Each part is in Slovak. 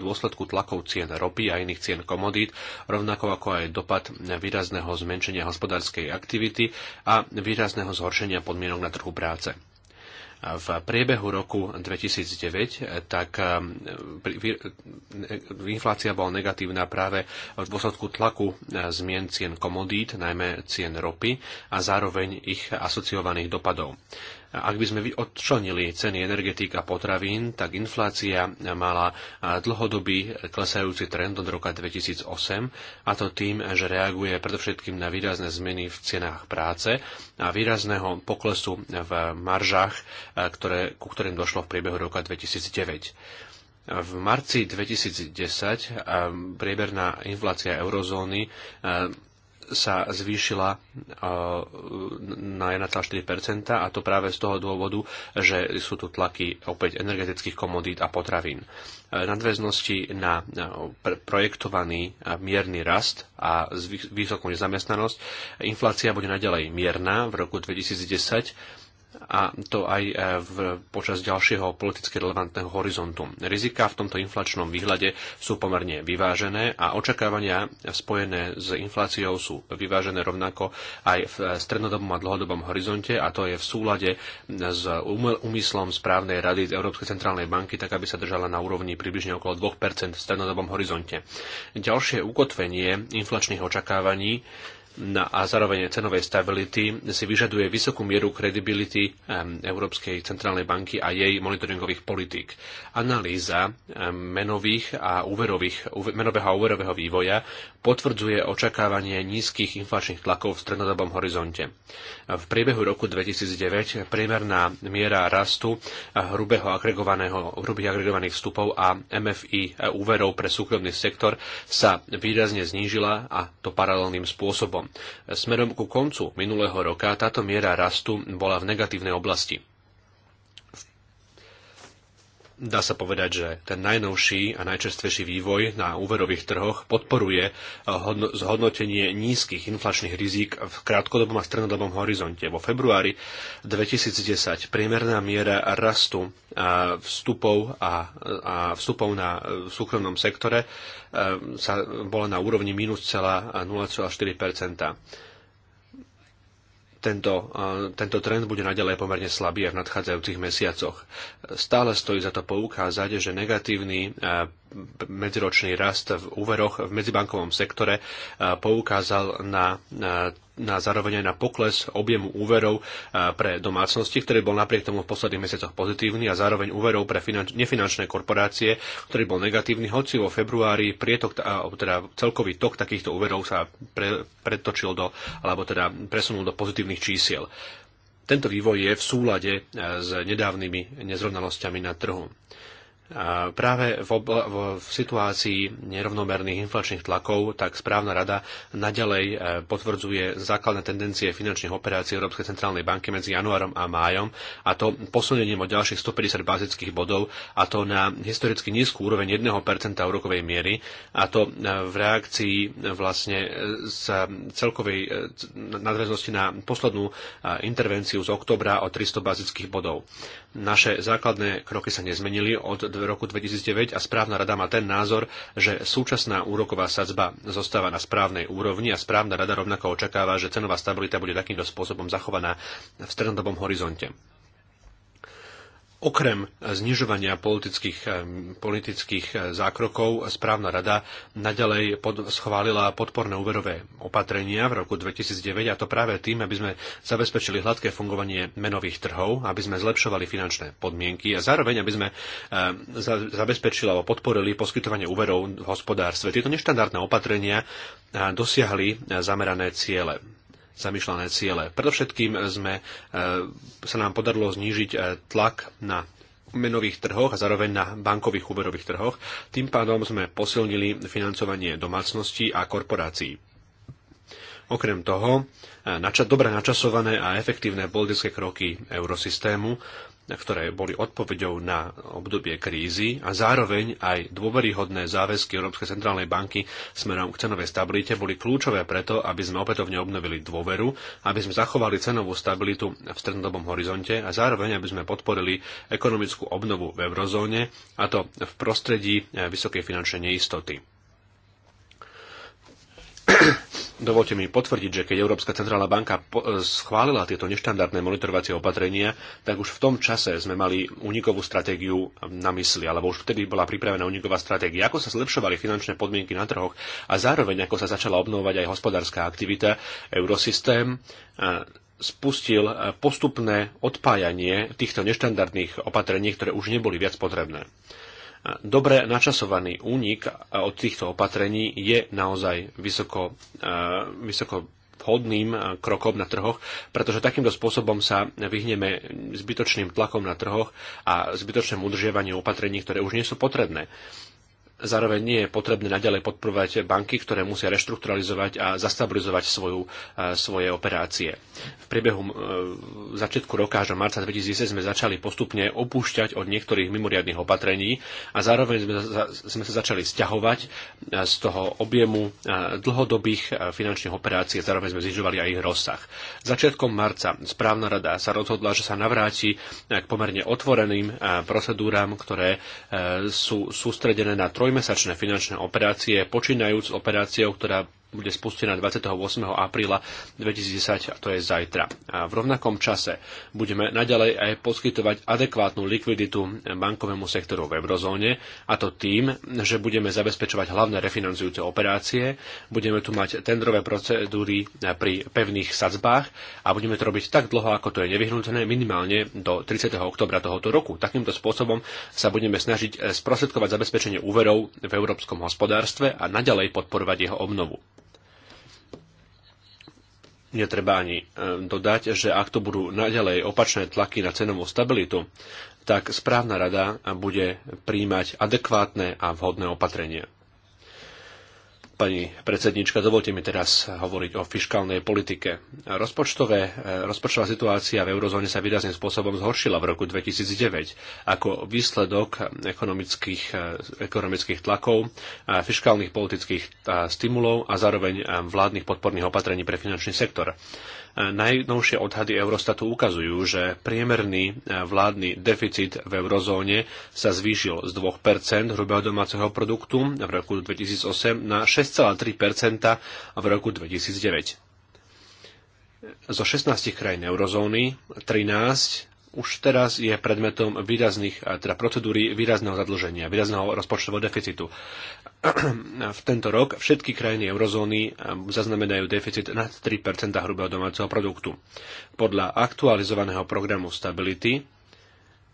dôsledku tlakov cien ropy a iných cien komodít, rovnako ako aj dopad výrazného zmenšenia hospodárskej aktivity a výrazného zhoršenia podmienok na trhu práce. V priebehu roku 2009 tak um, inflácia bola negatívna práve v dôsledku tlaku uh, zmien cien komodít, najmä cien ropy a zároveň ich asociovaných dopadov ak by sme odčlenili ceny energetík a potravín, tak inflácia mala dlhodobý klesajúci trend od roka 2008, a to tým, že reaguje predovšetkým na výrazné zmeny v cenách práce a výrazného poklesu v maržách, ktoré, ku ktorým došlo v priebehu roka 2009. V marci 2010 prieberná inflácia eurozóny sa zvýšila eh, na 1,4% a to práve z toho dôvodu, že sú tu tlaky opäť energetických komodít a potravín. Eh, nadväznosti na eh, projektovaný mierny rast a vysokú nezamestnanosť, inflácia bude naďalej mierna v roku 2010 a to aj e, v, počas ďalšieho politicky relevantného horizontu. Rizika v tomto inflačnom výhľade sú pomerne vyvážené a očakávania spojené s infláciou sú vyvážené rovnako aj v strednodobom a dlhodobom horizonte a to je v súlade s úmyslom správnej rady Európskej centrálnej banky, tak aby sa držala na úrovni približne okolo 2% v strednodobom horizonte. Ďalšie ukotvenie inflačných očakávaní na, a zároveň cenovej stability si vyžaduje vysokú mieru kredibility Európskej centrálnej banky a jej monitoringových politík. Analýza menových a úverových, menového a úverového vývoja potvrdzuje očakávanie nízkych inflačných tlakov v strednodobom horizonte. V priebehu roku 2009 priemerná miera rastu eh, hrubého agregovaného, hrubých agregovaných vstupov a MFI eh, úverov pre súkromný sektor sa výrazne znížila a to paralelným spôsobom Smerom ku koncu minulého roka táto miera rastu bola v negatívnej oblasti dá sa povedať, že ten najnovší a najčerstvejší vývoj na úverových trhoch podporuje zhodnotenie nízkych inflačných rizík v krátkodobom a strednodobom horizonte. Vo februári 2010 priemerná miera rastu vstupov, a, a vstupov na súkromnom sektore e, sa bola na úrovni minus 0,4 tento, tento trend bude naďalej pomerne slabý aj v nadchádzajúcich mesiacoch. Stále stojí za to poukázať, že negatívny medziročný rast v úveroch v medzibankovom sektore poukázal na, na, na zároveň aj na pokles objemu úverov pre domácnosti, ktorý bol napriek tomu v posledných mesiacoch pozitívny a zároveň úverov pre finanč, nefinančné korporácie, ktorý bol negatívny, hoci vo februári prietok, teda celkový tok takýchto úverov sa pre, pretočil do, alebo teda presunul do pozitívnych čísiel. Tento vývoj je v súlade e, s nedávnymi nezrovnalosťami na trhu. Práve v, obla- v situácii nerovnomerných inflačných tlakov tak správna rada naďalej e, potvrdzuje základné tendencie finančných operácií Európskej centrálnej banky medzi januárom a májom a to posunením o ďalších 150 bazických bodov a to na historicky nízku úroveň 1% úrokovej miery a to e, v reakcii e, vlastne z celkovej nadväznosti na poslednú intervenciu z oktobra o 300 bazických bodov. Naše základné kroky sa nezmenili od v roku 2009 a správna rada má ten názor, že súčasná úroková sadzba zostáva na správnej úrovni a správna rada rovnako očakáva, že cenová stabilita bude takýmto spôsobom zachovaná v strednodobom horizonte. Okrem znižovania politických, eh, politických eh, zákrokov správna rada naďalej pod, schválila podporné úverové opatrenia v roku 2009 a to práve tým, aby sme zabezpečili hladké fungovanie menových trhov, aby sme zlepšovali finančné podmienky a zároveň aby sme eh, zabezpečili alebo podporili poskytovanie úverov v hospodárstve. Tieto neštandardné opatrenia dosiahli zamerané ciele zamýšľané ciele. Predovšetkým sme, e, sa nám podarilo znížiť e, tlak na menových trhoch a zároveň na bankových úverových trhoch. Tým pádom sme posilnili financovanie domácností a korporácií. Okrem toho, e, dobre načasované a efektívne politické kroky eurosystému ktoré boli odpovedou na obdobie krízy a zároveň aj dôveryhodné záväzky Európskej centrálnej banky smerom k cenovej stabilite boli kľúčové preto, aby sme opätovne obnovili dôveru, aby sme zachovali cenovú stabilitu v strednodobom horizonte a zároveň aby sme podporili ekonomickú obnovu v eurozóne a to v prostredí eh, vysokej finančnej neistoty Dovolte mi potvrdiť, že keď Európska centrálna banka e, schválila tieto neštandardné monitorovacie opatrenia, tak už v tom čase sme mali unikovú stratégiu na mysli, alebo už vtedy bola pripravená uniková stratégia, ako sa zlepšovali finančné podmienky na trhoch a zároveň ako sa začala obnovovať aj hospodárska aktivita, eurosystém e, spustil e, postupné odpájanie týchto neštandardných opatrení, ktoré už neboli viac potrebné. Dobre načasovaný únik od týchto opatrení je naozaj vysoko, eh, vysoko vhodným eh, krokom na trhoch, pretože takýmto spôsobom sa vyhneme zbytočným tlakom na trhoch a zbytočnému udržiavaniu opatrení, ktoré už nie sú potrebné. Zároveň nie je potrebné naďalej podporovať banky, ktoré musia reštrukturalizovať a zastabilizovať svoju, e, svoje operácie. V priebehu v e, začiatku roka až do marca 2010 sme začali postupne opúšťať od niektorých mimoriadných opatrení a zároveň sme, sme sa začali stiahovať e, z toho objemu dlhodobých finančných operácií a zároveň sme znižovali aj ich rozsah. Začiatkom marca správna rada sa rozhodla, že sa navráti k pomerne otvoreným procedúram, ktoré sú sústredené na troj trojmesačné finančné operácie, počínajúc operáciou, ktorá bude spustená 28. apríla 2010, a to je zajtra. A v rovnakom čase budeme naďalej aj poskytovať adekvátnu likviditu bankovému sektoru v eurozóne, a to tým, že budeme zabezpečovať hlavné refinancujúce operácie, budeme tu mať tendrové procedúry pri pevných sadzbách a budeme to robiť tak dlho, ako to je nevyhnutné, minimálne do 30. oktobra tohoto roku. Takýmto spôsobom sa budeme snažiť sprostredkovať zabezpečenie úverov v európskom hospodárstve a naďalej podporovať jeho obnovu. Netreba ani e, dodať, že ak to budú naďalej opačné tlaky na cenovú stabilitu, tak správna rada bude príjmať adekvátne a vhodné opatrenia. Pani predsednička, dovolte mi teraz hovoriť o fiškálnej politike. Rozpočtové, eh, rozpočtová situácia v eurozóne sa výrazným spôsobom zhoršila v roku 2009 ako výsledok ekonomických, eh, ekonomických tlakov, eh, fiškálnych politických stimulov a zároveň vládnych podporných opatrení pre finančný sektor. Najnovšie odhady Eurostatu ukazujú, že priemerný e, vládny deficit v eurozóne sa zvýšil z 2% hrubého domáceho produktu v roku 2008 na 6,3% v roku 2009. Zo 16 krajín eurozóny 13 už teraz je predmetom výrazných, e, teda procedúry výrazného zadlženia, výrazného rozpočtového deficitu v tento rok všetky krajiny eurozóny zaznamenajú deficit nad 3 hrubého domáceho produktu. Podľa aktualizovaného programu stability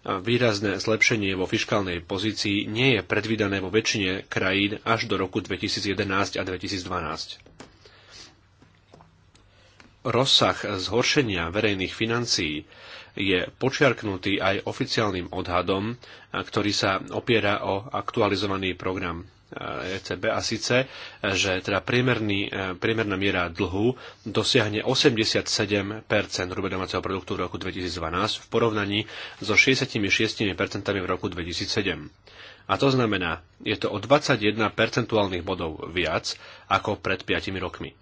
výrazné zlepšenie vo fiskálnej pozícii nie je predvídané vo väčšine krajín až do roku 2011 a 2012. Rozsah zhoršenia verejných financií je počiarknutý aj oficiálnym odhadom, ktorý sa opiera o aktualizovaný program ECB e a síce, e, že teda priemerný, e, priemerná miera dlhu dosiahne 87% hrubého domáceho produktu v roku 2012 v porovnaní so 66% v roku 2007. A to znamená, je to o 21 percentuálnych bodov viac ako pred 5 rokmi.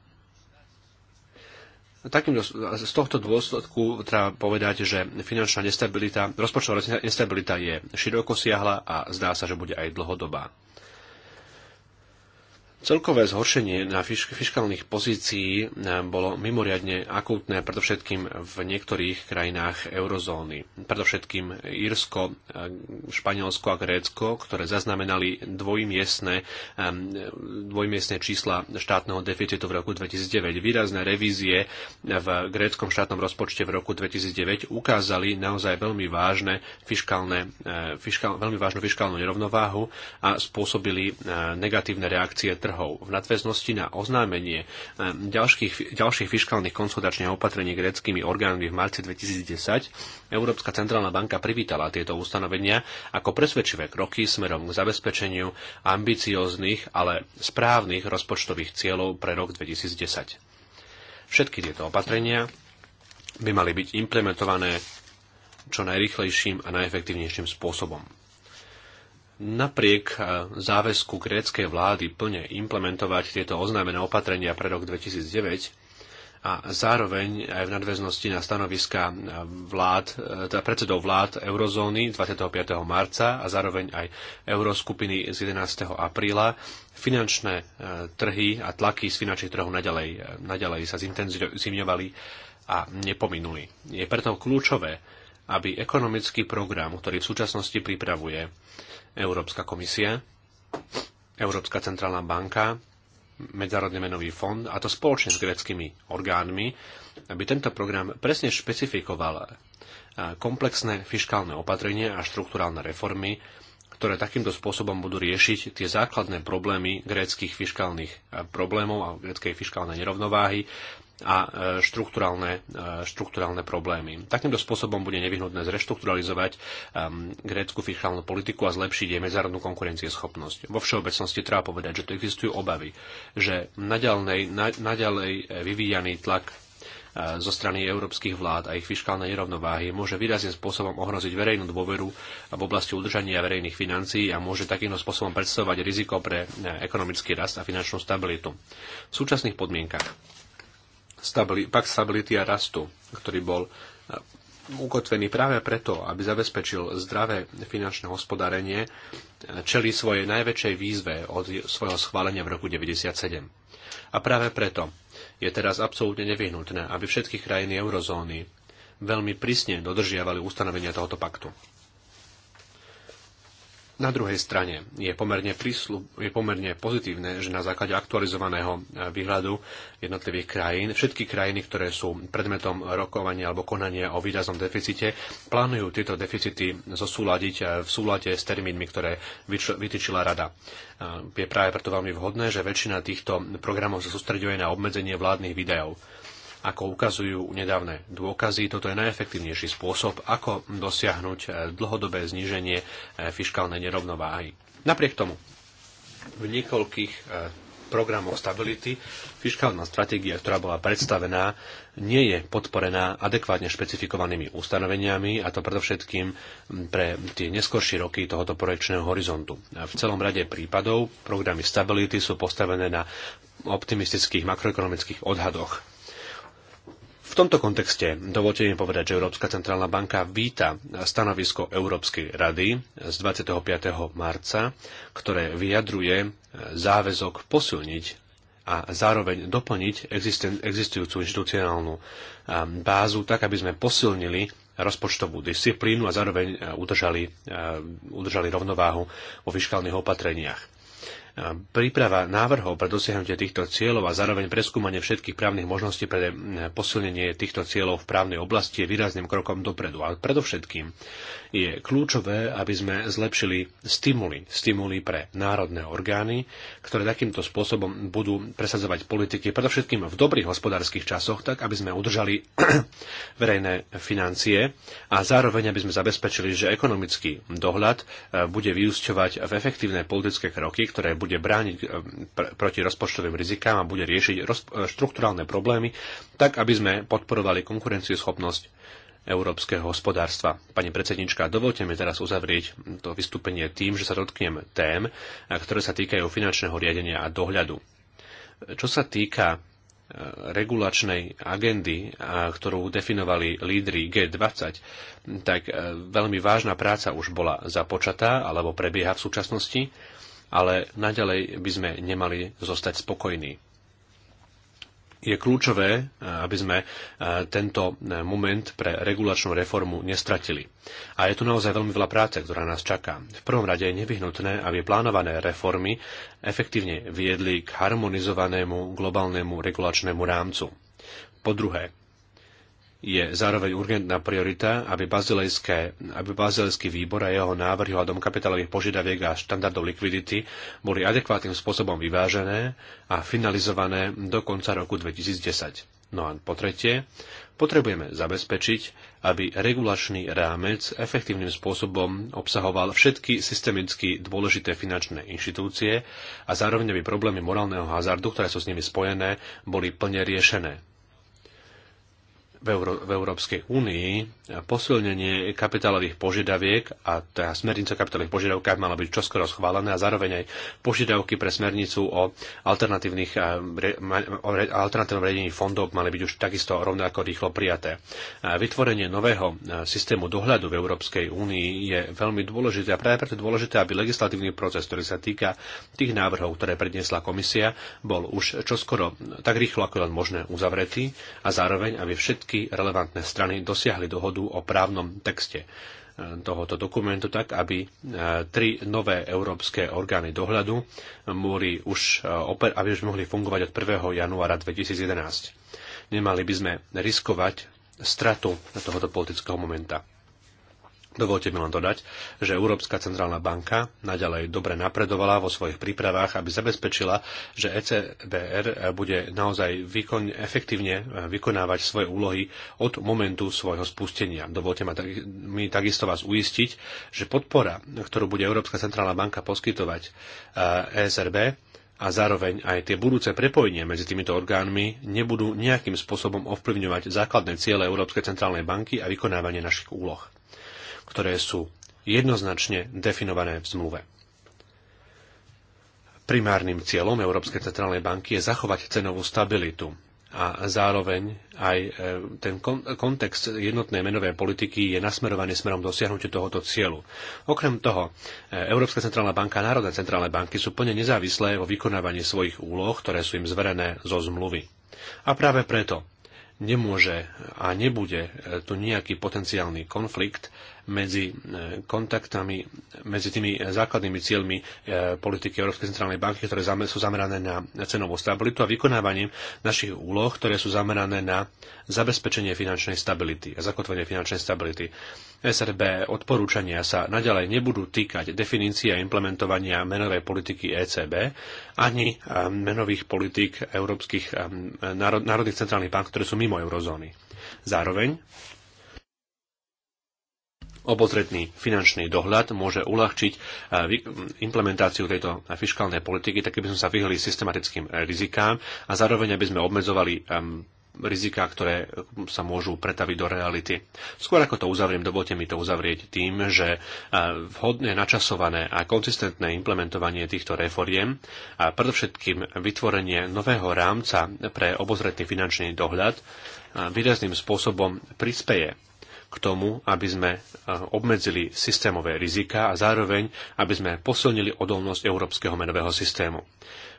Takým, z tohto dôsledku treba povedať, že finančná nestabilita, rozpočtová nestabilita je široko siahla a zdá sa, že bude aj dlhodobá. Celkové zhoršenie na fiskálnych pozícií eh, bolo mimoriadne akútne, predovšetkým v niektorých krajinách eurozóny. Predovšetkým Írsko, eh, Španielsko a Grécko, ktoré zaznamenali dvojmiestne, eh, dvojmiestne čísla štátneho deficitu v roku 2009. Výrazné revízie v gréckom štátnom rozpočte v roku 2009 ukázali naozaj veľmi, vážne fiskálne, fiskál, veľmi vážnu fiskálnu nerovnováhu a spôsobili negatívne reakcie trhu návrhov v nadväznosti na oznámenie eh, ďalších, ďalších fiskálnych konsultačných opatrení gréckými orgánmi v marci 2010 Európska centrálna banka privítala tieto ustanovenia ako presvedčivé kroky smerom k zabezpečeniu ambicióznych, ale správnych rozpočtových cieľov pre rok 2010. Všetky tieto opatrenia by mali byť implementované čo najrychlejším a najefektívnejším spôsobom napriek eh, záväzku gréckej vlády plne implementovať tieto oznámené opatrenia pre rok 2009 a zároveň aj v nadväznosti na stanoviska eh, vlád, eh, teda predsedov vlád eurozóny 25. marca a zároveň aj euroskupiny z 11. apríla finančné trhy a tlaky z finančných trhov naďalej, naďalej sa zintenzívňovali a nepominuli. Je preto kľúčové, aby ekonomický program, ktorý v súčasnosti pripravuje, Európska komisia, Európska centrálna banka, Medzárodný menový fond, a to spoločne s greckými orgánmi, aby tento program presne špecifikoval eh, komplexné fiskálne opatrenia a štruktúrálne reformy, ktoré takýmto spôsobom budú riešiť tie základné problémy gréckých fiskálnych eh, problémov a gréckej fiskálnej nerovnováhy, a e, štruktúralne, e, štruktúralne problémy. Takýmto spôsobom bude nevyhnutné zreštrukturalizovať e, grécku fiskálnu politiku a zlepšiť jej medzárodnú konkurencieschopnosť. Vo všeobecnosti treba povedať, že tu existujú obavy, že naďalej, na, naďalej vyvíjaný tlak zo strany európskych vlád a ich fiskálnej nerovnováhy môže výrazným spôsobom ohroziť verejnú dôveru v oblasti udržania verejných financií a môže takýmto spôsobom predstavovať riziko pre ekonomický rast a finančnú stabilitu. V súčasných podmienkach stabili, pakt stability a rastu, ktorý bol e, ukotvený práve preto, aby zabezpečil zdravé finančné hospodárenie, e, čeli svojej najväčšej výzve od svojho schválenia v roku 1997. A práve preto je teraz absolútne nevyhnutné, aby všetky krajiny eurozóny veľmi prísne dodržiavali ustanovenia tohoto paktu. Na druhej strane je pomerne, príslu, je pomerne pozitívne, že na základe aktualizovaného e, výhľadu jednotlivých krajín, všetky krajiny, ktoré sú predmetom rokovania alebo konania o výraznom deficite, plánujú tieto deficity zosúľadiť e, v súlade s termínmi, ktoré vytýčila rada. E, je práve preto veľmi vhodné, že väčšina týchto programov sa sústreďuje na obmedzenie vládnych výdajov. Ako ukazujú nedávne dôkazy, toto je najefektívnejší spôsob, ako dosiahnuť eh, dlhodobé zníženie eh, fiskálnej nerovnováhy. Napriek tomu, v niekoľkých eh, programoch stability fiskálna stratégia, ktorá bola predstavená, nie je podporená adekvátne špecifikovanými ustanoveniami, a to predovšetkým hm, pre tie neskoršie roky tohoto projekčného horizontu. V celom rade prípadov programy stability sú postavené na optimistických makroekonomických odhadoch v tomto kontexte dovolte mi povedať, že Európska centrálna banka víta stanovisko Európskej rady z 25. marca, ktoré vyjadruje záväzok posilniť a zároveň doplniť existujúcu inštitucionálnu bázu tak, aby sme posilnili rozpočtovú disciplínu a zároveň udržali, udržali rovnováhu vo fiskálnych opatreniach. Príprava návrhov pre dosiahnutie týchto cieľov a zároveň preskúmanie všetkých právnych možností pre eh, posilnenie týchto cieľov v právnej oblasti je výrazným krokom dopredu. A predovšetkým je kľúčové, aby sme zlepšili stimuly, stimuly pre národné orgány, ktoré takýmto spôsobom budú presadzovať politiky, predovšetkým v dobrých hospodárskych časoch, tak aby sme udržali verejné financie a zároveň aby sme zabezpečili, že ekonomický dohľad eh, bude vyúsťovať v efektívne politické kroky, ktoré bude brániť eh, proti rozpočtovým rizikám a bude riešiť eh, štruktúrálne problémy, tak aby sme podporovali konkurencieschopnosť európskeho hospodárstva. Pani predsednička, dovolte mi teraz uzavrieť to vystúpenie tým, že sa dotknem tém, eh, ktoré sa týkajú finančného riadenia a dohľadu. Čo sa týka regulačnej agendy, ktorú definovali lídry G20, tak veľmi vážna práca už bola započatá alebo prebieha v súčasnosti ale naďalej by sme nemali zostať spokojní. Je kľúčové, eh, aby sme eh, tento eh, moment pre regulačnú reformu nestratili. A je tu naozaj veľmi veľa práce, ktorá nás čaká. V prvom rade je nevyhnutné, aby plánované reformy efektívne viedli k harmonizovanému globálnemu regulačnému rámcu. Po druhé, je zároveň urgentná priorita, aby, aby bazilejský výbor a jeho návrhy hľadom kapitálových požiadaviek a štandardov likvidity boli adekvátnym spôsobom vyvážené a finalizované do konca roku 2010. No a po tretie, potrebujeme zabezpečiť, aby regulačný rámec efektívnym spôsobom obsahoval všetky systemicky dôležité finančné inštitúcie a zároveň aby problémy morálneho hazardu, ktoré sú s nimi spojené, boli plne riešené v, Euró- v Európskej únii posilnenie kapitálových požiadaviek a tá teda smernica o kapitálových požiadavkách mala byť čoskoro schválená a zároveň aj požiadavky pre smernicu o, alternatívnych, o alternatívnom riadení fondov mali byť už takisto rovnako rýchlo prijaté. Vytvorenie nového systému dohľadu v Európskej únii je veľmi dôležité a práve preto dôležité, aby legislatívny proces, ktorý sa týka tých návrhov, ktoré predniesla komisia, bol už čoskoro tak rýchlo ako len možné uzavretý a zároveň, aby všetky všetky relevantné strany dosiahli dohodu o právnom texte eh, tohoto dokumentu tak, aby eh, tri nové európske orgány dohľadu mohli už, eh, aby už mohli fungovať od 1. januára 2011. Nemali by sme riskovať stratu tohoto politického momenta. Dovolte mi len dodať, že Európska centrálna banka naďalej dobre napredovala vo svojich prípravách, aby zabezpečila, že ECBR bude naozaj výkon, efektívne e, vykonávať svoje úlohy od momentu svojho spustenia. Dovolte mi takisto vás uistiť, že podpora, ktorú bude Európska centrálna banka poskytovať ESRB, e a zároveň aj tie budúce prepojenie medzi týmito orgánmi nebudú nejakým spôsobom ovplyvňovať základné ciele Európskej centrálnej banky a vykonávanie našich úloh ktoré sú jednoznačne definované v zmluve. Primárnym cieľom Európskej centrálnej banky je zachovať cenovú stabilitu a zároveň aj e, ten kontext jednotnej menovej politiky je nasmerovaný smerom dosiahnutia tohoto cieľu. Okrem toho, e, Európska centrálna banka a Národné centrálne banky sú plne nezávislé vo vykonávaní svojich úloh, ktoré sú im zverené zo zmluvy. A práve preto nemôže a nebude e, tu nejaký potenciálny konflikt medzi e, kontaktami, medzi tými e, základnými cieľmi e, politiky Európskej centrálnej banky, ktoré sú zamerané na cenovú stabilitu a vykonávaním našich úloh, ktoré sú zamerané na zabezpečenie finančnej stability a zakotvenie finančnej stability. SRB odporúčania sa naďalej nebudú týkať definície a implementovania menovej politiky ECB ani menových politík európskych národných centrálnych bank, ktoré sú mimo eurozóny. Zároveň Obozretný finančný dohľad môže uľahčiť eh, implementáciu tejto fiskálnej politiky, tak by sme sa vyhli systematickým eh, rizikám a zároveň aby sme obmedzovali riziká, ktoré hm, sa môžu pretaviť do reality. Skôr ako to uzavriem, dovolte mi to uzavrieť tým, že eh, vhodné načasované a konzistentné implementovanie týchto reforiem a predovšetkým vytvorenie nového rámca pre obozretný finančný dohľad výrazným spôsobom prispeje k tomu, aby sme e, obmedzili systémové rizika a zároveň, aby sme posilnili odolnosť európskeho menového systému.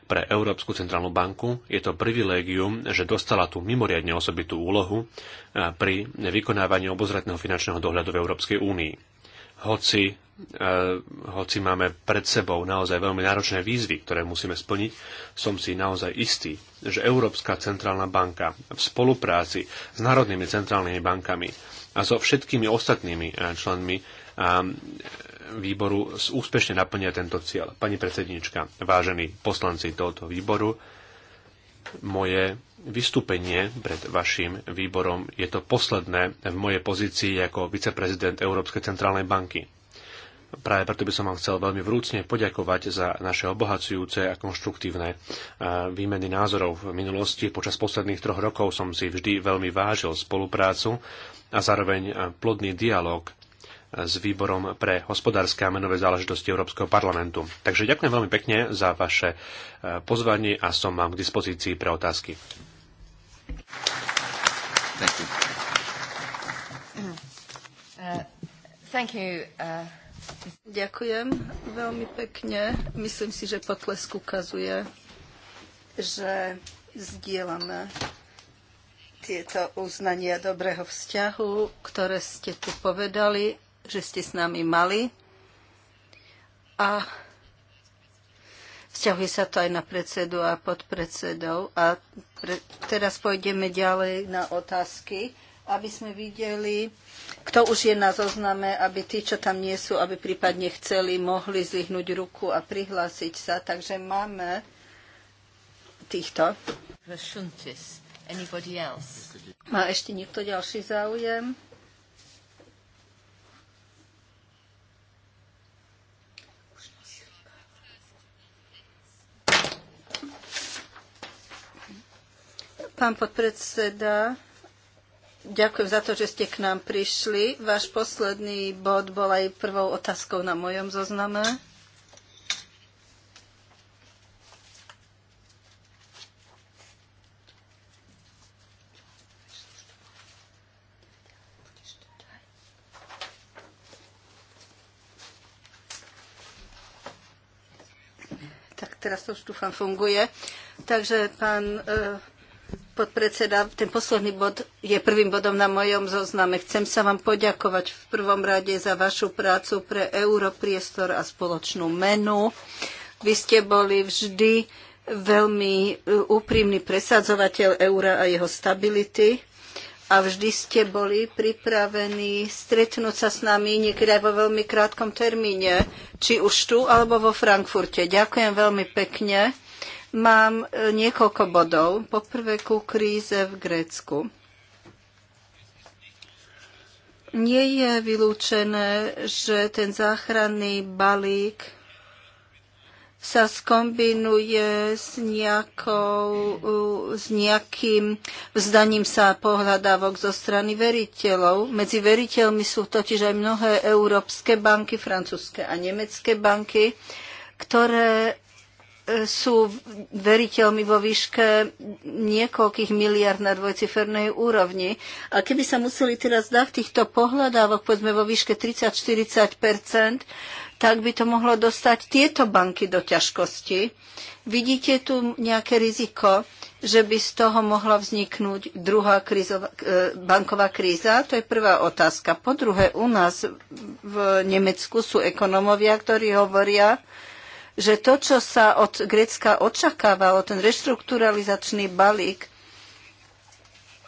Pre Európsku centrálnu banku je to privilégium, že dostala tú mimoriadne osobitú úlohu e, pri vykonávaní obozretného finančného dohľadu v Európskej únii. Hoci, eh, hoci máme pred sebou naozaj veľmi náročné výzvy, ktoré musíme splniť, som si naozaj istý, že Európska centrálna banka v spolupráci s národnými centrálnymi bankami a so všetkými ostatnými eh, členmi eh, výboru úspešne naplnia tento cieľ. Pani predsednička, vážení poslanci tohoto výboru, moje vystúpenie pred vašim výborom je to posledné v mojej pozícii ako viceprezident Európskej centrálnej banky. Práve preto by som vám chcel veľmi vrúcne poďakovať za naše obohacujúce a konštruktívne e, výmeny názorov. V minulosti počas posledných troch rokov som si vždy veľmi vážil spoluprácu a zároveň e, plodný dialog e, s výborom pre hospodárske a menové záležitosti Európskeho parlamentu. Takže ďakujem veľmi pekne za vaše pozvanie a som vám k dispozícii pre otázky. Thank you. Uh, thank you, uh... Ďakujem veľmi pekne. Myslím si, že potlesk ukazuje, že zdieľame tieto uznania dobrého vzťahu, ktoré ste tu povedali, že ste s nami mali. A Vzťahuje sa to aj na predsedu a podpredsedov. A pre, teraz pôjdeme ďalej na otázky, aby sme videli, kto už je na zozname, aby tí, čo tam nie sú, aby prípadne chceli, mohli zlyhnúť ruku a prihlásiť sa. Takže máme týchto. Má ešte niekto ďalší záujem? Pán podpredseda, Ďakujem za to, že ste k nám prišli. Váš posledný bod bol aj prvou otázkou na mojom zozname. Tak teraz to už dúfam funguje. Takže pán e podpredseda, ten posledný bod je prvým bodom na mojom zozname. Chcem sa vám poďakovať v prvom rade za vašu prácu pre Europriestor a spoločnú menu. Vy ste boli vždy veľmi e, úprimný presadzovateľ eura a jeho stability a vždy ste boli pripravení stretnúť sa s nami niekedy aj vo veľmi krátkom termíne, či už tu alebo vo Frankfurte. Ďakujem veľmi pekne Mám e, niekoľko bodov. Poprvé ku kríze v Grécku. Nie je vylúčené, že ten záchranný balík sa skombinuje s, nejakou, s nejakým vzdaním sa pohľadávok zo strany veriteľov. Medzi veriteľmi sú totiž aj mnohé európske banky, francúzske a nemecké banky, ktoré sú veriteľmi vo výške niekoľkých miliard na dvojcifernej úrovni. A keby sa museli teraz dať týchto pohľadávok, povedzme vo výške 30-40 tak by to mohlo dostať tieto banky do ťažkosti. Vidíte tu nejaké riziko, že by z toho mohla vzniknúť druhá krizová, e, banková kríza? To je prvá otázka. Po druhé, u nás v Nemecku sú ekonomovia, ktorí hovoria, že to, čo sa od Grécka očakávalo, ten reštrukturalizačný balík,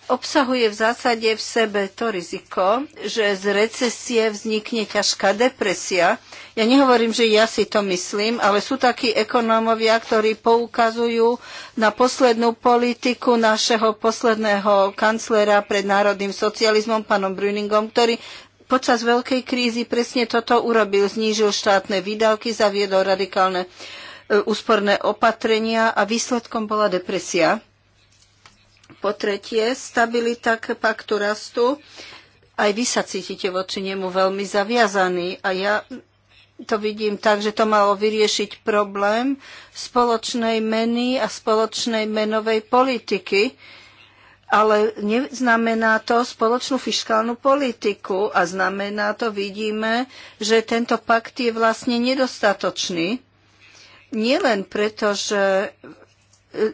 obsahuje v zásade v sebe to riziko, že z recesie vznikne ťažká depresia. Ja nehovorím, že ja si to myslím, ale sú takí ekonómovia, ktorí poukazujú na poslednú politiku našeho posledného kanclera pred národným socializmom, pánom Brüningom, ktorý Počas veľkej krízy presne toto urobil. Znížil štátne výdavky, zaviedol radikálne e, úsporné opatrenia a výsledkom bola depresia. Po tretie, stabilita k paktu rastu. Aj vy sa cítite voči nemu veľmi zaviazaný a ja to vidím tak, že to malo vyriešiť problém spoločnej meny a spoločnej menovej politiky ale neznamená to spoločnú fiskálnu politiku a znamená to, vidíme, že tento pakt je vlastne nedostatočný. Nielen preto, že e,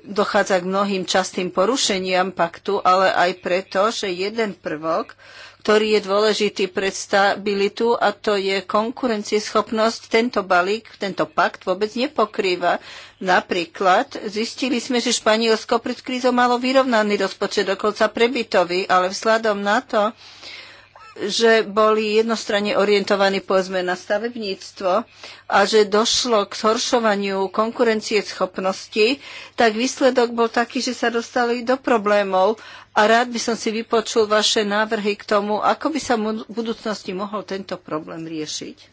dochádza k mnohým častým porušeniam paktu, ale aj preto, že jeden prvok, ktorý je dôležitý pre stabilitu a to je konkurencieschopnosť. Tento balík, tento pakt vôbec nepokrýva. Napríklad zistili sme, že Španielsko pred krízou malo vyrovnaný rozpočet, dokonca prebytový, ale vzhľadom na to, že boli jednostranne orientovaní povedzme na stavebníctvo a že došlo k zhoršovaniu konkurencie schopnosti, tak výsledok bol taký, že sa dostali do problémov a rád by som si vypočul vaše návrhy k tomu, ako by sa v budúcnosti mohol tento problém riešiť.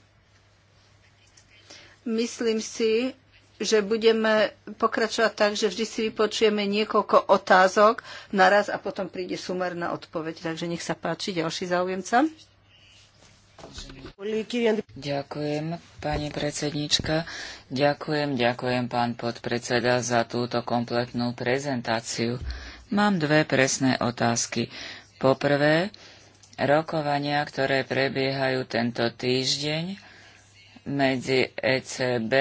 Myslím si, že budeme pokračovať tak, že vždy si vypočujeme niekoľko otázok naraz a potom príde sumárna odpoveď. Takže nech sa páči, ďalší záujemca. Ďakujem, pani predsednička. Ďakujem, ďakujem, pán podpredseda, za túto kompletnú prezentáciu. Mám dve presné otázky. Poprvé, rokovania, ktoré prebiehajú tento týždeň medzi ECB,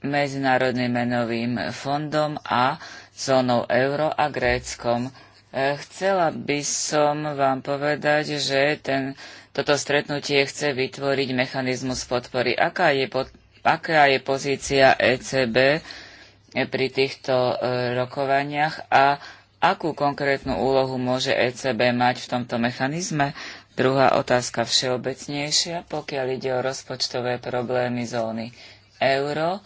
Medzinárodným menovým fondom a zónou euro a Gréckom. E, chcela by som vám povedať, že ten, toto stretnutie chce vytvoriť mechanizmus podpory. Aká je, pod, aká je pozícia ECB e, pri týchto e, rokovaniach a akú konkrétnu úlohu môže ECB mať v tomto mechanizme? Druhá otázka všeobecnejšia, pokiaľ ide o rozpočtové problémy zóny euro.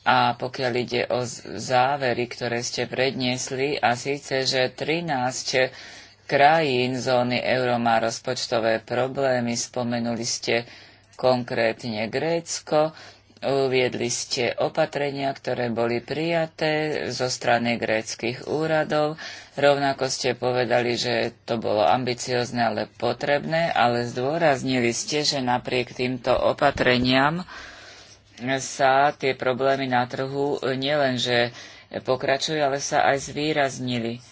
A pokiaľ ide o závery, ktoré ste predniesli, a síce, že 13 krajín zóny euro má rozpočtové problémy, spomenuli ste konkrétne Grécko, uviedli ste opatrenia, ktoré boli prijaté zo strany gréckých úradov, rovnako ste povedali, že to bolo ambiciozne, ale potrebné, ale zdôraznili ste, že napriek týmto opatreniam, sa tie problémy na trhu nielenže pokračujú, ale sa aj zvýraznili.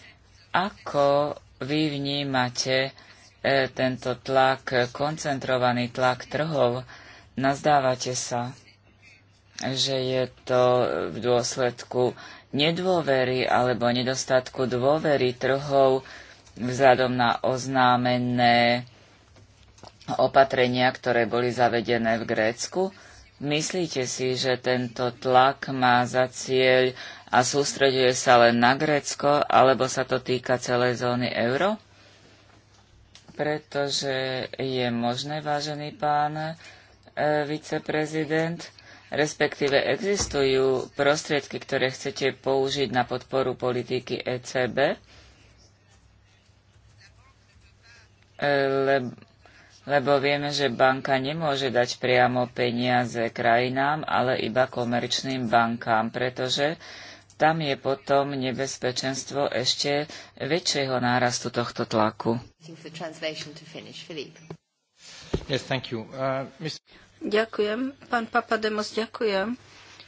Ako vy vnímate e, tento tlak, koncentrovaný tlak trhov? Nazdávate sa, že je to v dôsledku nedôvery alebo nedostatku dôvery trhov vzhľadom na oznámené opatrenia, ktoré boli zavedené v Grécku? Myslíte si, že tento tlak má za cieľ a sústreďuje sa len na Grécko, alebo sa to týka celej zóny euro? Pretože je možné, vážený pán e, viceprezident, respektíve existujú prostriedky, ktoré chcete použiť na podporu politiky ECB, e, lebo lebo vieme, že banka nemôže dať priamo peniaze krajinám, ale iba komerčným bankám, pretože tam je potom nebezpečenstvo ešte väčšieho nárastu tohto tlaku. Yes, uh, ďakujem. Pán Papademos, ďakujem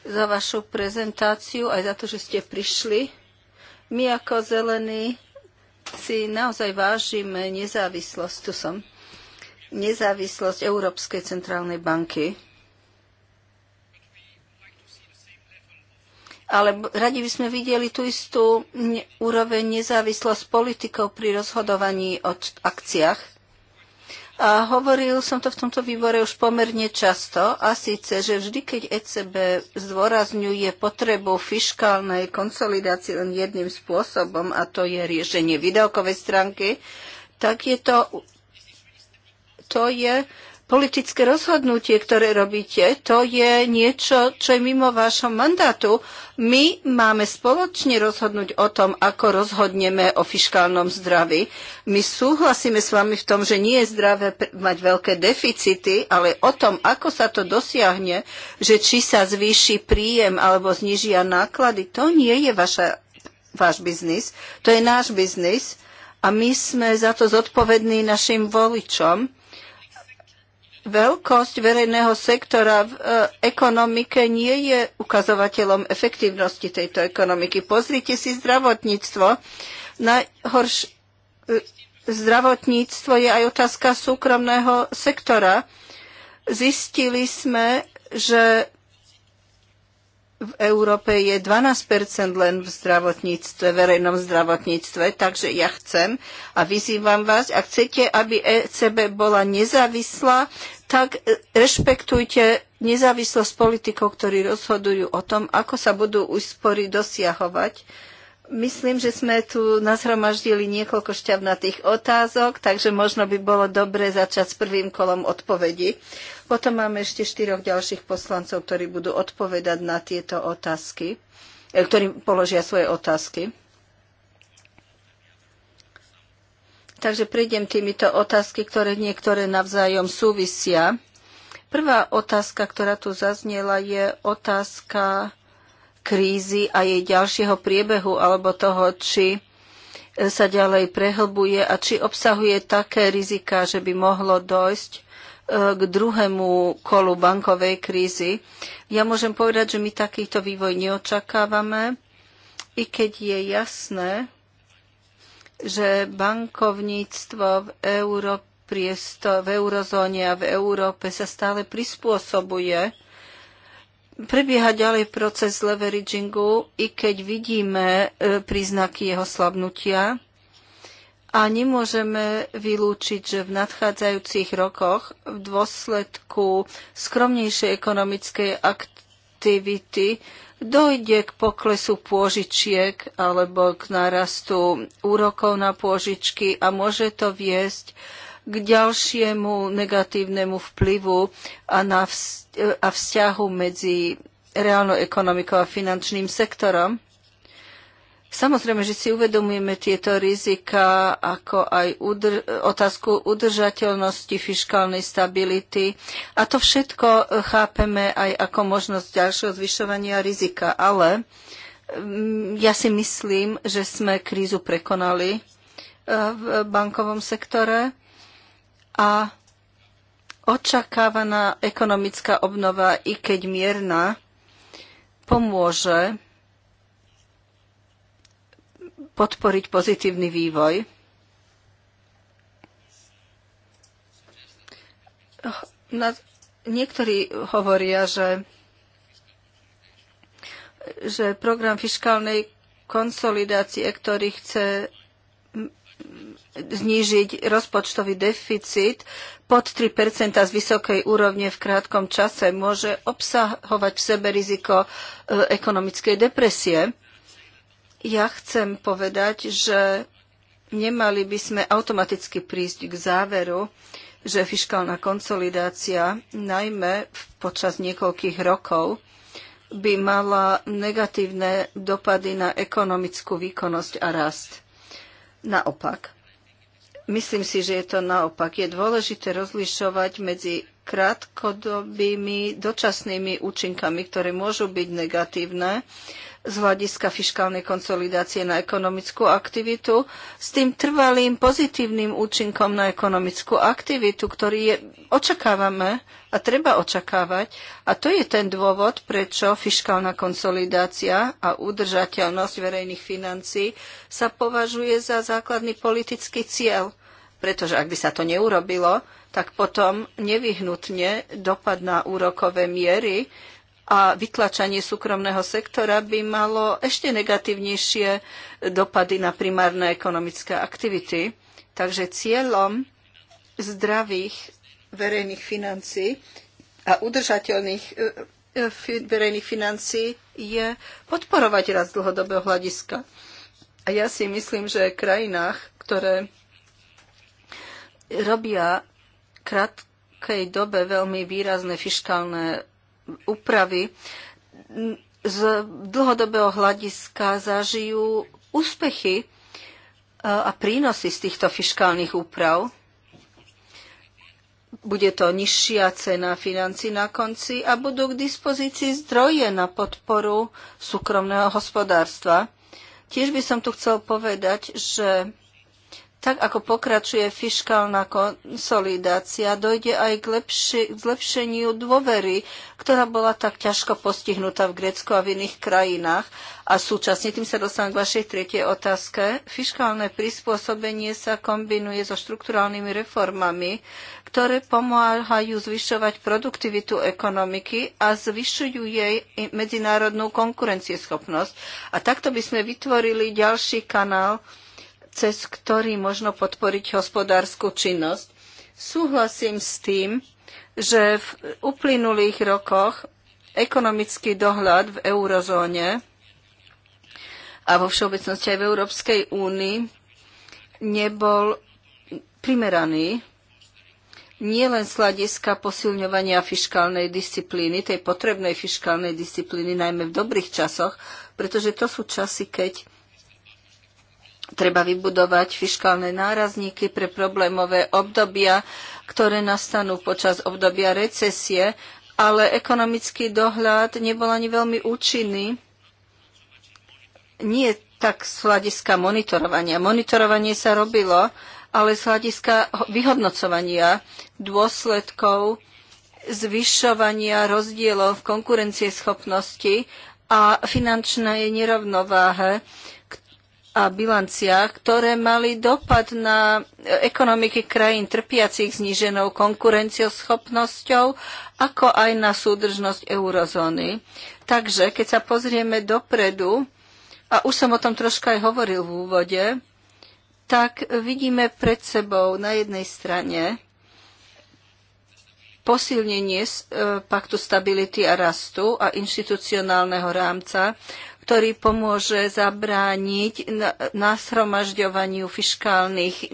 za vašu prezentáciu, aj za to, že ste prišli. My ako zelení si naozaj vážime nezávislosť. Tu som nezávislosť Európskej centrálnej banky. Ale radi by sme videli tú istú úroveň nezávislosť politikov pri rozhodovaní o akciách. A hovoril som to v tomto výbore už pomerne často, a síce, že vždy, keď ECB zdôrazňuje potrebu fiskálnej konsolidácie len jedným spôsobom, a to je riešenie videokovej stránky, tak je to to je politické rozhodnutie, ktoré robíte, to je niečo, čo je mimo vášho mandátu. My máme spoločne rozhodnúť o tom, ako rozhodneme o fiskálnom zdraví. My súhlasíme s vami v tom, že nie je zdravé mať veľké deficity, ale o tom, ako sa to dosiahne, že či sa zvýši príjem alebo znižia náklady, to nie je vaša, váš biznis, to je náš biznis a my sme za to zodpovední našim voličom Veľkosť verejného sektora v e, ekonomike nie je ukazovateľom efektívnosti tejto ekonomiky. Pozrite si zdravotníctvo. Najhorš... E, zdravotníctvo je aj otázka súkromného sektora. Zistili sme, že v Európe je 12 len v zdravotníctve, verejnom zdravotníctve, takže ja chcem a vyzývam vás, ak chcete, aby ECB bola nezávislá, tak e, rešpektujte nezávislosť politikov, ktorí rozhodujú o tom, ako sa budú úspory dosiahovať. Myslím, že sme tu nazhromaždili niekoľko šťavnatých otázok, takže možno by bolo dobre začať s prvým kolom odpovedí. Potom máme ešte štyroch ďalších poslancov, ktorí budú odpovedať na tieto otázky, e, ktorí položia svoje otázky. Takže prejdem týmito otázky, ktoré niektoré navzájom súvisia. Prvá otázka, ktorá tu zaznela, je otázka krízy a jej ďalšieho priebehu alebo toho, či sa ďalej prehlbuje a či obsahuje také rizika, že by mohlo dojsť e, k druhému kolu bankovej krízy. Ja môžem povedať, že my takýto vývoj neočakávame, i keď je jasné, že bankovníctvo v, Euro v eurozóne a v Európe sa stále prispôsobuje prebieha ďalej proces leveragingu, i keď vidíme e, príznaky jeho slabnutia. A nemôžeme vylúčiť, že v nadchádzajúcich rokoch v dôsledku skromnejšej ekonomickej aktivity dojde k poklesu pôžičiek alebo k nárastu úrokov na pôžičky a môže to viesť k ďalšiemu negatívnemu vplyvu a, na a vzťahu medzi reálnou ekonomikou a finančným sektorom. Samozrejme, že si uvedomujeme tieto rizika, ako aj udr- otázku udržateľnosti, fiskálnej stability. A to všetko chápeme aj ako možnosť ďalšieho zvyšovania rizika. Ale mm, ja si myslím, že sme krízu prekonali eh, v bankovom sektore a očakávaná ekonomická obnova, i keď mierna, pomôže podporiť pozitívny vývoj. niektorí hovoria, že, že program fiskálnej konsolidácie, ktorý chce znížiť rozpočtový deficit pod 3 z vysokej úrovne v krátkom čase môže obsahovať v sebe riziko e, ekonomickej depresie. Ja chcem povedať, že nemali by sme automaticky prísť k záveru, že fiskálna konsolidácia, najmä počas niekoľkých rokov, by mala negatívne dopady na ekonomickú výkonnosť a rast. Naopak, Myslím si, že je to naopak. Je dôležité rozlišovať medzi krátkodobými dočasnými účinkami, ktoré môžu byť negatívne z hľadiska fiskálnej konsolidácie na ekonomickú aktivitu, s tým trvalým pozitívnym účinkom na ekonomickú aktivitu, ktorý je, očakávame a treba očakávať. A to je ten dôvod, prečo fiškálna konsolidácia a udržateľnosť verejných financií sa považuje za základný politický cieľ pretože ak by sa to neurobilo, tak potom nevyhnutne dopad na úrokové miery a vytlačanie súkromného sektora by malo ešte negatívnejšie dopady na primárne ekonomické aktivity. Takže cieľom zdravých verejných financí a udržateľných e, e, verejných financí je podporovať rast dlhodobého hľadiska. A ja si myslím, že v krajinách, ktoré robia krátkej dobe veľmi výrazné fiskálne úpravy, z dlhodobého hľadiska zažijú úspechy e, a prínosy z týchto fiskálnych úprav. Bude to nižšia cena financí na konci a budú k dispozícii zdroje na podporu súkromného hospodárstva. Tiež by som tu chcel povedať, že tak ako pokračuje fiškálna konsolidácia, dojde aj k, lepši, k zlepšeniu dôvery, ktorá bola tak ťažko postihnutá v Grécku a v iných krajinách. A súčasne, tým sa dostávam k vašej tretej otázke, fiškálne prispôsobenie sa kombinuje so štrukturálnymi reformami, ktoré pomáhajú zvyšovať produktivitu ekonomiky a zvyšujú jej medzinárodnú konkurencieschopnosť. A takto by sme vytvorili ďalší kanál cez ktorý možno podporiť hospodárskú činnosť. Súhlasím s tým, že v uplynulých rokoch ekonomický dohľad v eurozóne a vo všeobecnosti aj v Európskej únii nebol primeraný nielen z hľadiska posilňovania fiškálnej disciplíny, tej potrebnej fiškálnej disciplíny, najmä v dobrých časoch, pretože to sú časy, keď Treba vybudovať fiskálne nárazníky pre problémové obdobia, ktoré nastanú počas obdobia recesie, ale ekonomický dohľad nebol ani veľmi účinný. Nie tak z hľadiska monitorovania. Monitorovanie sa robilo, ale z hľadiska vyhodnocovania dôsledkov zvyšovania rozdielov v konkurencieschopnosti a finančnej nerovnováhe a bilanciách, ktoré mali dopad na ekonomiky krajín trpiacich zníženou konkurencioschopnosťou, ako aj na súdržnosť eurozóny. Takže, keď sa pozrieme dopredu, a už som o tom troška aj hovoril v úvode, tak vidíme pred sebou na jednej strane posilnenie e, paktu stability a rastu a inštitucionálneho rámca, ktorý pomôže zabrániť nasromažďovaniu fiskálnych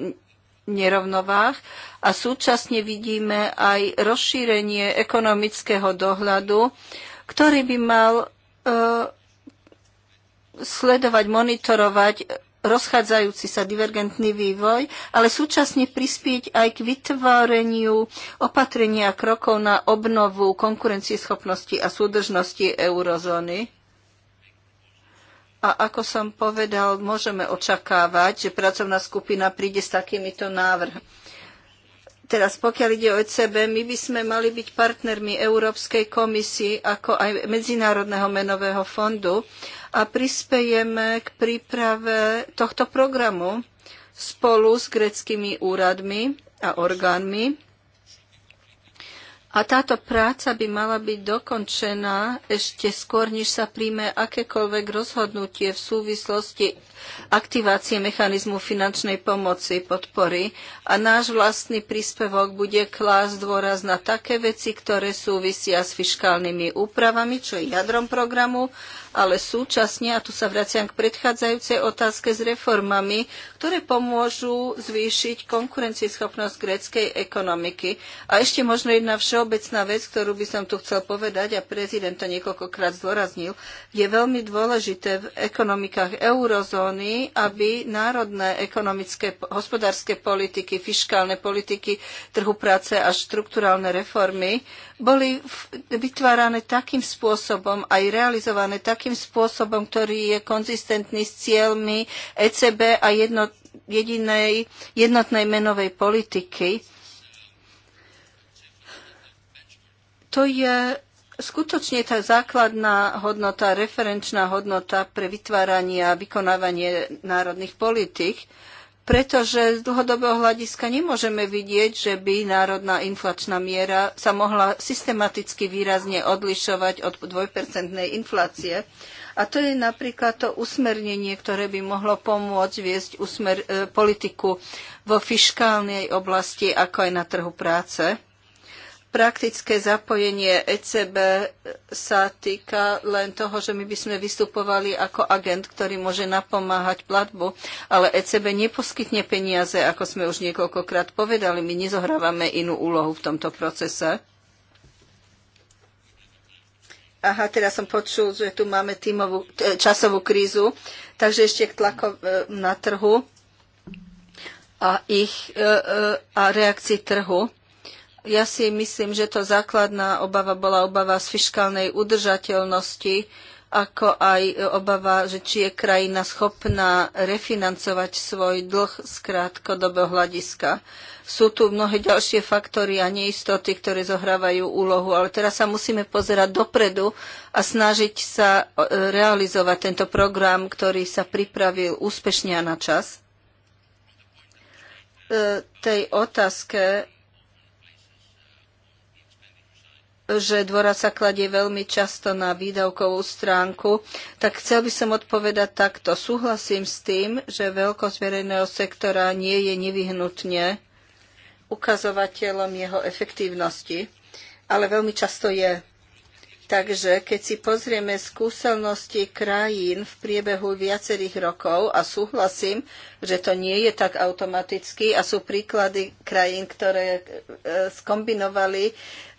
nerovnovách a súčasne vidíme aj rozšírenie ekonomického dohľadu, ktorý by mal e, sledovať, monitorovať rozchádzajúci sa divergentný vývoj, ale súčasne prispieť aj k vytvoreniu opatrenia krokov na obnovu konkurencieschopnosti a súdržnosti eurozóny. A ako som povedal, môžeme očakávať, že pracovná skupina príde s takýmito návrhmi. Teraz, pokiaľ ide o ECB, my by sme mali byť partnermi Európskej komisii, ako aj Medzinárodného menového fondu a prispejeme k príprave tohto programu spolu s greckými úradmi a orgánmi a táto práca by mala byť dokončená ešte skôr, než sa príjme akékoľvek rozhodnutie v súvislosti aktivácie mechanizmu finančnej pomoci podpory. A náš vlastný príspevok bude klásť dôraz na také veci, ktoré súvisia s fiskálnymi úpravami, čo je jadrom programu, ale súčasne, a tu sa vraciam k predchádzajúcej otázke s reformami, ktoré pomôžu zvýšiť konkurencieschopnosť gréckej ekonomiky. A ešte možno jedna všeobecná všeobecná vec, ktorú by som tu chcel povedať, a prezident to niekoľkokrát zdôraznil, je veľmi dôležité v ekonomikách eurozóny, aby národné ekonomické, hospodárske politiky, fiskálne politiky, trhu práce a štrukturálne reformy boli vytvárané takým spôsobom, aj realizované takým spôsobom, ktorý je konzistentný s cieľmi ECB a jedno, jedinej jednotnej menovej politiky To je skutočne tá základná hodnota, referenčná hodnota pre vytváranie a vykonávanie národných politik, pretože z dlhodobého hľadiska nemôžeme vidieť, že by národná inflačná miera sa mohla systematicky výrazne odlišovať od dvojpercentnej inflácie. A to je napríklad to usmernenie, ktoré by mohlo pomôcť viesť usmer, e, politiku vo fiškálnej oblasti, ako aj na trhu práce praktické zapojenie ECB sa týka len toho, že my by sme vystupovali ako agent, ktorý môže napomáhať platbu, ale ECB neposkytne peniaze, ako sme už niekoľkokrát povedali. My nezohrávame inú úlohu v tomto procese. Aha, teraz som počul, že tu máme tímovú, e, časovú krízu, takže ešte k tlaku e, na trhu a ich e, a reakcii trhu ja si myslím, že to základná obava bola obava z fiskálnej udržateľnosti, ako aj obava, že či je krajina schopná refinancovať svoj dlh z krátkodobého hľadiska. Sú tu mnohé ďalšie faktory a neistoty, ktoré zohrávajú úlohu, ale teraz sa musíme pozerať dopredu a snažiť sa e, realizovať tento program, ktorý sa pripravil úspešne a na čas. E, tej otázke že dôraz sa kladie veľmi často na výdavkovú stránku, tak chcel by som odpovedať takto. Súhlasím s tým, že veľkosť verejného sektora nie je nevyhnutne ukazovateľom jeho efektívnosti, ale veľmi často je. Takže keď si pozrieme skúsenosti krajín v priebehu viacerých rokov a súhlasím, že to nie je tak automaticky a sú príklady krajín, ktoré e, skombinovali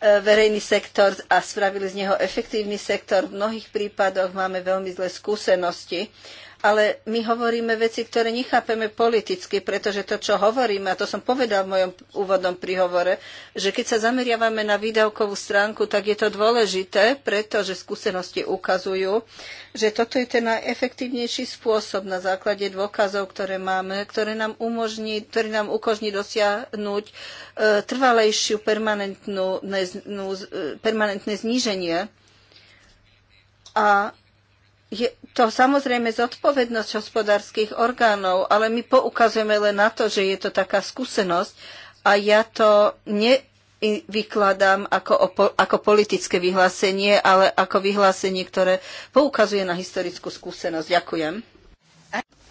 E, verejný sektor a spravili z neho efektívny sektor. V mnohých prípadoch máme veľmi zlé skúsenosti ale my hovoríme veci, ktoré nechápeme politicky, pretože to, čo hovoríme, a to som povedal v mojom úvodnom príhovore, že keď sa zameriavame na výdavkovú stránku, tak je to dôležité, pretože skúsenosti ukazujú, že toto je ten najefektívnejší spôsob na základe dôkazov, ktoré máme, ktoré nám umožní, ktorý nám ukožní dosiahnuť e, trvalejšiu permanentnú, ne, e, permanentné zníženie. A je to samozrejme zodpovednosť hospodárskych orgánov, ale my poukazujeme len na to, že je to taká skúsenosť a ja to nevykladám ako, opo- ako politické vyhlásenie, ale ako vyhlásenie, ktoré poukazuje na historickú skúsenosť. Ďakujem.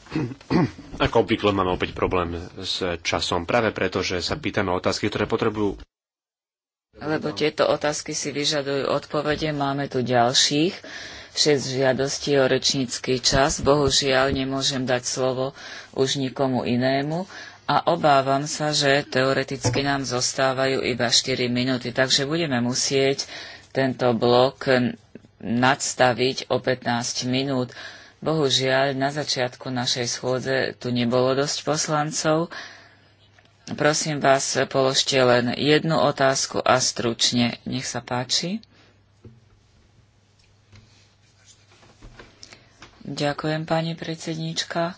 Ako obvykle máme opäť problém s časom, práve preto, že sa pýtame otázky, ktoré potrebujú. Lebo tieto otázky si vyžadujú odpovede, máme tu ďalších 6 žiadostí o rečnícky čas. Bohužiaľ nemôžem dať slovo už nikomu inému a obávam sa, že teoreticky nám zostávajú iba 4 minúty, takže budeme musieť tento blok nadstaviť o 15 minút. Bohužiaľ, na začiatku našej schôdze tu nebolo dosť poslancov. Prosím vás, položte len jednu otázku a stručne. Nech sa páči. Ďakujem, pani predsedníčka. E,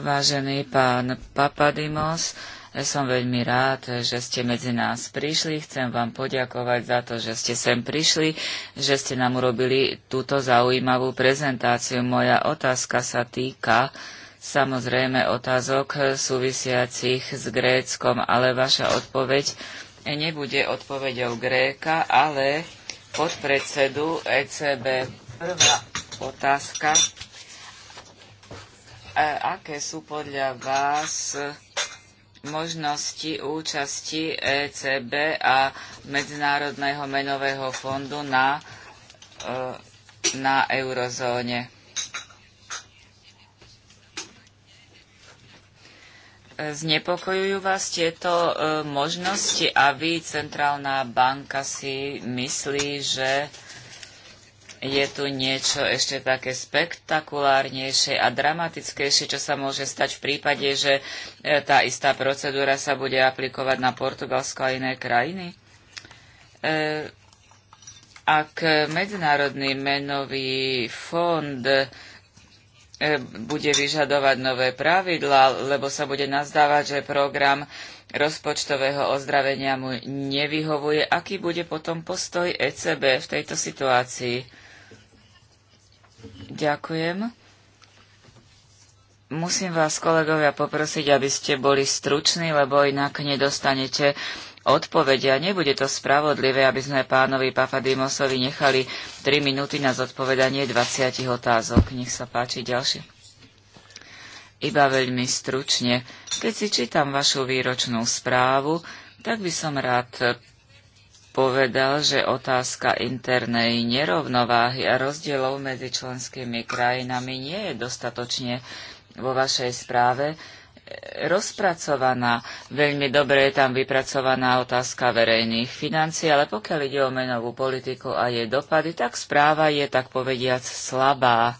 vážený pán Papadimos, e, som veľmi rád, že ste medzi nás prišli. Chcem vám poďakovať za to, že ste sem prišli, že ste nám urobili túto zaujímavú prezentáciu. Moja otázka sa týka samozrejme otázok súvisiacich s Gréckom, ale vaša odpoveď nebude odpoveďou Gréka, ale podpredsedu ECB. Prvá otázka. Aké sú podľa vás možnosti účasti ECB a Medzinárodného menového fondu na, e, na eurozóne? Znepokojujú vás tieto e, možnosti a vy, Centrálna banka, si myslí, že je tu niečo ešte také spektakulárnejšie a dramatickejšie, čo sa môže stať v prípade, že e, tá istá procedúra sa bude aplikovať na Portugalsko a iné krajiny? E, ak Medzinárodný menový fond e, bude vyžadovať nové pravidla, lebo sa bude nazdávať, že program rozpočtového ozdravenia mu nevyhovuje, aký bude potom postoj ECB v tejto situácii. Ďakujem. Musím vás, kolegovia, poprosiť, aby ste boli struční, lebo inak nedostanete odpovedia. Nebude to spravodlivé, aby sme pánovi Pafadimosovi nechali 3 minúty na zodpovedanie 20 otázok. Nech sa páči ďalšie. Iba veľmi stručne. Keď si čítam vašu výročnú správu, tak by som rád povedal, že otázka internej nerovnováhy a rozdielov medzi členskými krajinami nie je dostatočne vo vašej správe e, rozpracovaná. Veľmi dobre je tam vypracovaná otázka verejných financií, ale pokiaľ ide o menovú politiku a jej dopady, tak správa je, tak povediac, slabá.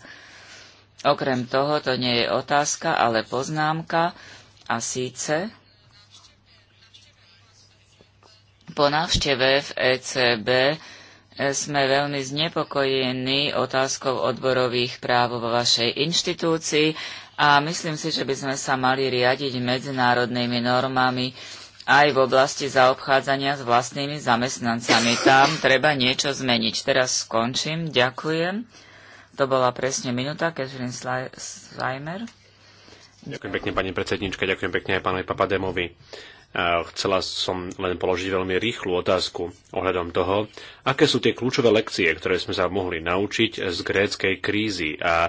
Okrem toho, to nie je otázka, ale poznámka, a síce, Po návšteve v ECB e, sme veľmi znepokojení otázkou odborových práv vo vašej inštitúcii a myslím si, že by sme sa mali riadiť medzinárodnými normami aj v oblasti zaobchádzania s vlastnými zamestnancami. Tam treba niečo zmeniť. Teraz skončím. Ďakujem. To bola presne minúta. Catherine Seimer. Ďakujem pekne, pani predsedníčka, Ďakujem pekne aj pánovi Papademovi Chcela som len položiť veľmi rýchlu otázku ohľadom toho, aké sú tie kľúčové lekcie, ktoré sme sa mohli naučiť z gréckej krízy. A e,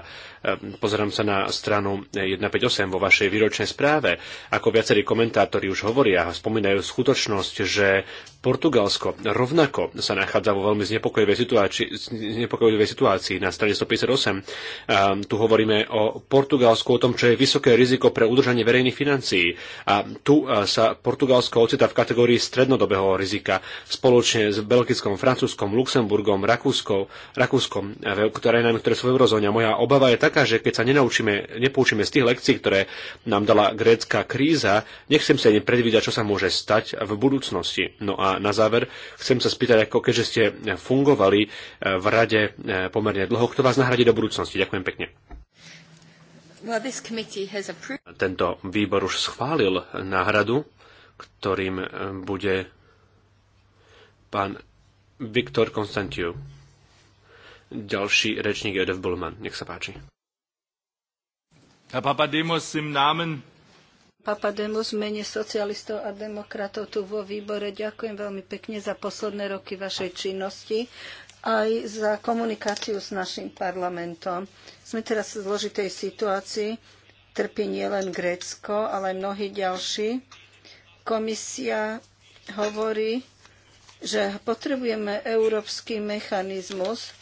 pozerám sa na stranu 158 vo vašej výročnej správe. Ako viacerí komentátori už hovoria, spomínajú skutočnosť, že Portugalsko rovnako sa nachádza vo veľmi znepokojivej situácii, znepokojivej situácii. Na strane 158 ehm, tu hovoríme o Portugalsku, o tom, čo je vysoké riziko pre udržanie verejných financií. A tu e, sa Portugalsko ocitá v kategórii strednodobého rizika spoločne s Belgickom, Francúzskom, Luxemburgom, Rakúskom, e, ktoré krajinami, ktoré sú v eurozóne. moja obava je taká, že keď sa nenaučíme, nepoučíme z tých lekcií, ktoré nám dala grécka kríza, nechcem sa ani predvídať, čo sa môže stať v budúcnosti. No a a na záver chcem sa spýtať, ako keďže ste fungovali eh, v rade eh, pomerne dlho, kto vás nahradí do budúcnosti. Ďakujem pekne. Tento výbor už schválil náhradu, ktorým eh, bude pán Viktor Konstantiu. Ďalší rečník je Edev Bullman. Nech sa páči. Herr Papademos, im Namen Papademus v mene socialistov a demokratov tu vo výbore. Ďakujem veľmi pekne za posledné roky vašej činnosti aj za komunikáciu s našim parlamentom. Sme teraz v zložitej situácii. Trpí nielen Grécko, ale aj mnohí ďalší. Komisia hovorí, že potrebujeme európsky mechanizmus,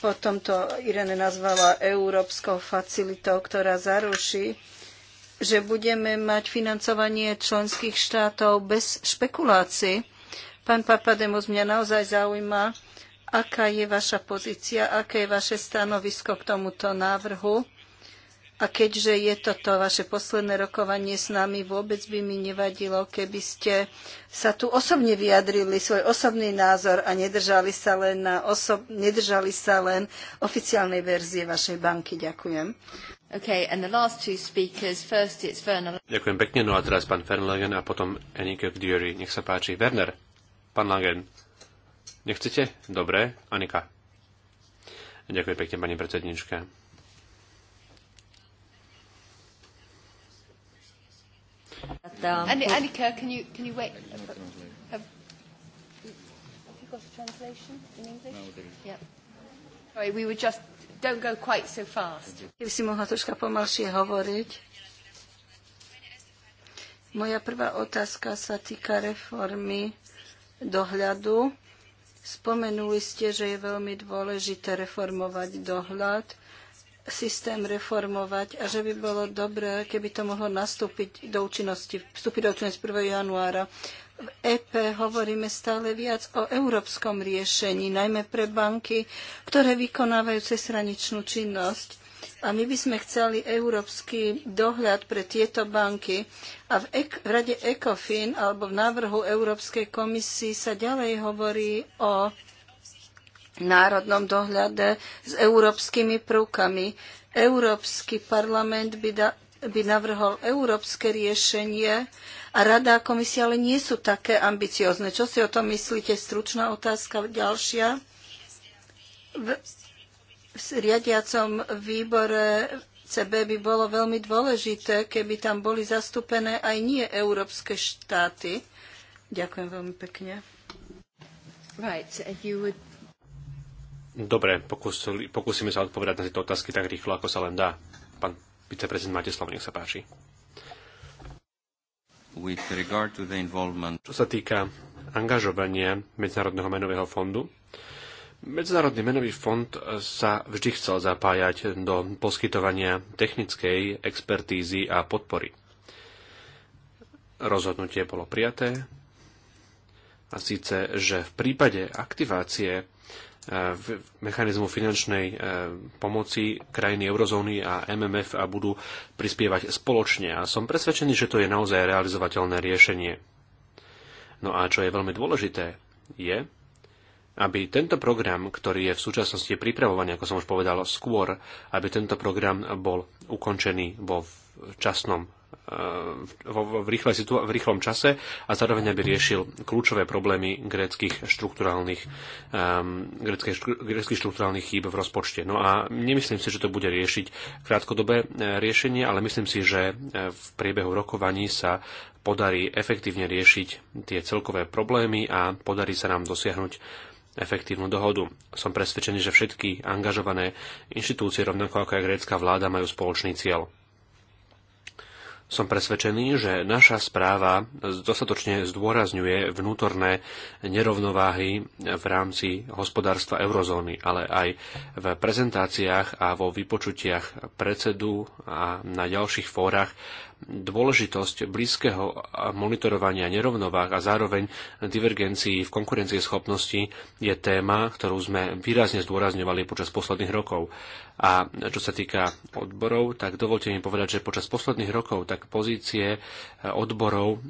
potom to Irene nazvala európskou facilitou, ktorá zaruší že budeme mať financovanie členských štátov bez špekulácií. Pán Papademos, mňa naozaj zaujíma, aká je vaša pozícia, aké je vaše stanovisko k tomuto návrhu. A keďže je toto vaše posledné rokovanie s nami, vôbec by mi nevadilo, keby ste sa tu osobne vyjadrili svoj osobný názor a nedržali sa len, na oso- nedržali sa len oficiálnej verzie vašej banky. Ďakujem. Okay, and the last two speakers, first it's Werner. Ďakujem pekne, no a teraz pán Fernlagen a potom Enike v Diori. Nech sa páči. Werner, pán Lagen, nechcete? Dobre, Anika. Ďakujem pekne, pani predsednička. Annika, can you, can you wait? Have, have you got a translation in English? No, yeah. Sorry, we were just don't go quite so fast. Keby si mohla troška pomalšie hovoriť. Moja prvá otázka sa týka reformy dohľadu. Spomenuli ste, že je veľmi dôležité reformovať dohľad, systém reformovať a že by bolo dobré, keby to mohlo nastúpiť do účinnosti, vstúpiť do účinnosti 1. januára v EP hovoríme stále viac o európskom riešení, najmä pre banky, ktoré vykonávajú cezhraničnú činnosť. A my by sme chceli európsky dohľad pre tieto banky. A v, e v rade ECOFIN alebo v návrhu Európskej komisii sa ďalej hovorí o národnom dohľade s európskymi prvkami. Európsky parlament by da- by navrhol európske riešenie a rada a komisia ale nie sú také ambiciozne. Čo si o tom myslíte? Stručná otázka ďalšia. V, v riadiacom výbore CB by bolo veľmi dôležité, keby tam boli zastúpené aj nie európske štáty. Ďakujem veľmi pekne. Dobre, pokúsime sa odpovedať na tieto otázky tak rýchlo, ako sa len dá. Pán Viceprezident, máte slovo, nech sa páči. Čo sa týka angažovania Medzinárodného menového fondu, Medzinárodný menový fond sa vždy chcel zapájať do poskytovania technickej expertízy a podpory. Rozhodnutie bolo prijaté a síce, že v prípade aktivácie E, mechanizmu finančnej e, pomoci krajiny eurozóny a MMF a budú prispievať spoločne. A som presvedčený, že to je naozaj realizovateľné riešenie. No a čo je veľmi dôležité, je, aby tento program, ktorý je v súčasnosti pripravovaný, ako som už povedal skôr, aby tento program bol ukončený vo včasnom v, rýchle, v rýchlom čase a zároveň aby riešil kľúčové problémy gréckých štruktúrálnych, um, ehm, gréckých, gréckých štruktúrálnych chýb v rozpočte. No a nemyslím si, že to bude riešiť krátkodobé e, riešenie, ale myslím si, že e, v priebehu rokovaní sa podarí efektívne riešiť tie celkové problémy a podarí sa nám dosiahnuť efektívnu dohodu. Som presvedčený, že všetky angažované inštitúcie, rovnako ako aj grécka vláda, majú spoločný cieľ. Som presvedčený, že naša správa dostatočne zdôrazňuje vnútorné nerovnováhy v rámci hospodárstva eurozóny, ale aj v prezentáciách a vo vypočutiach predsedu a na ďalších fórach dôležitosť blízkeho monitorovania nerovnováh a zároveň divergencií v konkurencieschopnosti je téma, ktorú sme výrazne zdôrazňovali počas posledných rokov. A čo sa týka odborov, tak dovolte mi povedať, že počas posledných rokov tak pozície odborov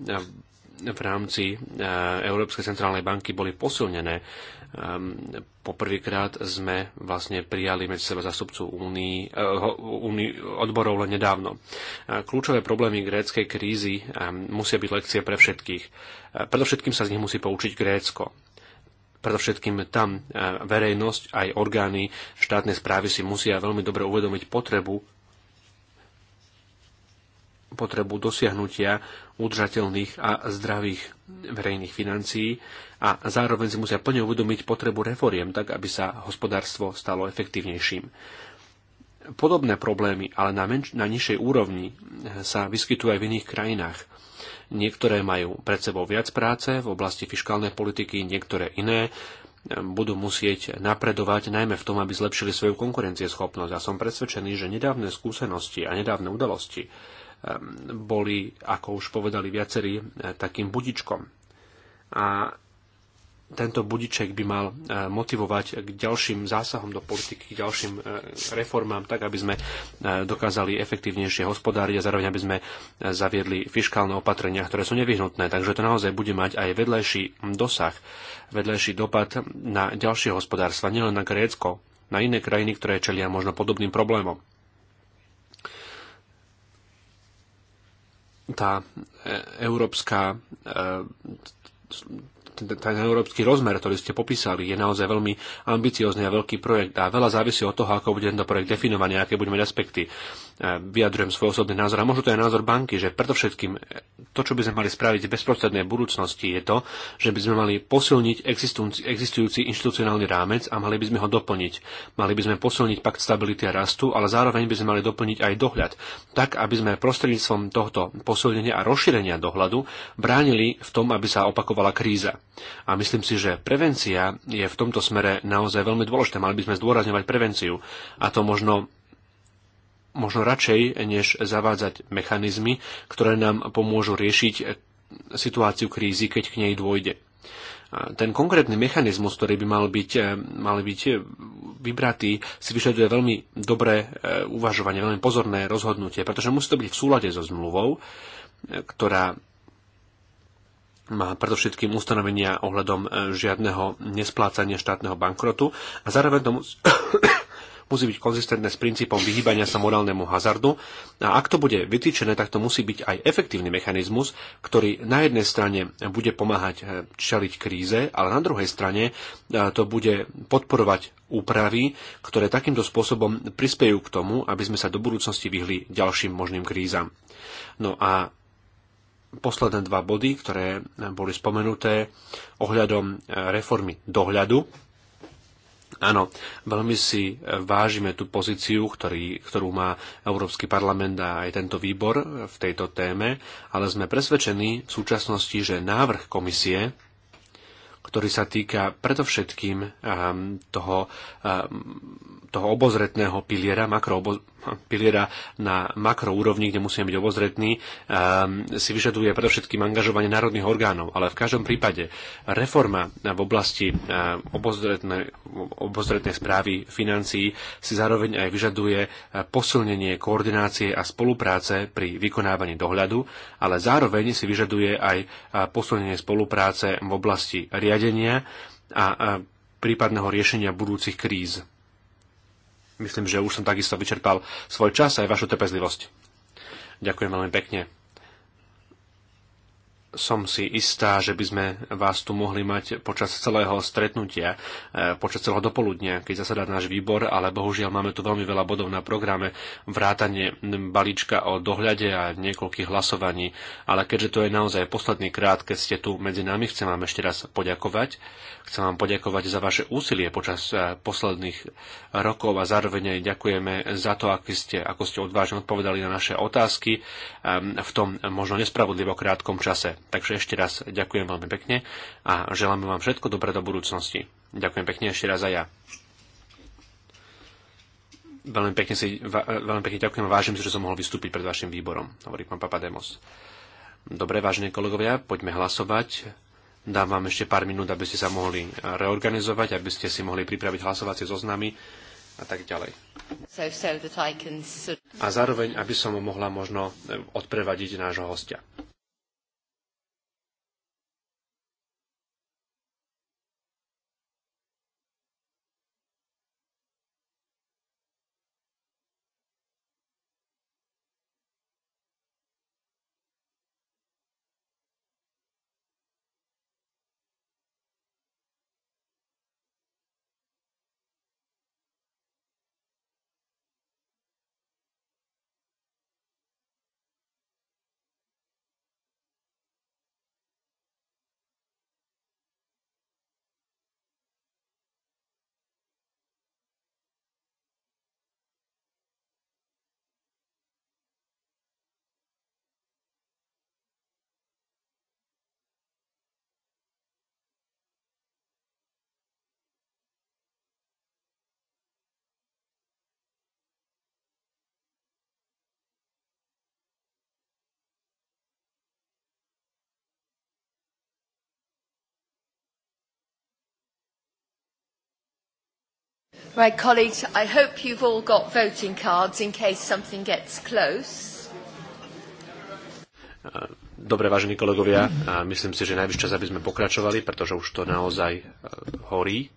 v rámci e, Európskej centrálnej banky boli posilnené. E, poprvýkrát sme vlastne prijali medzi seba zastupcu Unii, Unii e, odborov len nedávno. Kľúčové problémy gréckej krízy musia byť lekcie pre všetkých. Predovšetkým sa z nich musí poučiť Grécko predovšetkým tam verejnosť, aj orgány štátnej správy si musia veľmi dobre uvedomiť potrebu potrebu dosiahnutia udržateľných a zdravých verejných financií a zároveň si musia plne uvedomiť potrebu reforiem, tak aby sa hospodárstvo stalo efektívnejším. Podobné problémy, ale na, menš- na nižšej úrovni, eh, sa vyskytujú aj v iných krajinách. Niektoré majú pred sebou viac práce v oblasti fiskálnej politiky, niektoré iné eh, budú musieť napredovať najmä v tom, aby zlepšili svoju konkurencieschopnosť. A som presvedčený, že nedávne skúsenosti a nedávne udalosti Ehm, boli, ako už povedali viacerí, eh, takým budičkom. A tento budiček by mal eh, motivovať k ďalším zásahom do politiky, k ďalším eh, reformám, tak aby sme dokázali efektívnejšie hospodáriť a zároveň aby sme zaviedli fiskálne opatrenia, ktoré sú nevyhnutné. Takže to naozaj bude mať aj vedlejší dosah, vedlejší dopad na ďalšie hospodárstva, nielen na Grécko, na iné krajiny, ktoré čelia možno podobným problémom. tá e, európska e, ten európsky rozmer, ktorý ste popísali, je naozaj veľmi ambiciózny a veľký projekt a veľa závisí od toho, ako bude tento projekt definovaný, aké budeme mať aspekty vyjadrujem svoj osobný názor. A možno to je názor banky, že predovšetkým e, to, čo by sme mali spraviť v bezprostrednej budúcnosti, je to, že by sme mali posilniť existujúci inštitucionálny rámec a mali by sme ho doplniť. Mali by sme posilniť pakt stability a rastu, ale zároveň by sme mali doplniť aj dohľad, tak aby sme prostredníctvom tohto posilnenia a rozšírenia dohľadu bránili v tom, aby sa opakovala kríza. A myslím si, že prevencia je v tomto smere naozaj veľmi dôležité. Mali by sme zdôrazňovať prevenciu. A to možno možno radšej, než zavádzať mechanizmy, ktoré nám pomôžu riešiť situáciu krízy, keď k nej dôjde. Ten konkrétny mechanizmus, ktorý by mal byť, e, mal byť vybratý, si vyžaduje veľmi dobré e, uvažovanie, veľmi pozorné rozhodnutie, pretože musí to byť v súlade so zmluvou, e, ktorá má predovšetkým ustanovenia ohľadom žiadneho nesplácania štátneho bankrotu a zároveň to musí musí byť konzistentné s princípom vyhýbania sa morálnemu hazardu a ak to bude vytýčené, tak to musí byť aj efektívny mechanizmus, ktorý na jednej strane bude pomáhať eh, čeliť kríze, ale na druhej strane eh, to bude podporovať úpravy, ktoré takýmto spôsobom prispejú k tomu, aby sme sa do budúcnosti vyhli ďalším možným krízam. No a posledné dva body, ktoré eh, boli spomenuté ohľadom reformy dohľadu. Áno, veľmi si e, vážime tú pozíciu, ktorý, ktorú má Európsky parlament a aj tento výbor v tejto téme, ale sme presvedčení v súčasnosti, že návrh komisie ktorý sa týka predovšetkým ehm, toho ehm, toho obozretného piliera, makro obo, piliera na makroúrovni, kde musíme byť obozretní, um, si vyžaduje predovšetkým angažovanie národných orgánov. Ale v každom prípade reforma v oblasti uh, obozretnej, obozretnej správy financií si zároveň aj vyžaduje uh, posilnenie koordinácie a spolupráce pri vykonávaní dohľadu, ale zároveň si vyžaduje aj uh, posilnenie spolupráce v oblasti riadenia a uh, prípadného riešenia budúcich kríz. Myslím, že už som takisto vyčerpal svoj čas aj vašu trpezlivosť. Ďakujem veľmi pekne som si istá, že by sme vás tu mohli mať počas celého stretnutia, eh, počas celého dopoludnia, keď zasadá náš výbor, ale bohužiaľ máme tu veľmi veľa bodov na programe, vrátanie balíčka o dohľade a niekoľkých hlasovaní. Ale keďže to je naozaj posledný krát, keď ste tu medzi nami, chcem vám ešte raz poďakovať. Chcem vám poďakovať za vaše úsilie počas eh, posledných rokov a zároveň aj ďakujeme za to, ako ste, ako ste odvážne odpovedali na naše otázky ehm, v tom možno nespravodlivo krátkom čase. Takže ešte raz ďakujem veľmi pekne a želám vám všetko dobré do budúcnosti. Ďakujem pekne ešte raz aj ja. Veľmi pekne, si, veľmi pekne ďakujem a vážim si, že som mohol vystúpiť pred vašim výborom, hovorí pán Papademos. Dobre, vážení kolegovia, poďme hlasovať. Dám vám ešte pár minút, aby ste sa mohli reorganizovať, aby ste si mohli pripraviť hlasovacie zoznamy a tak ďalej. A zároveň, aby som mohla možno odprevadiť nášho hostia. My colleagues, I hope you've all got voting cards in case something gets close. Uh, dobre, vážení kolegovia, myslím si, že najvyššie čas, aby sme pokračovali, pretože už to naozaj uh, horí.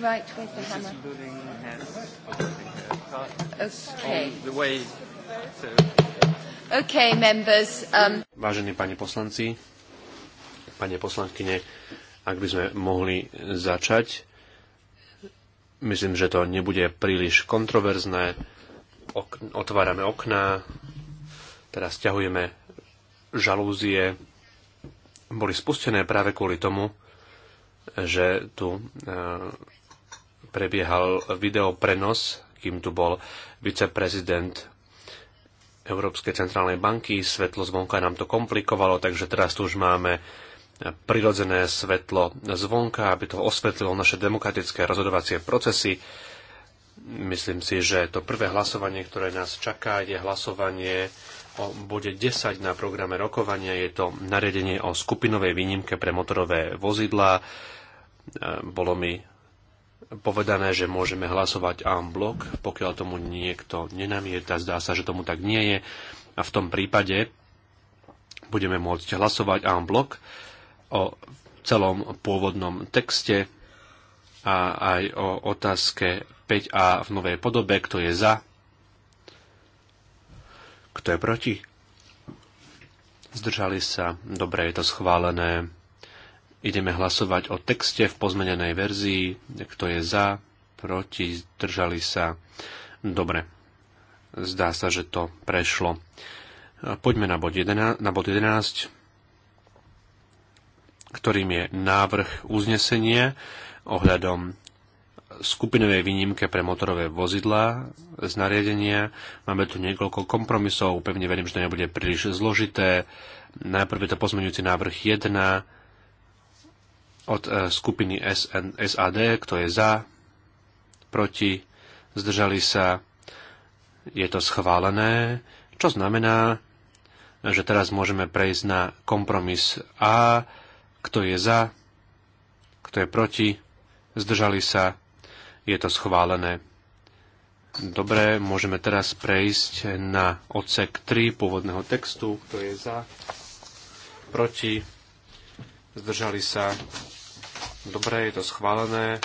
Right, with the hammer? Okay. the way to... Okay, members. Um... Vážení pani poslanci, pani poslankyne, ak by sme mohli začať, myslím, že to nebude príliš kontroverzné. Ok- otvárame okná, teraz ťahujeme žalúzie. Boli spustené práve kvôli tomu, že tu e, prebiehal videoprenos, kým tu bol viceprezident Európskej centrálnej banky. Svetlo zvonka nám to komplikovalo, takže teraz tu už máme prirodzené svetlo zvonka, aby to osvetlilo naše demokratické rozhodovacie procesy. Myslím si, že to prvé hlasovanie, ktoré nás čaká, je hlasovanie o bode 10 na programe rokovania. Je to nariadenie o skupinovej výnimke pre motorové vozidlá. Bolo mi povedané, že môžeme hlasovať en blok, pokiaľ tomu niekto nenamieta. Zdá sa, že tomu tak nie je. A v tom prípade budeme môcť hlasovať en blok o celom pôvodnom texte a aj o otázke 5a v novej podobe, kto je za, kto je proti. Zdržali sa, dobre je to schválené. Ideme hlasovať o texte v pozmenenej verzii, kto je za, proti, zdržali sa. Dobre, zdá sa, že to prešlo. Poďme na bod 11, na bod 11 ktorým je návrh uznesenia ohľadom skupinovej výnimke pre motorové vozidlá z nariadenia. Máme tu niekoľko kompromisov, pevne verím, že to nebude príliš zložité. Najprv je to pozmeňujúci návrh 1, od e, skupiny SN, SAD, kto je za, proti, zdržali sa, je to schválené, čo znamená, že teraz môžeme prejsť na kompromis A, kto je za, kto je proti, zdržali sa, je to schválené. Dobre, môžeme teraz prejsť na odsek 3 pôvodného textu, kto je za, proti, zdržali sa, Dobre, je to schválené.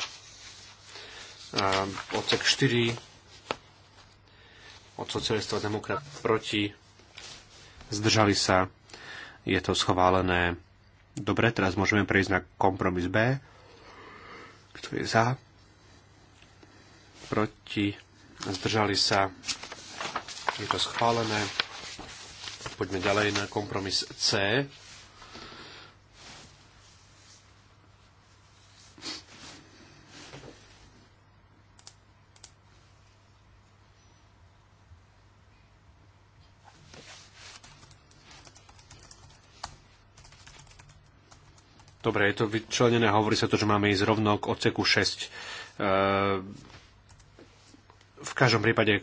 Odsek 4 od socialistov a demokrat proti. Zdržali sa. Je to schválené. Dobre, teraz môžeme prejsť na kompromis B. Kto je za? Proti. Zdržali sa. Je to schválené. Poďme ďalej na kompromis C. Dobre, je to vyčlenené, hovorí sa to, že máme ísť rovno k odseku 6. E, v každom prípade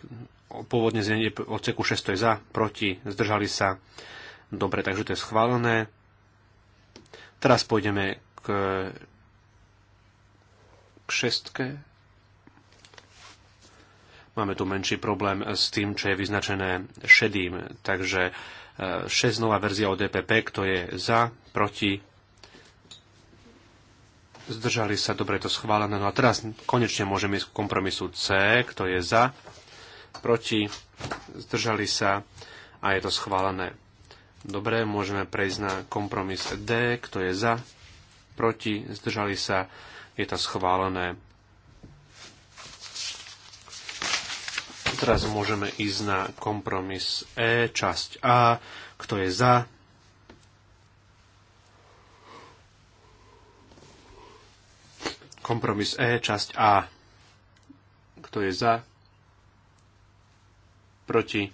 pôvodne znenie odseku 6 to je za, proti, zdržali sa. Dobre, takže to je schválené. Teraz pôjdeme k, k šestke. Máme tu menší problém s tým, čo je vyznačené šedým. Takže 6 e, nová verzia od DPP, e kto je za, proti, zdržali sa, dobre to schválené. No a teraz konečne môžeme ísť k kompromisu C, kto je za, proti, zdržali sa a je to schválené. Dobre, môžeme prejsť na kompromis D, kto je za, proti, zdržali sa, je to schválené. Teraz môžeme ísť na kompromis E, časť A, kto je za, Kompromis E, časť A. Kto je za? Proti?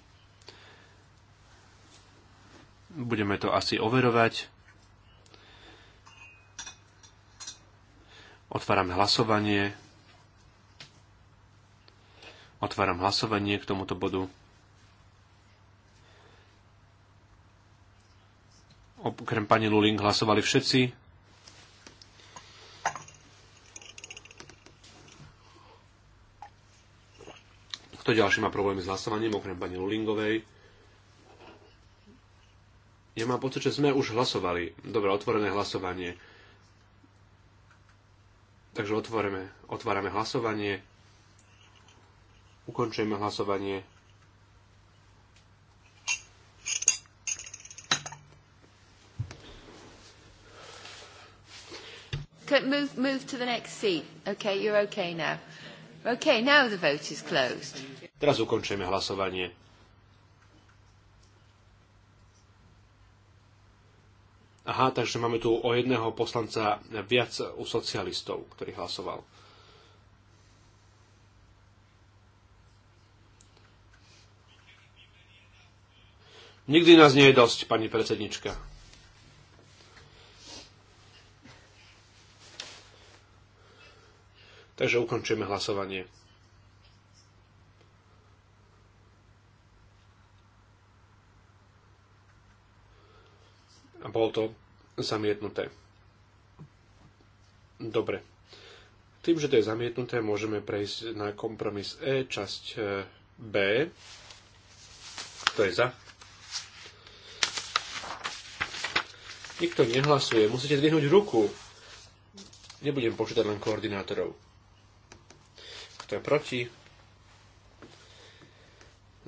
Budeme to asi overovať. Otváram hlasovanie. Otváram hlasovanie k tomuto bodu. Okrem pani Luling hlasovali všetci. Kto ďalší má problémy s hlasovaním, okrem pani Lulingovej? Ja mám pocit, že sme už hlasovali. Dobre, otvorené hlasovanie. Takže otvoreme, otvárame hlasovanie. Ukončujeme hlasovanie. Move, move to the next seat. Okay, you're okay now. Okay, now the vote is closed. Teraz ukončujeme hlasovanie. Aha, takže máme tu o jedného poslanca viac u socialistov, ktorý hlasoval. Nikdy nás nie je dosť, pani predsednička. Takže ukončujeme hlasovanie. A bolo to zamietnuté. Dobre. Tým, že to je zamietnuté, môžeme prejsť na kompromis E, časť e, B. Kto je za? Nikto nehlasuje. Musíte zvihnúť ruku. Nebudem počítať len koordinátorov. Kto je proti?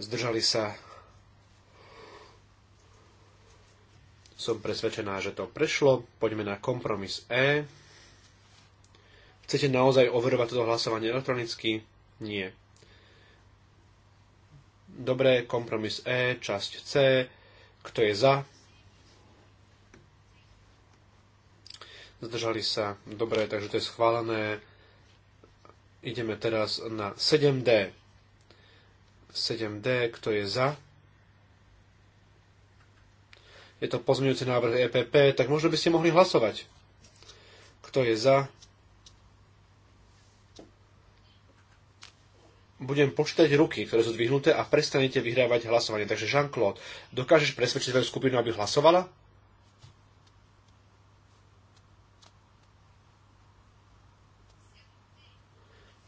Zdržali sa. Som presvedčená, že to prešlo. Poďme na kompromis E. Chcete naozaj overovať toto hlasovanie elektronicky? Nie. Dobre, kompromis E, časť C. Kto je za? Zdržali sa. Dobre, takže to je schválené. Ideme teraz na 7D. 7D, kto je za? Je to pozmeňujúci návrh EPP, tak možno by ste mohli hlasovať. Kto je za? budem počítať ruky, ktoré sú dvihnuté a prestanete vyhrávať hlasovanie. Takže Jean-Claude, dokážeš presvedčiť svoju skupinu, aby hlasovala?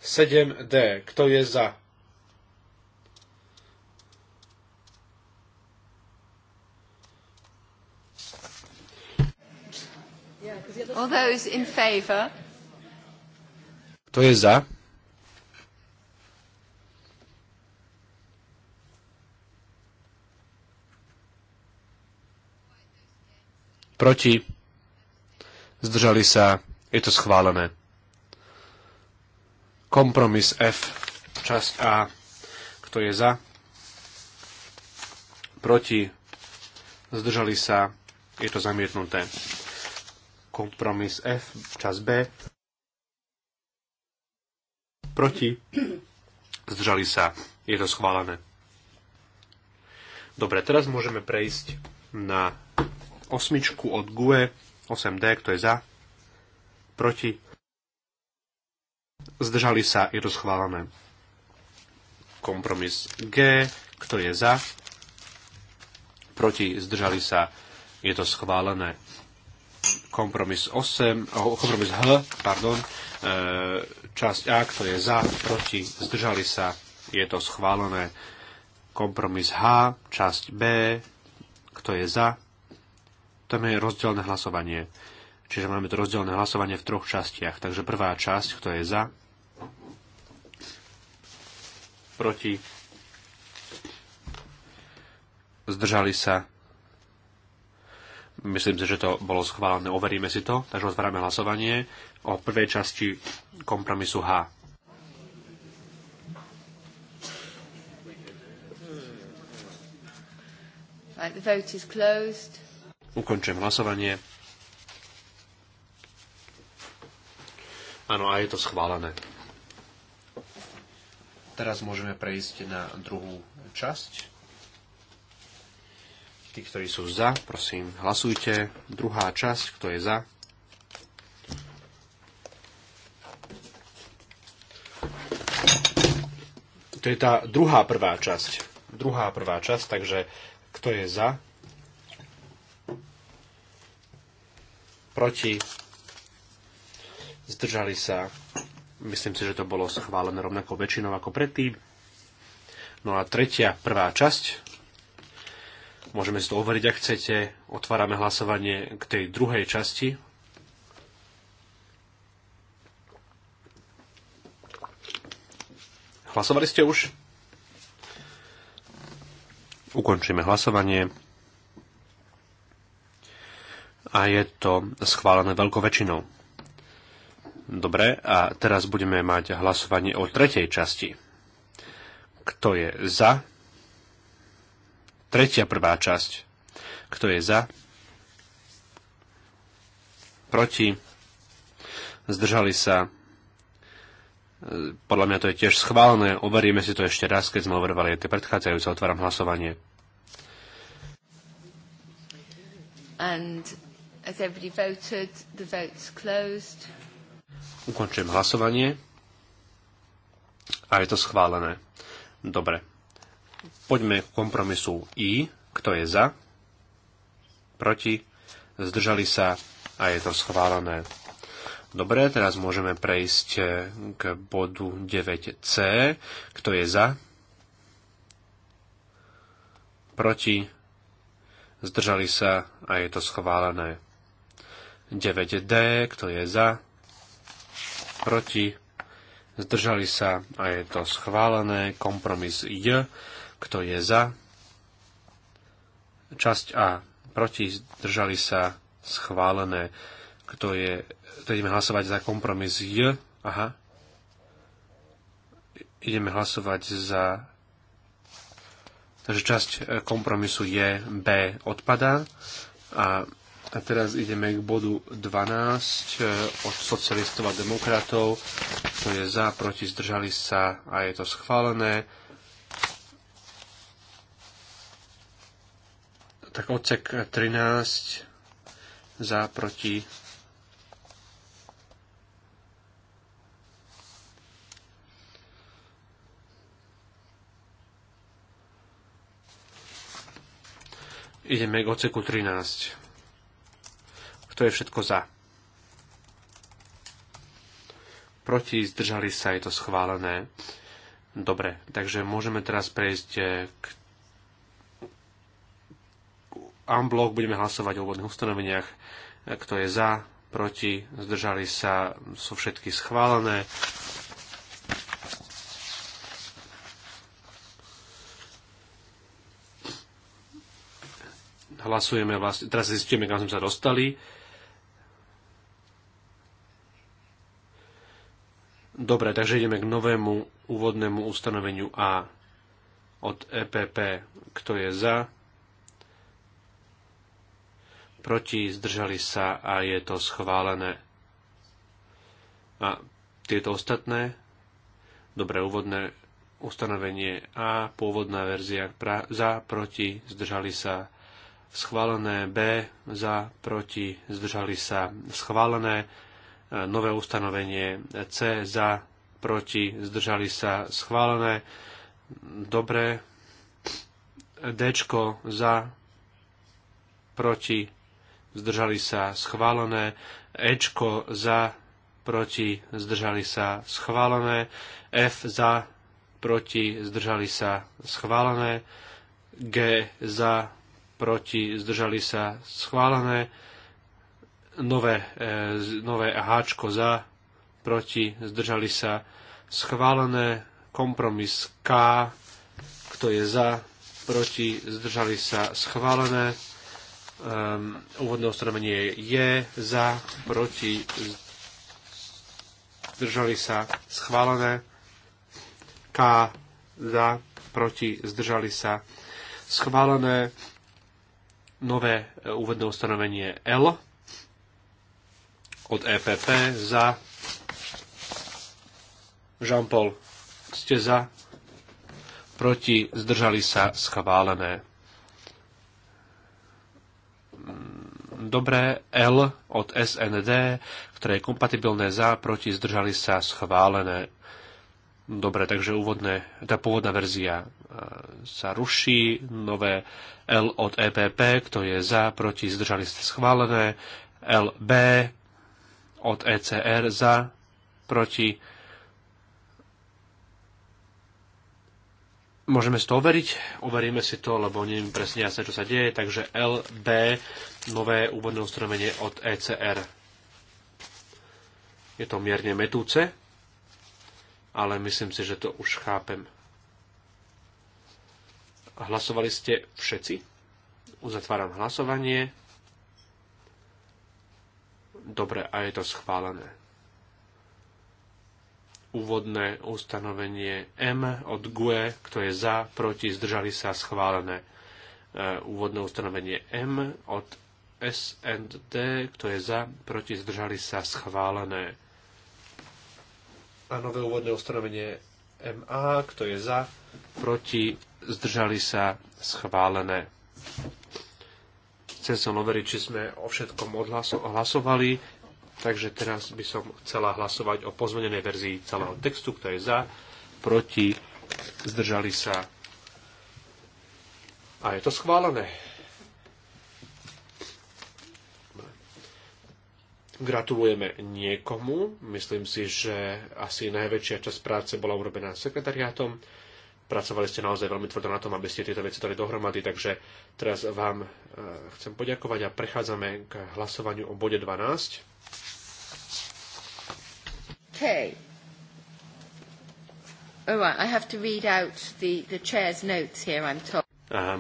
7D. Kto je za? All those in favor. Kto je za? Proti? Zdržali sa? Je to schválené. Kompromis F, časť A. Kto je za? Proti? Zdržali sa? Je to zamietnuté. Kompromis F, časť B. Proti? Zdržali sa? Je to schválené. Dobre, teraz môžeme prejsť na osmičku od GUE 8D, kto je za, proti, zdržali sa, je to schválené. Kompromis G, kto je za, proti, zdržali sa, je to schválené. Kompromis 8, oh, kompromis H, pardon, e, časť A, kto je za, proti, zdržali sa, je to schválené. Kompromis H, časť B, kto je za, to je rozdielne hlasovanie. Čiže máme to rozdielne hlasovanie v troch častiach. Takže prvá časť, kto je za, proti, zdržali sa. Myslím si, že to bolo schválené, overíme si to, takže otvárame hlasovanie o prvej časti kompromisu H. Right, the vote is closed. Ukončujem hlasovanie. Áno, a je to schválené. Teraz môžeme prejsť na druhú časť. Tí, ktorí sú za, prosím, hlasujte. Druhá časť, kto je za. To je tá druhá prvá časť. Druhá prvá časť, takže kto je za? Proti? Zdržali sa? Myslím si, že to bolo schválené rovnako väčšinou ako predtým. No a tretia, prvá časť. Môžeme si to overiť, ak chcete. Otvárame hlasovanie k tej druhej časti. Hlasovali ste už? Ukončíme hlasovanie. A je to schválené veľkou väčšinou. Dobre, a teraz budeme mať hlasovanie o tretej časti. Kto je za? Tretia prvá časť. Kto je za? Proti? Zdržali sa? Podľa mňa to je tiež schválne. Overíme si to ešte raz, keď sme overovali tie predchádzajúce. Otváram hlasovanie. And as everybody voted, the vote's closed. Ukončujem hlasovanie. A je to schválené. Dobre. Poďme k kompromisu I. Kto je za? Proti? Zdržali sa? A je to schválené. Dobre, teraz môžeme prejsť e, k bodu 9c. Kto je za? Proti? Zdržali sa? A je to schválené. 9d. Kto je za? proti, zdržali sa a je to schválené. Kompromis J, kto je za, časť A, proti, zdržali sa, schválené. Kto je, to ideme hlasovať za kompromis J, aha. Ideme hlasovať za Takže časť eh, kompromisu je B odpadá a a teraz ideme k bodu 12 e, od socialistov a demokratov. To je za, proti, zdržali sa a je to schválené. Tak odsek 13 za, proti. Ideme k oceku 13. Kto je všetko za? Proti, zdržali sa, je to schválené. Dobre, takže môžeme teraz prejsť eh, k unblock, budeme hlasovať o úvodných ustanoveniach, eh, kto je za, proti, zdržali sa, sú všetky schválené. Hlasujeme vlastne, teraz zistíme, kam sme sa dostali. Dobre, takže ideme k novému úvodnému ustanoveniu A od EPP. Kto je za? Proti zdržali sa a je to schválené. A tieto ostatné? Dobre, úvodné ustanovenie A, pôvodná verzia pra, za, proti, zdržali sa schválené, B, za, proti, zdržali sa schválené, nové ustanovenie C za, proti, zdržali sa schválené, dobre, D za, proti, zdržali sa schválené, E za, proti, zdržali sa schválené, F za, proti, zdržali sa schválené, G za, proti, zdržali sa schválené, nové, e, nové háčko za, proti, zdržali sa, schválené, kompromis K, kto je za, proti, zdržali sa, schválené, um, úvodné ustanovenie je, za, proti, zdržali sa, schválené, K, za, proti, zdržali sa, schválené, nové e, úvodné ustanovenie L, od EPP za. Jean-Paul, ste za. Proti zdržali sa schválené. Mm, dobré L od SND, ktoré je kompatibilné za, proti zdržali sa schválené. Dobre, takže úvodné, tá pôvodná verzia e, sa ruší, nové L od EPP, kto je za, proti, zdržali sa schválené, LB, od ECR za, proti. Môžeme si to overiť, overíme si to, lebo neviem presne jasne, čo sa deje, takže LB, nové úvodné ustanovenie od ECR. Je to mierne metúce, ale myslím si, že to už chápem. Hlasovali ste všetci? Uzatváram hlasovanie. Dobre, a je to schválené. Úvodné ustanovenie M od GUE, kto je za, proti, zdržali sa, schválené. E, úvodné ustanovenie M od SND, kto je za, proti, zdržali sa, schválené. A nové úvodné ustanovenie MA, kto je za, proti, zdržali sa, schválené. Chcem som overiť, či sme o všetkom hlasovali, takže teraz by som chcela hlasovať o pozmenenej verzii celého textu, kto je za, proti, zdržali sa. A je to schválené. Gratulujeme niekomu. Myslím si, že asi najväčšia časť práce bola urobená sekretariátom pracovali ste naozaj veľmi tvrdo na tom, aby ste tieto veci dali dohromady, takže teraz vám e, chcem poďakovať a prechádzame k hlasovaniu o bode 12. OK. right. I have to read out the, the chair's notes here, I'm told.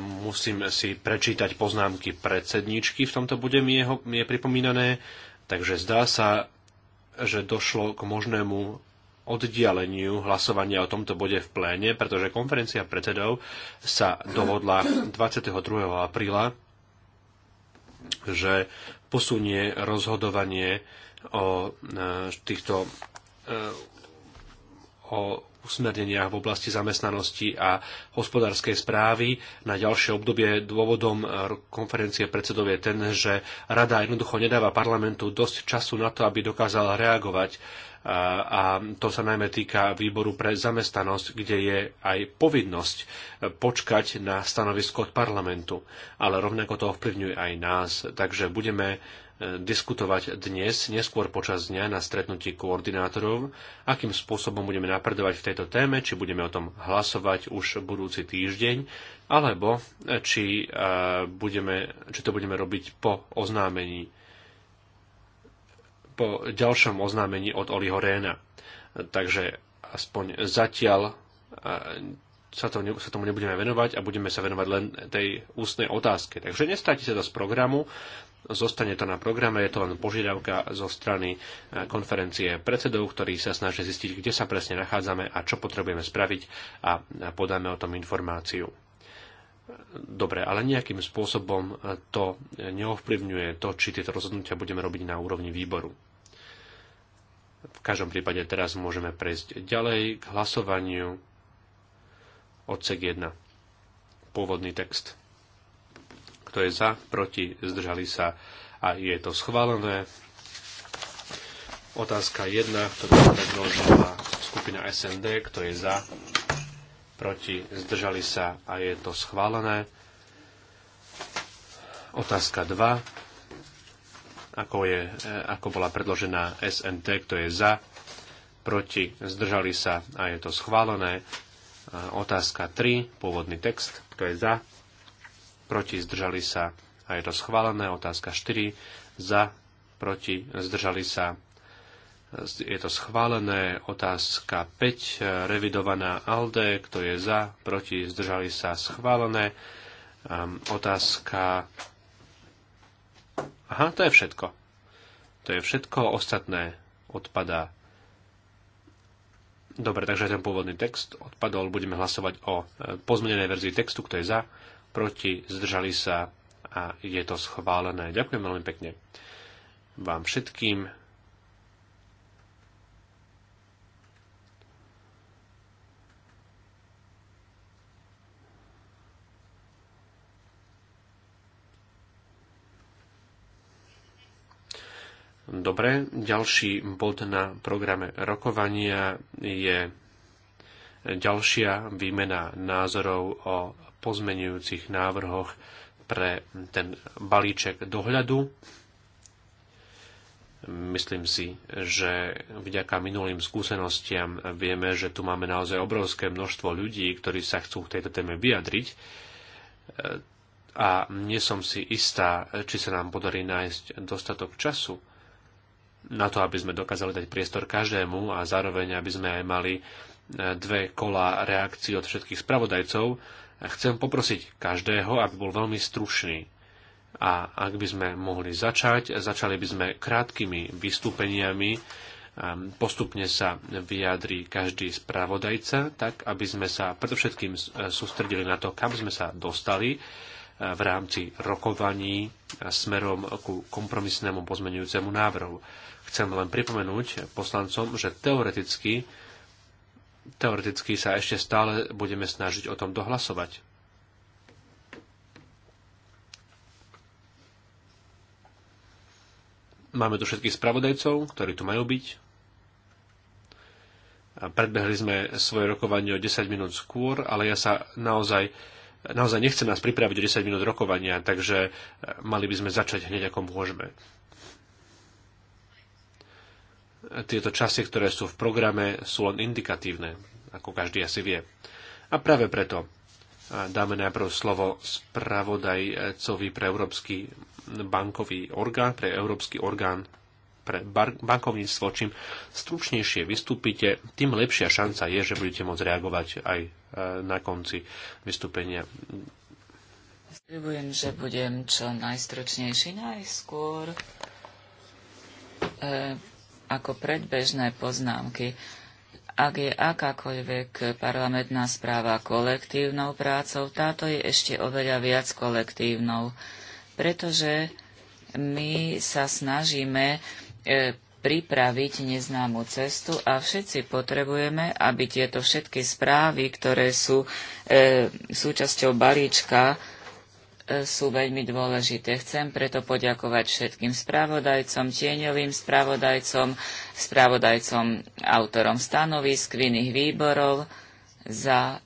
Musím si prečítať poznámky predsedničky, v tomto bude mi, jeho, mi je pripomínané, takže zdá sa, že došlo k možnému oddialeniu hlasovania o tomto bode v pléne, pretože konferencia predsedov sa dohodla 22. apríla, že posunie rozhodovanie o e, týchto e, o usmerneniach v oblasti zamestnanosti a hospodárskej správy na ďalšie obdobie. Dôvodom konferencie predsedov je ten, že rada jednoducho nedáva parlamentu dosť času na to, aby dokázala reagovať a to sa najmä týka výboru pre zamestnanosť, kde je aj povinnosť počkať na stanovisko od parlamentu. Ale rovnako to ovplyvňuje aj nás, takže budeme e, diskutovať dnes, neskôr počas dňa na stretnutí koordinátorov, akým spôsobom budeme napredovať v tejto téme, či budeme o tom hlasovať už budúci týždeň, alebo e, či, e, budeme, či to budeme robiť po oznámení po ďalšom oznámení od Oliho Réna. Takže aspoň zatiaľ sa, to, sa tomu nebudeme venovať a budeme sa venovať len tej ústnej otázke. Takže nestáte sa to z programu, zostane to na programe, je to len požiadavka zo strany konferencie predsedov, ktorí sa snažia zistiť, kde sa presne nachádzame a čo potrebujeme spraviť a podáme o tom informáciu. Dobre, ale nejakým spôsobom to neovplyvňuje to, či tieto rozhodnutia budeme robiť na úrovni výboru. V každom prípade teraz môžeme prejsť ďalej k hlasovaniu odsek 1. Pôvodný text. Kto je za, proti, zdržali sa a je to schválené. Otázka 1, ktorú predložila skupina SND, kto je za, proti, zdržali sa a je to schválené. Otázka 2. Ako, je, e, ako bola predložená SNT, kto je za, proti, zdržali sa a je to schválené. E, otázka 3, pôvodný text, kto je za, proti, zdržali sa a je to schválené. Otázka 4, za, proti, zdržali sa je to schválené. Otázka 5, revidovaná ALDE, kto je za, proti, zdržali sa, schválené. Um, otázka... Aha, to je všetko. To je všetko, ostatné odpadá. Dobre, takže ten pôvodný text odpadol. Budeme hlasovať o e, pozmenenej verzii textu, kto je za, proti, zdržali sa a je to schválené. Ďakujem veľmi pekne vám všetkým. Dobre, ďalší bod na programe rokovania je ďalšia výmena názorov o pozmenujúcich návrhoch pre ten balíček dohľadu. Myslím si, že vďaka minulým skúsenostiam vieme, že tu máme naozaj obrovské množstvo ľudí, ktorí sa chcú k tejto téme vyjadriť a nie som si istá, či sa nám podarí nájsť dostatok času na to, aby sme dokázali dať priestor každému a zároveň, aby sme aj mali e, dve kola reakcií od všetkých spravodajcov, chcem poprosiť každého, aby bol veľmi stručný. A ak by sme mohli začať, začali by sme krátkými vystúpeniami, e, postupne sa vyjadri každý spravodajca, tak aby sme sa predovšetkým e, sústredili na to, kam sme sa dostali v rámci rokovaní smerom ku kompromisnému pozmenujúcemu návrhu. Chcem len pripomenúť poslancom, že teoreticky, teoreticky sa ešte stále budeme snažiť o tom dohlasovať. Máme tu všetkých spravodajcov, ktorí tu majú byť. Predbehli sme svoje rokovanie o 10 minút skôr, ale ja sa naozaj naozaj nechcem nás pripraviť o 10 minút rokovania, takže mali by sme začať hneď ako môžeme tieto časy, ktoré sú v programe, sú len indikatívne, ako každý asi vie. A práve preto dáme najprv slovo spravodajcovi pre Európsky bankový orgán, pre Európsky orgán pre bankovníctvo. Čím stručnejšie vystúpite, tým lepšia šanca je, že budete môcť reagovať aj e, na konci vystúpenia. Sľubujem, že budem čo najstručnejší najskôr. E, ako predbežné poznámky. Ak je akákoľvek parlamentná správa kolektívnou prácou, táto je ešte oveľa viac kolektívnou, pretože my sa snažíme e, pripraviť neznámu cestu a všetci potrebujeme, aby tieto všetky správy, ktoré sú e, súčasťou balíčka E, sú veľmi dôležité. Chcem preto poďakovať všetkým spravodajcom, tieňovým spravodajcom, spravodajcom, autorom stanovisk, iných výborov za,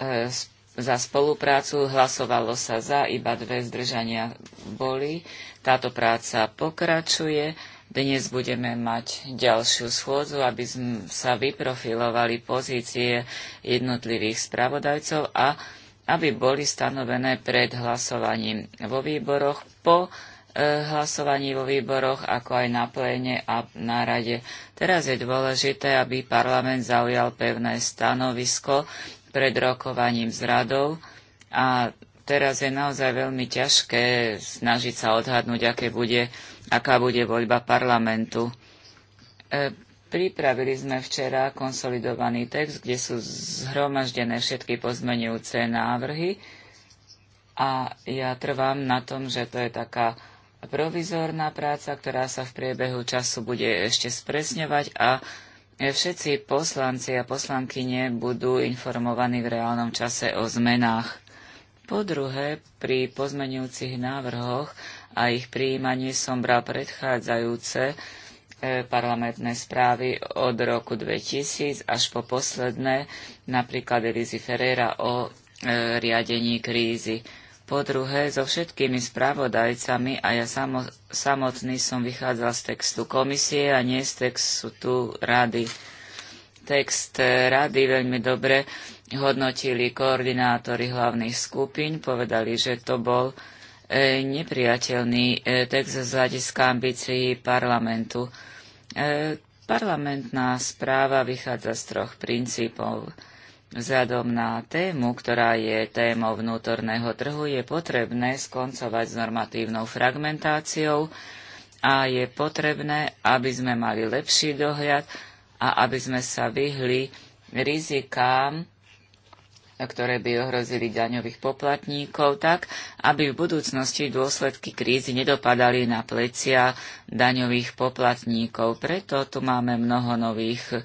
e, za spoluprácu. Hlasovalo sa za, iba dve zdržania boli. Táto práca pokračuje. Dnes budeme mať ďalšiu schôdzu, aby sme sa vyprofilovali pozície jednotlivých spravodajcov a aby boli stanovené pred hlasovaním vo výboroch, po e, hlasovaní vo výboroch, ako aj na plene a na rade. Teraz je dôležité, aby parlament zaujal pevné stanovisko pred rokovaním s radou a teraz je naozaj veľmi ťažké snažiť sa odhadnúť, aké bude, aká bude voľba parlamentu. E, Pripravili sme včera konsolidovaný text, kde sú zhromaždené všetky pozmenujúce návrhy a ja trvám na tom, že to je taká provizorná práca, ktorá sa v priebehu času bude ešte spresňovať a všetci poslanci a poslankyne budú informovaní v reálnom čase o zmenách. Po druhé, pri pozmenujúcich návrhoch a ich príjmaní som bral predchádzajúce E, parlamentné správy od roku 2000 až po posledné, napríklad Elizy Ferreira o e, riadení krízy. Po druhé, so všetkými spravodajcami a ja samo, samotný som vychádzal z textu komisie a nie z textu rady. Text e, rady veľmi dobre hodnotili koordinátori hlavných skupín, povedali, že to bol E, nepriateľný e, text z hľadiska ambícií parlamentu. E, parlamentná správa vychádza z troch princípov. Vzhľadom na tému, ktorá je témou vnútorného trhu, je potrebné skoncovať s normatívnou fragmentáciou a je potrebné, aby sme mali lepší dohľad a aby sme sa vyhli rizikám, ktoré by ohrozili daňových poplatníkov, tak aby v budúcnosti dôsledky krízy nedopadali na plecia daňových poplatníkov. Preto tu máme mnoho nových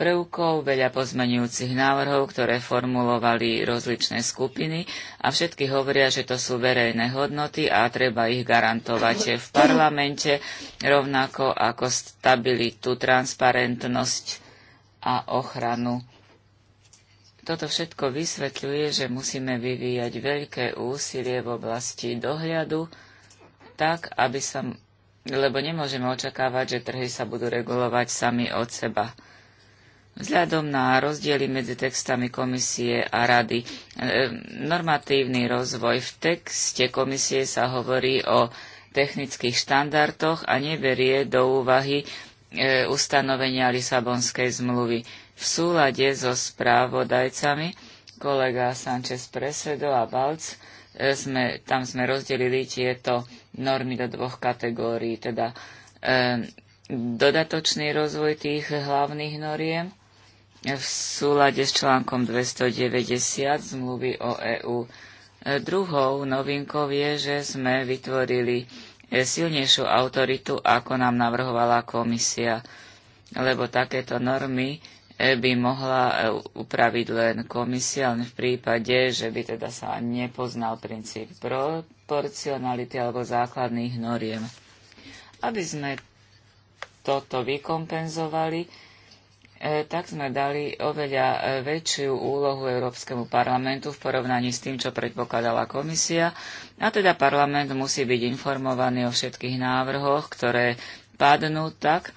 prvkov, veľa pozmenujúcich návrhov, ktoré formulovali rozličné skupiny a všetky hovoria, že to sú verejné hodnoty a treba ich garantovať v parlamente, rovnako ako stabilitu, transparentnosť a ochranu toto všetko vysvetľuje, že musíme vyvíjať veľké úsilie v oblasti dohľadu, tak, aby sa, lebo nemôžeme očakávať, že trhy sa budú regulovať sami od seba. Vzhľadom na rozdiely medzi textami komisie a rady, e, normatívny rozvoj v texte komisie sa hovorí o technických štandardoch a neberie do úvahy e, ustanovenia Lisabonskej zmluvy v súlade so správodajcami, kolega Sanchez Presedo a Balc, e, sme, tam sme rozdelili tieto normy do dvoch kategórií, teda e, dodatočný rozvoj tých hlavných noriem v súlade s článkom 290 zmluvy o EÚ. E, druhou novinkou je, že sme vytvorili e, silnejšiu autoritu, ako nám navrhovala komisia, lebo takéto normy by mohla e, upraviť len komisia, len v prípade, že by teda sa nepoznal princíp proporcionality alebo základných noriem. Aby sme toto vykompenzovali, e, tak sme dali oveľa e, väčšiu úlohu Európskemu parlamentu v porovnaní s tým, čo predpokladala komisia. A teda parlament musí byť informovaný o všetkých návrhoch, ktoré padnú tak,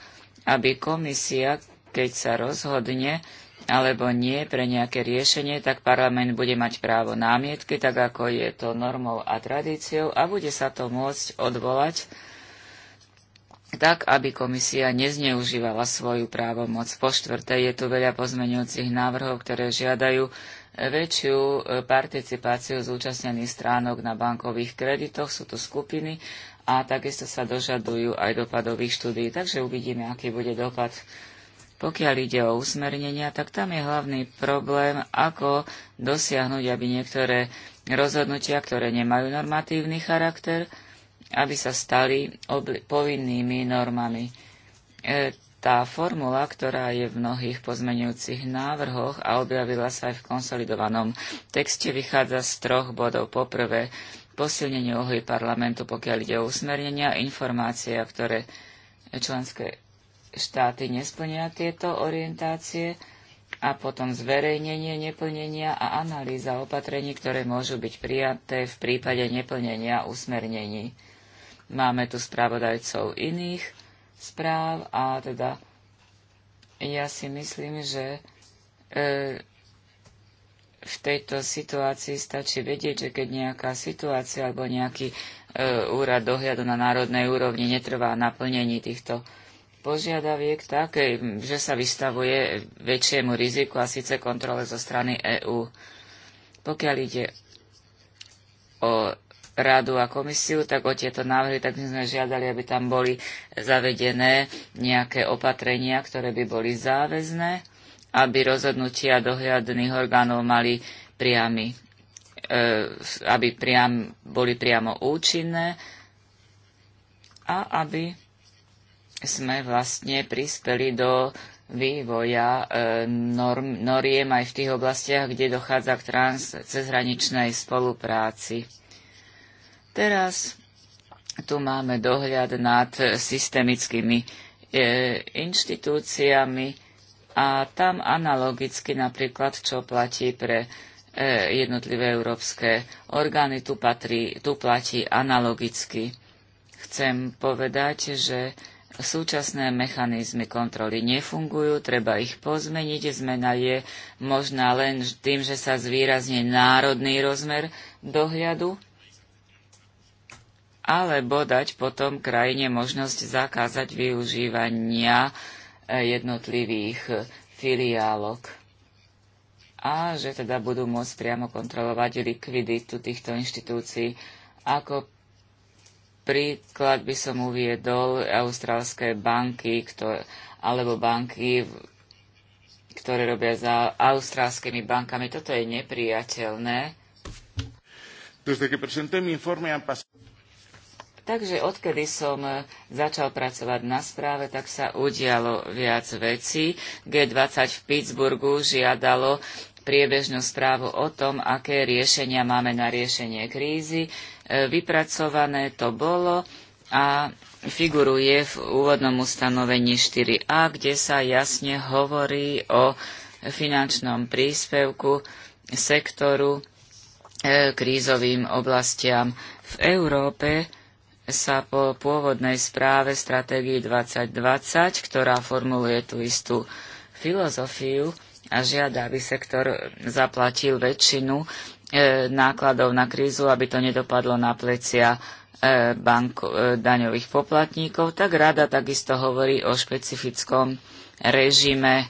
aby komisia, keď sa rozhodne alebo nie pre nejaké riešenie, tak parlament bude mať právo námietky, tak ako je to normou a tradíciou a bude sa to môcť odvolať tak, aby komisia nezneužívala svoju právomoc. Po štvrté, je tu veľa pozmeňujúcich návrhov, ktoré žiadajú väčšiu e, participáciu zúčastnených stránok na bankových kreditoch. Sú to skupiny a takisto sa dožadujú aj dopadových štúdií. Takže uvidíme, aký bude dopad pokiaľ ide o usmernenia, tak tam je hlavný problém, ako dosiahnuť, aby niektoré rozhodnutia, ktoré nemajú normatívny charakter, aby sa stali povinnými normami. E, tá formula, ktorá je v mnohých pozmenujúcich návrhoch a objavila sa aj v konsolidovanom texte, vychádza z troch bodov. Poprvé, posilnenie úhly parlamentu, pokiaľ ide o usmernenia, informácia, ktoré členské štáty nesplnia tieto orientácie a potom zverejnenie neplnenia a analýza opatrení, ktoré môžu byť prijaté v prípade neplnenia usmernení. Máme tu spravodajcov iných správ a teda ja si myslím, že e, v tejto situácii stačí vedieť, že keď nejaká situácia alebo nejaký e, úrad dohľadu na národnej úrovni netrvá naplnení týchto požiadaviek tak, že sa vystavuje väčšiemu riziku a síce kontrole zo strany EÚ. Pokiaľ ide o radu a komisiu, tak o tieto návrhy, tak my sme žiadali, aby tam boli zavedené nejaké opatrenia, ktoré by boli záväzné, aby rozhodnutia dohľadných orgánov mali priamy, e, aby priam, boli priamo účinné a aby sme vlastne prispeli do vývoja e, norm, noriem aj v tých oblastiach, kde dochádza k trans cezhraničnej spolupráci. Teraz tu máme dohľad nad systemickými e, inštitúciami a tam analogicky napríklad, čo platí pre e, jednotlivé európske orgány, tu, patrí, tu platí analogicky. Chcem povedať, že súčasné mechanizmy kontroly nefungujú, treba ich pozmeniť. Zmena je možná len tým, že sa zvýrazne národný rozmer dohľadu, alebo dať potom krajine možnosť zakázať využívania eh, jednotlivých eh, filiálok a že teda budú môcť priamo kontrolovať likviditu týchto inštitúcií. Ako Príklad by som uviedol austrálske banky, ktoré, alebo banky, ktoré robia za austrálskymi bankami. Toto je nepriateľné. Takže odkedy som začal pracovať na správe, tak sa udialo viac vecí. G20 v Pittsburghu žiadalo priebežnú správu o tom, aké riešenia máme na riešenie krízy vypracované to bolo a figuruje v úvodnom ustanovení 4a, kde sa jasne hovorí o finančnom príspevku sektoru e, krízovým oblastiam. V Európe sa po pôvodnej správe stratégii 2020, ktorá formuluje tú istú filozofiu a žiada, aby sektor zaplatil väčšinu E, nákladov na krízu, aby to nedopadlo na plecia e, banku, e, daňových poplatníkov, tak rada takisto hovorí o špecifickom režime,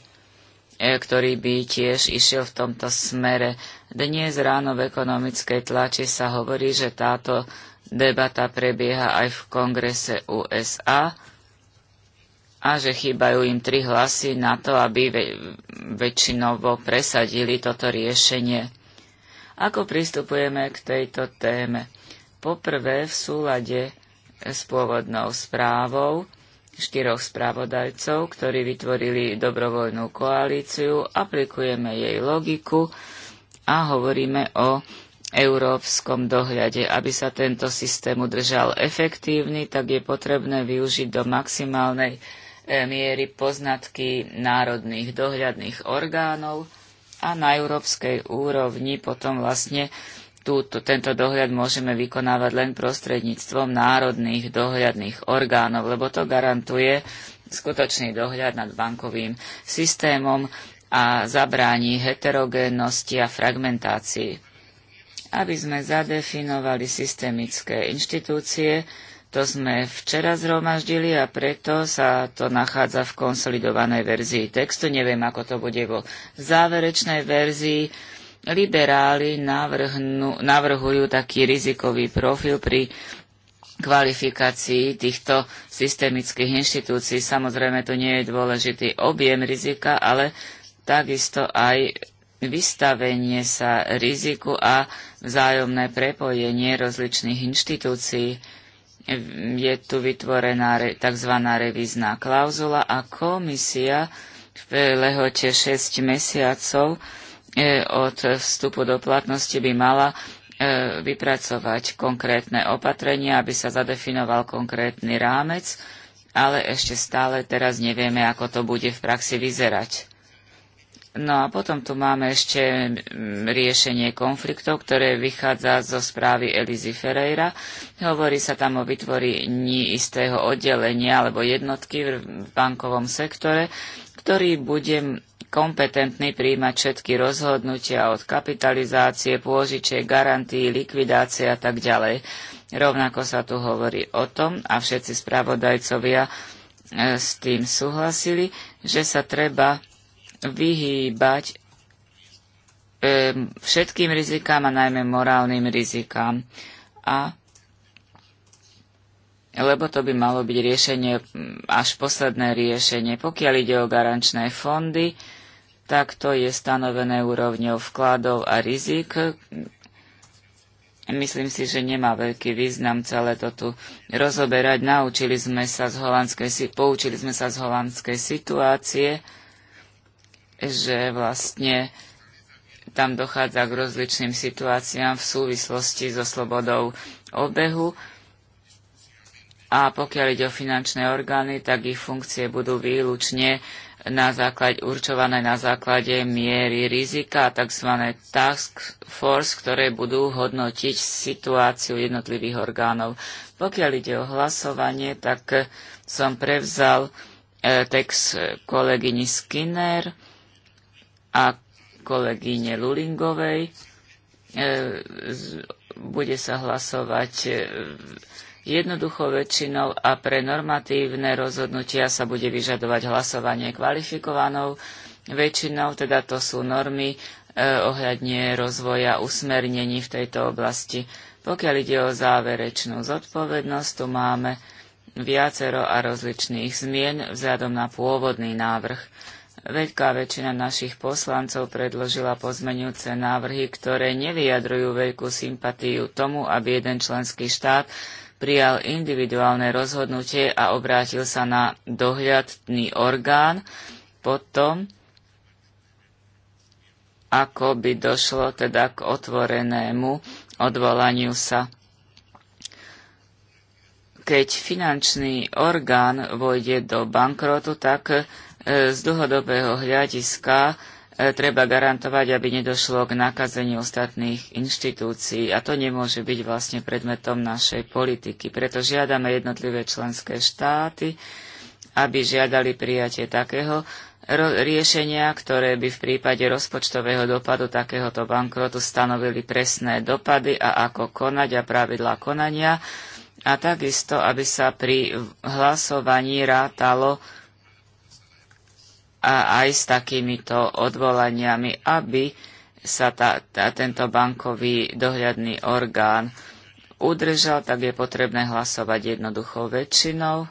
ktorý by tiež išiel v tomto smere. Dnes ráno v ekonomickej tlači sa hovorí, že táto debata prebieha aj v kongrese USA a že chýbajú im tri hlasy na to, aby väčšinovo presadili toto riešenie. Ako pristupujeme k tejto téme? Poprvé v súlade s pôvodnou správou štyroch správodajcov, ktorí vytvorili dobrovoľnú koalíciu, aplikujeme jej logiku a hovoríme o európskom dohľade. Aby sa tento systém udržal efektívny, tak je potrebné využiť do maximálnej eh, miery poznatky národných dohľadných orgánov, a na európskej úrovni potom vlastne túto, tento dohľad môžeme vykonávať len prostredníctvom národných dohľadných orgánov, lebo to garantuje skutočný dohľad nad bankovým systémom a zabráni heterogénnosti a fragmentácii. Aby sme zadefinovali systemické inštitúcie, to sme včera zhromaždili a preto sa to nachádza v konsolidovanej verzii textu. Neviem, ako to bude vo záverečnej verzii. Liberáli navrhnú, navrhujú taký rizikový profil pri kvalifikácii týchto systemických inštitúcií. Samozrejme, to nie je dôležitý objem rizika, ale takisto aj vystavenie sa riziku a vzájomné prepojenie rozličných inštitúcií je tu vytvorená tzv. revízna klauzula a komisia v lehote 6 mesiacov e, od vstupu do platnosti by mala e, vypracovať konkrétne opatrenia, aby sa zadefinoval konkrétny rámec, ale ešte stále teraz nevieme, ako to bude v praxi vyzerať. No a potom tu máme ešte mm, riešenie konfliktov, ktoré vychádza zo správy Elizy Ferreira. Hovorí sa tam o vytvorení istého oddelenia alebo jednotky v bankovom sektore, ktorý bude kompetentný príjmať všetky rozhodnutia od kapitalizácie, pôžičie, garantií, likvidácie a tak ďalej. Rovnako sa tu hovorí o tom, a všetci spravodajcovia e, s tým súhlasili, že sa treba vyhýbať všetkým rizikám a najmä morálnym rizikám. A lebo to by malo byť riešenie, až posledné riešenie. Pokiaľ ide o garančné fondy, tak to je stanovené úrovňou vkladov a rizik. Myslím si, že nemá veľký význam celé to tu rozoberať. Naučili sme sa z holandskej, poučili sme sa z holandskej situácie že vlastne tam dochádza k rozličným situáciám v súvislosti so slobodou obehu. A pokiaľ ide o finančné orgány, tak ich funkcie budú výlučne na základe, určované na základe miery rizika tzv. task force, ktoré budú hodnotiť situáciu jednotlivých orgánov. Pokiaľ ide o hlasovanie, tak som prevzal eh, text kolegyni Skinner a kolegyne Lulingovej. E, bude sa hlasovať e, jednoducho väčšinou a pre normatívne rozhodnutia sa bude vyžadovať hlasovanie kvalifikovanou väčšinou, teda to sú normy e, ohľadne rozvoja usmernení v tejto oblasti. Pokiaľ ide o záverečnú zodpovednosť, tu máme viacero a rozličných zmien vzhľadom na pôvodný návrh. Veľká väčšina našich poslancov predložila pozmenujúce návrhy, ktoré nevyjadrujú veľkú sympatiu tomu, aby jeden členský štát prijal individuálne rozhodnutie a obrátil sa na dohľadný orgán potom, ako by došlo teda k otvorenému odvolaniu sa. Keď finančný orgán vojde do bankrotu, tak z dlhodobého hľadiska e, treba garantovať, aby nedošlo k nakazeniu ostatných inštitúcií a to nemôže byť vlastne predmetom našej politiky. Preto žiadame jednotlivé členské štáty, aby žiadali prijatie takého riešenia, ktoré by v prípade rozpočtového dopadu takéhoto bankrotu stanovili presné dopady a ako konať a pravidlá konania a takisto, aby sa pri hlasovaní rátalo a aj s takýmito odvolaniami, aby sa tá, tá, tento bankový dohľadný orgán udržal, tak je potrebné hlasovať jednoduchou väčšinou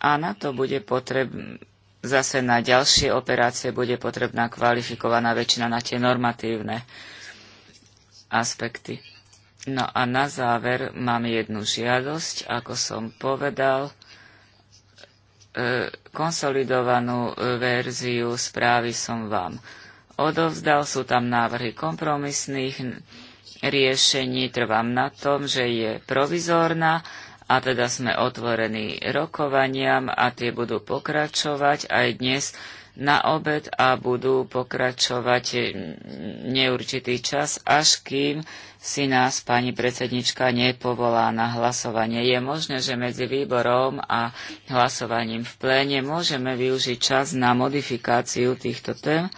a na to bude potrebné zase na ďalšie operácie bude potrebná kvalifikovaná väčšina na tie normatívne aspekty. No a na záver mám jednu žiadosť, ako som povedal. E, Konsolidovanú e, verziu správy som vám odovzdal. Sú tam návrhy kompromisných riešení. Trvám na tom, že je provizórna a teda sme otvorení rokovaniam a tie budú pokračovať aj dnes na obed a budú pokračovať e, neurčitý čas, až kým si nás pani predsednička nepovolá na hlasovanie. Je možné, že medzi výborom a hlasovaním v pléne môžeme využiť čas na modifikáciu týchto tém.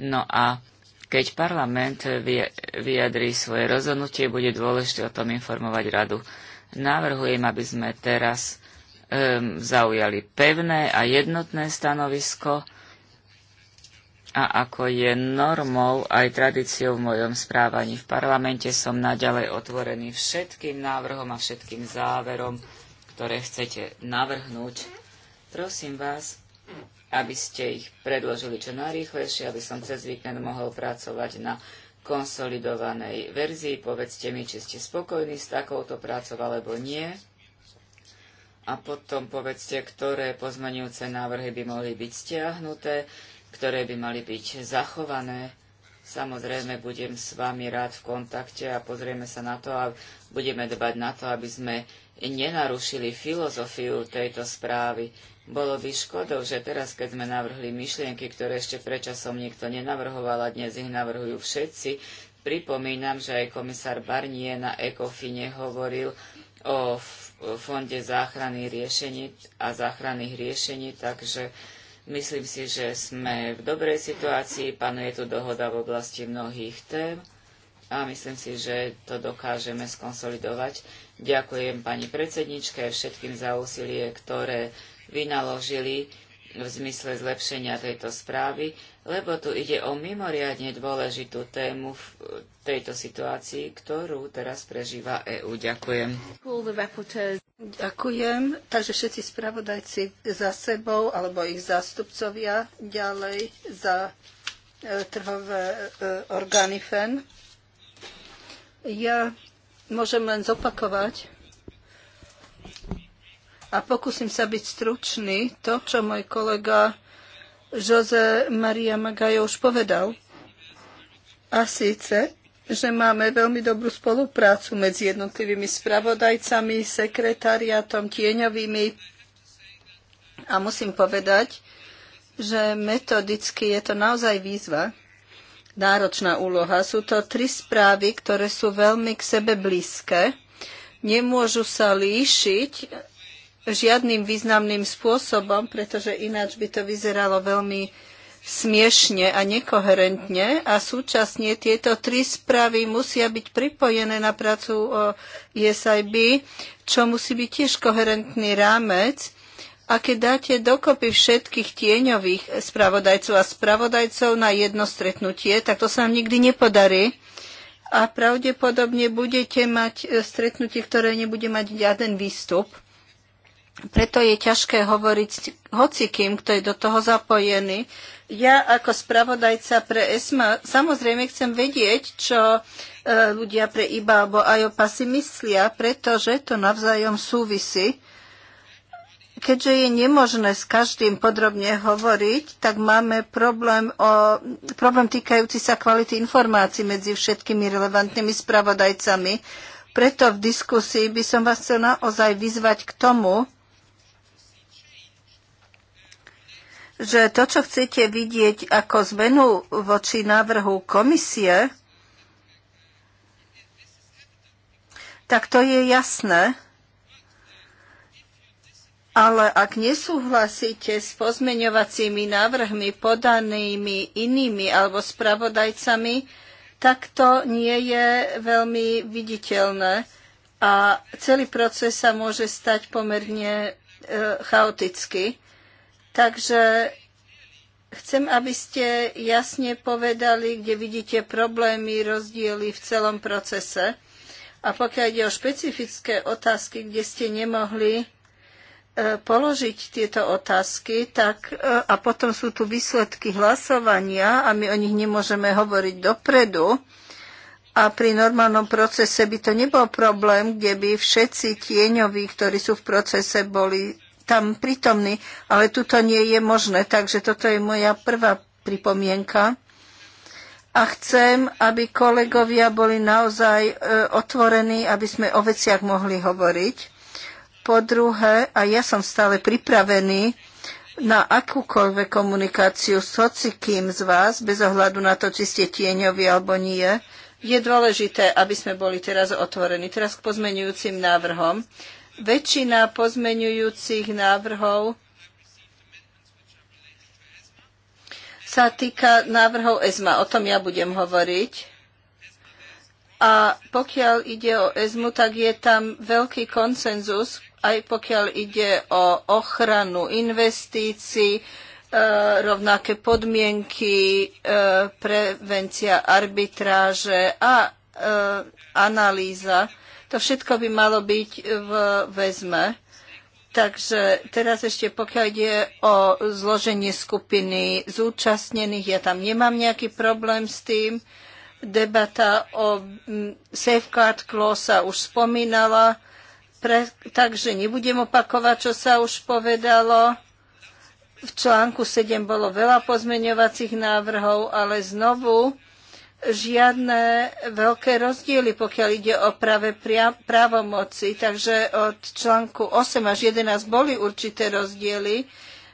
No a keď parlament vyjadrí svoje rozhodnutie, bude dôležité o tom informovať radu. Navrhujem, aby sme teraz um, zaujali pevné a jednotné stanovisko a ako je normou aj tradíciou v mojom správaní v parlamente, som naďalej otvorený všetkým návrhom a všetkým záverom, ktoré chcete navrhnúť. Prosím vás, aby ste ich predložili čo najrýchlejšie, aby som cez víkend mohol pracovať na konsolidovanej verzii. Povedzte mi, či ste spokojní s takouto prácou alebo nie. A potom povedzte, ktoré pozmenujúce návrhy by mohli byť stiahnuté ktoré by mali byť zachované. Samozrejme, budem s vami rád v kontakte a pozrieme sa na to a budeme dbať na to, aby sme nenarušili filozofiu tejto správy. Bolo by škodou, že teraz, keď sme navrhli myšlienky, ktoré ešte predčasom nikto nenavrhoval a dnes ich navrhujú všetci, pripomínam, že aj komisár Barnier na ECOFINE hovoril o fonde záchrany riešení a záchranných riešení, takže Myslím si, že sme v dobrej situácii, panuje tu dohoda v oblasti mnohých tém a myslím si, že to dokážeme skonsolidovať. Ďakujem pani predsedničke všetkým za úsilie, ktoré vynaložili v zmysle zlepšenia tejto správy lebo tu ide o mimoriadne dôležitú tému v tejto situácii, ktorú teraz prežíva EÚ. Ďakujem. Ďakujem. Takže všetci spravodajci za sebou, alebo ich zástupcovia ďalej za e, trhové e, orgány FEN. Ja môžem len zopakovať a pokúsim sa byť stručný. To, čo môj kolega Jose Maria Magajo už povedal. A síce, že máme veľmi dobrú spoluprácu medzi jednotlivými spravodajcami, sekretariatom, tieňovými. A musím povedať, že metodicky je to naozaj výzva, náročná úloha. Sú to tri správy, ktoré sú veľmi k sebe blízke. Nemôžu sa líšiť žiadnym významným spôsobom, pretože ináč by to vyzeralo veľmi smiešne a nekoherentne a súčasne tieto tri správy musia byť pripojené na prácu o ESIB, čo musí byť tiež koherentný rámec. A keď dáte dokopy všetkých tieňových spravodajcov a spravodajcov na jedno stretnutie, tak to sa vám nikdy nepodarí. A pravdepodobne budete mať e, stretnutie, ktoré nebude mať žiaden výstup. Preto je ťažké hovoriť hocikým, kto je do toho zapojený. Ja ako spravodajca pre ESMA samozrejme chcem vedieť, čo e, ľudia pre IBA alebo IOPA si myslia, pretože to navzájom súvisí. Keďže je nemožné s každým podrobne hovoriť, tak máme problém, o, problém týkajúci sa kvality informácií medzi všetkými relevantnými spravodajcami. Preto v diskusii by som vás chcel naozaj vyzvať k tomu, že to, čo chcete vidieť ako zmenu voči návrhu komisie, tak to je jasné. Ale ak nesúhlasíte s pozmeňovacími návrhmi podanými inými alebo spravodajcami, tak to nie je veľmi viditeľné a celý proces sa môže stať pomerne e, chaoticky. Takže chcem, aby ste jasne povedali, kde vidíte problémy, rozdiely v celom procese. A pokiaľ ide o špecifické otázky, kde ste nemohli e, položiť tieto otázky, tak e, a potom sú tu výsledky hlasovania a my o nich nemôžeme hovoriť dopredu. A pri normálnom procese by to nebol problém, kde by všetci tieňoví, ktorí sú v procese, boli tam prítomní, ale tuto nie je možné. Takže toto je moja prvá pripomienka. A chcem, aby kolegovia boli naozaj e, otvorení, aby sme o veciach mohli hovoriť. Po druhé, a ja som stále pripravený na akúkoľvek komunikáciu s hocikým z vás, bez ohľadu na to, či ste tieňovi alebo nie, je dôležité, aby sme boli teraz otvorení. Teraz k pozmenujúcim návrhom. Väčšina pozmeňujúcich návrhov sa týka návrhov ESMA. O tom ja budem hovoriť. A pokiaľ ide o ESMU, tak je tam veľký konsenzus, aj pokiaľ ide o ochranu investícií, e, rovnaké podmienky, e, prevencia arbitráže a e, analýza to všetko by malo byť v väzme. Takže teraz ešte pokiaľ ide o zloženie skupiny zúčastnených, ja tam nemám nejaký problém s tým. Debata o mm, safeguard clause sa už spomínala, pre, takže nebudem opakovať, čo sa už povedalo. V článku 7 bolo veľa pozmeňovacích návrhov, ale znovu žiadne veľké rozdiely, pokiaľ ide o práve právomoci. Takže od článku 8 až 11 boli určité rozdiely,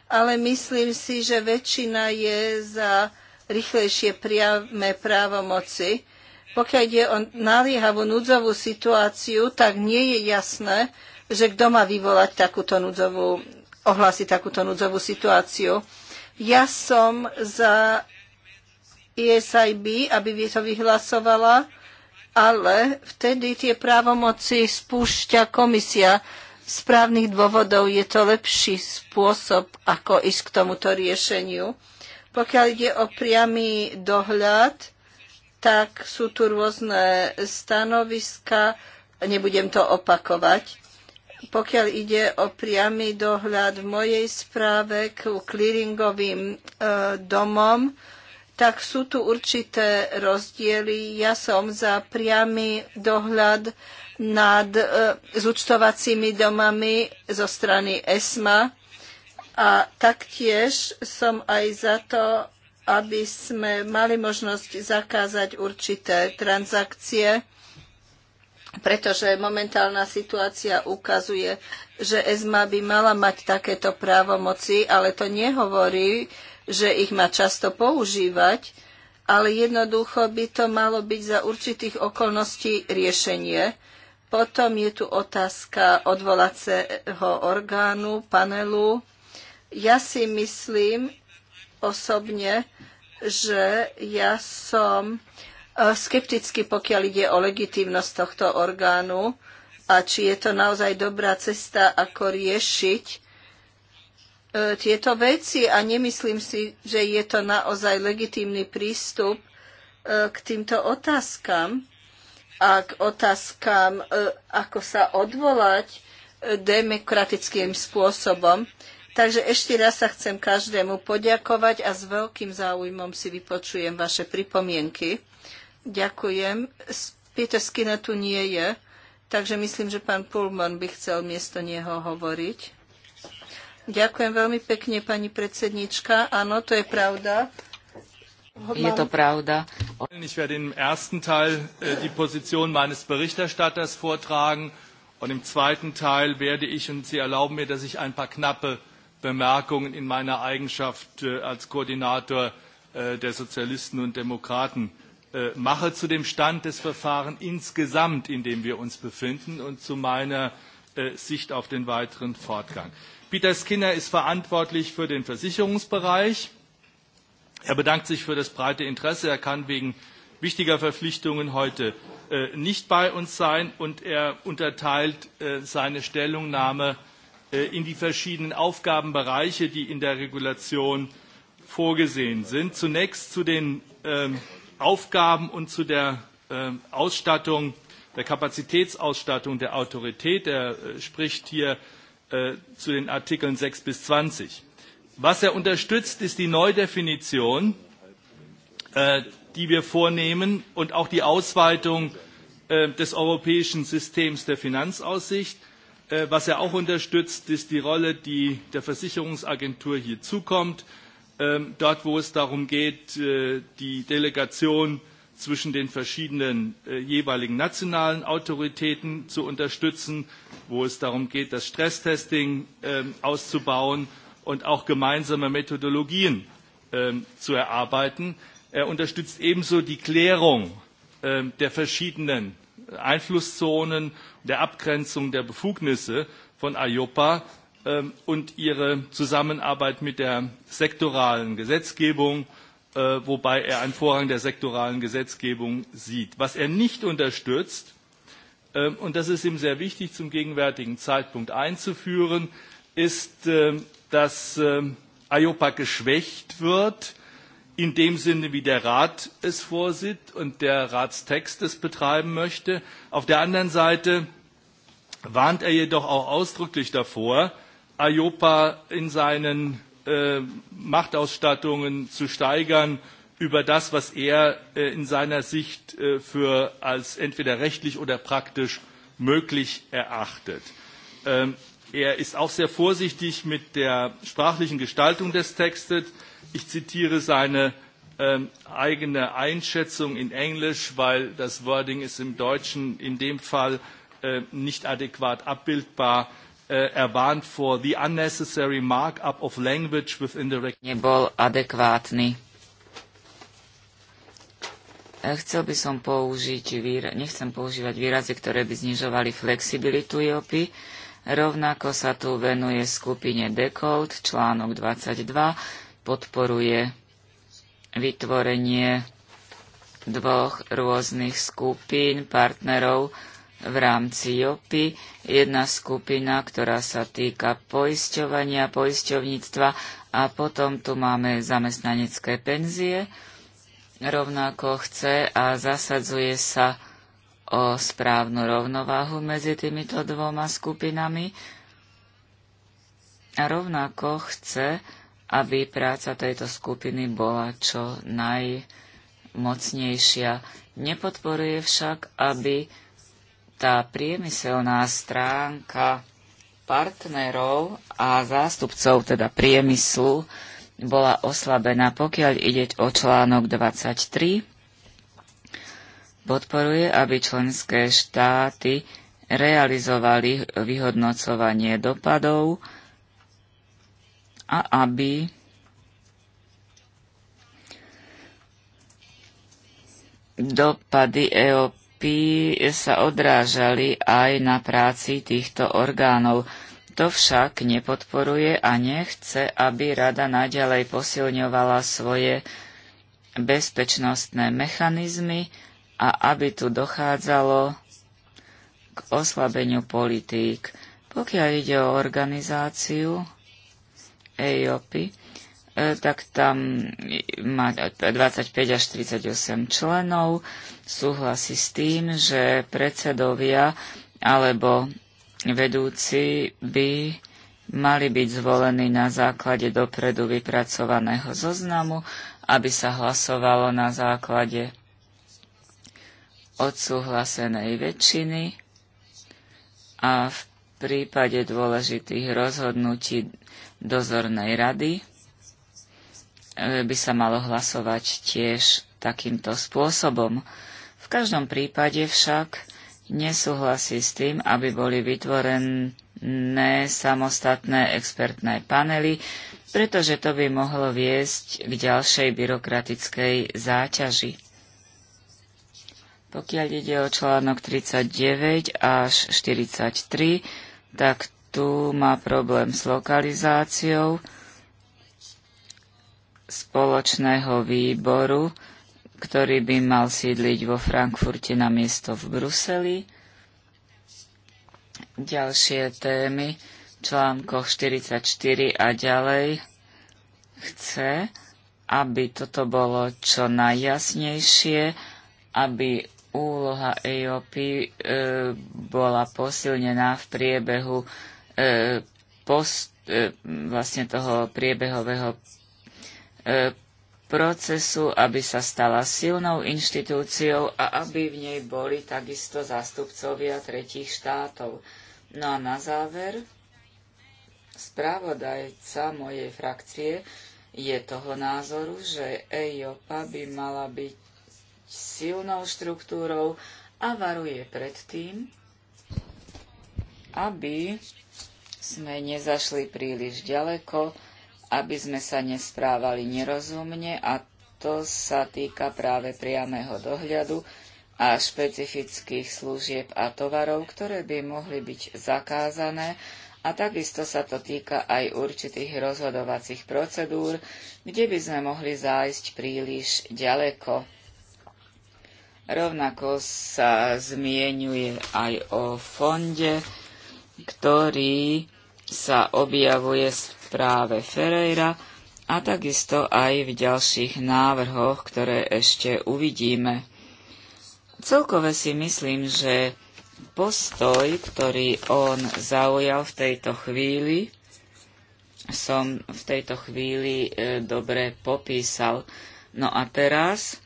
ale myslím si, že väčšina je za rýchlejšie priame právomoci. Pokiaľ ide o naliehavú núdzovú situáciu, tak nie je jasné, že kto má vyvolať takúto núdzovú, ohlásiť takúto núdzovú situáciu. Ja som za ESIB, aby to vyhlasovala, ale vtedy tie právomoci spúšťa komisia. Z právnych dôvodov je to lepší spôsob, ako ísť k tomuto riešeniu. Pokiaľ ide o priamy dohľad, tak sú tu rôzne stanoviska, nebudem to opakovať. Pokiaľ ide o priamy dohľad v mojej správe k clearingovým e, domom, tak sú tu určité rozdiely. Ja som za priamy dohľad nad e, zúčtovacími domami zo strany ESMA a taktiež som aj za to, aby sme mali možnosť zakázať určité transakcie, pretože momentálna situácia ukazuje, že ESMA by mala mať takéto právomoci, ale to nehovorí, že ich má často používať, ale jednoducho by to malo byť za určitých okolností riešenie. Potom je tu otázka odvolacieho orgánu, panelu. Ja si myslím osobne, že ja som e, skepticky, pokiaľ ide o legitimnosť tohto orgánu a či je to naozaj dobrá cesta, ako riešiť E, tieto veci a nemyslím si, že je to naozaj legitímny prístup e, k týmto otázkam a k otázkam, e, ako sa odvolať demokratickým spôsobom. Takže ešte raz sa chcem každému poďakovať a s veľkým záujmom si vypočujem vaše pripomienky. Ďakujem. Peter Skinner tu nie je, takže myslím, že pán Pullman by chcel miesto neho hovoriť. Ďakujem veľmi pekne, pani predsednička. Áno, to je pravda. Je to pravda. Ich werde im ersten Teil äh, die Position meines Berichterstatters vortragen und im zweiten Teil werde ich, und Sie erlauben mir, dass ich ein paar knappe Bemerkungen in meiner Eigenschaft äh, als Koordinator äh, der Sozialisten und Demokraten mache zu dem Stand des Verfahrens insgesamt, in dem wir uns befinden und zu meiner Sicht auf den weiteren Fortgang. Peter Skinner ist verantwortlich für den Versicherungsbereich. Er bedankt sich für das breite Interesse. Er kann wegen wichtiger Verpflichtungen heute äh, nicht bei uns sein und er unterteilt äh, seine Stellungnahme äh, in die verschiedenen Aufgabenbereiche, die in der Regulation vorgesehen sind. Zunächst zu den ähm, Aufgaben und zu der ähm, Ausstattung, der Kapazitätsausstattung der Autorität. Er äh, spricht hier Äh, zu den Artikeln 6 bis 20. Was er unterstützt, ist die Neudefinition, äh, die wir vornehmen und auch die Ausweitung äh, des europäischen Systems der Finanzaussicht. Äh, was er auch unterstützt, ist die Rolle, die der Versicherungsagentur hier zukommt. Ähm, dort, wo es darum geht, äh, die Delegation zwischen den verschiedenen äh, jeweiligen nationalen Autoritäten zu unterstützen, wo es darum geht, das Stresstesting ähm, auszubauen und auch gemeinsame Methodologien ähm, zu erarbeiten. Er unterstützt ebenso die Klärung ähm, der verschiedenen Einflusszonen, der Abgrenzung der Befugnisse von IOPA und ihre Zusammenarbeit mit der sektoralen Gesetzgebung Äh, wobei er einen Vorrang der sektoralen Gesetzgebung sieht. Was er nicht unterstützt, ähm, und das ist ihm sehr wichtig zum gegenwärtigen Zeitpunkt einzuführen, ist, ähm, dass ähm, IOPA geschwächt wird, in dem Sinne, wie der Rat es vorsieht und der Ratstext es betreiben möchte. Auf der anderen Seite warnt er jedoch auch ausdrücklich davor, IOPA in seinen äh, Machtausstattungen zu steigern über das, was er äh, in seiner Sicht äh, für als entweder rechtlich oder praktisch möglich erachtet. Ähm, er ist auch sehr vorsichtig mit der sprachlichen Gestaltung des Textes. Ich zitiere seine ähm, eigene Einschätzung in Englisch, weil das Wording ist im Deutschen in dem Fall äh, nicht adäquat abbildbar ist Uh, er warned for the unnecessary markup of language within the nebol adekvátny. Eh, chcel by som použiť, nechcem používať výrazy, ktoré by znižovali flexibilitu IOPy. Rovnako sa tu venuje skupine Decode, článok 22, podporuje vytvorenie dvoch rôznych skupín partnerov, v rámci JOPy, jedna skupina, ktorá sa týka poisťovania, poisťovníctva a potom tu máme zamestnanecké penzie. Rovnako chce a zasadzuje sa o správnu rovnováhu medzi týmito dvoma skupinami a rovnako chce, aby práca tejto skupiny bola čo najmocnejšia. Nepodporuje však, aby tá priemyselná stránka partnerov a zástupcov teda priemyslu bola oslabená, pokiaľ ide o článok 23. Podporuje, aby členské štáty realizovali vyhodnocovanie dopadov a aby dopady EOP princípy sa odrážali aj na práci týchto orgánov. To však nepodporuje a nechce, aby rada naďalej posilňovala svoje bezpečnostné mechanizmy a aby tu dochádzalo k oslabeniu politík. Pokiaľ ide o organizáciu EIOPy, e, tak tam má 25 až 38 členov súhlasí s tým, že predsedovia alebo vedúci by mali byť zvolení na základe dopredu vypracovaného zoznamu, aby sa hlasovalo na základe odsúhlasenej väčšiny a v prípade dôležitých rozhodnutí dozornej rady e, by sa malo hlasovať tiež takýmto spôsobom. V každom prípade však nesúhlasí s tým, aby boli vytvorené samostatné expertné panely, pretože to by mohlo viesť k ďalšej byrokratickej záťaži. Pokiaľ ide o článok 39 až 43, tak tu má problém s lokalizáciou spoločného výboru ktorý by mal sídliť vo Frankfurte na miesto v Bruseli. Ďalšie témy v článkoch 44 a ďalej chce, aby toto bolo čo najjasnejšie, aby úloha EOP e, bola posilnená v priebehu e, post, e, vlastne toho priebehového e, procesu, aby sa stala silnou inštitúciou a aby v nej boli takisto zástupcovia tretích štátov. No a na záver, správodajca mojej frakcie je toho názoru, že EIOPA by mala byť silnou štruktúrou a varuje pred tým, aby sme nezašli príliš ďaleko, aby sme sa nesprávali nerozumne a to sa týka práve priamého dohľadu a špecifických služieb a tovarov, ktoré by mohli byť zakázané a takisto sa to týka aj určitých rozhodovacích procedúr, kde by sme mohli zájsť príliš ďaleko. Rovnako sa zmienuje aj o fonde, ktorý sa objavuje v správe Ferreira a takisto aj v ďalších návrhoch, ktoré ešte uvidíme. Celkové si myslím, že postoj, ktorý on zaujal v tejto chvíli, som v tejto chvíli e, dobre popísal. No a teraz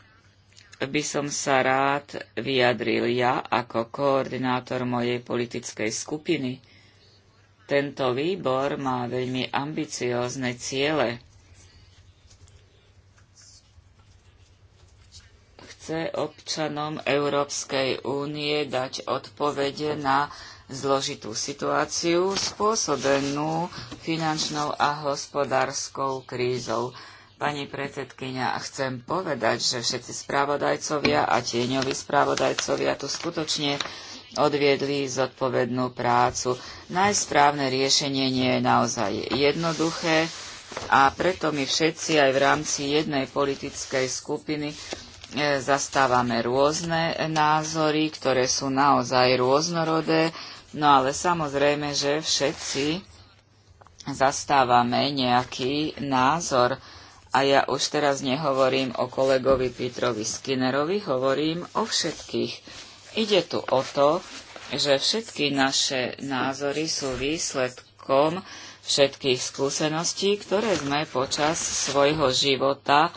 by som sa rád vyjadril ja ako koordinátor mojej politickej skupiny. Tento výbor má veľmi ambiciózne ciele. Chce občanom Európskej únie dať odpovede na zložitú situáciu spôsobenú finančnou a hospodárskou krízou. Pani predsedkynia, chcem povedať, že všetci správodajcovia a tieňoví správodajcovia tu skutočne odviedli zodpovednú prácu. Najsprávne riešenie nie je naozaj jednoduché a preto my všetci aj v rámci jednej politickej skupiny e, zastávame rôzne názory, ktoré sú naozaj rôznorodé, no ale samozrejme, že všetci zastávame nejaký názor. A ja už teraz nehovorím o kolegovi Petrovi Skinnerovi, hovorím o všetkých. Ide tu o to, že všetky naše názory sú výsledkom všetkých skúseností, ktoré sme počas svojho života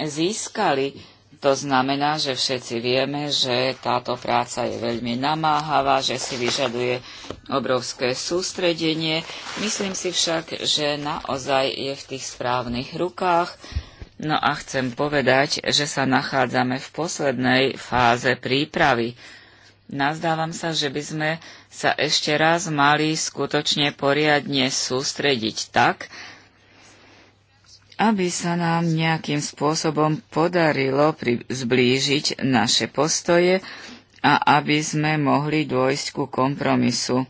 získali. To znamená, že všetci vieme, že táto práca je veľmi namáhavá, že si vyžaduje obrovské sústredenie. Myslím si však, že naozaj je v tých správnych rukách No a chcem povedať, že sa nachádzame v poslednej fáze prípravy. Nazdávam sa, že by sme sa ešte raz mali skutočne poriadne sústrediť tak, aby sa nám nejakým spôsobom podarilo pri- zblížiť naše postoje a aby sme mohli dôjsť ku kompromisu.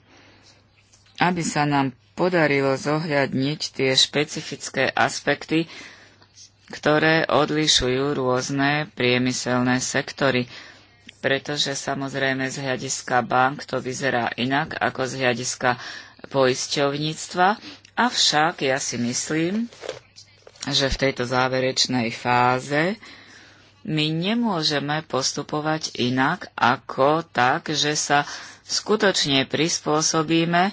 Aby sa nám podarilo zohľadniť tie špecifické aspekty, ktoré odlišujú rôzne priemyselné sektory, pretože samozrejme z hľadiska bank to vyzerá inak ako z hľadiska poisťovníctva, avšak ja si myslím, že v tejto záverečnej fáze my nemôžeme postupovať inak ako tak, že sa skutočne prispôsobíme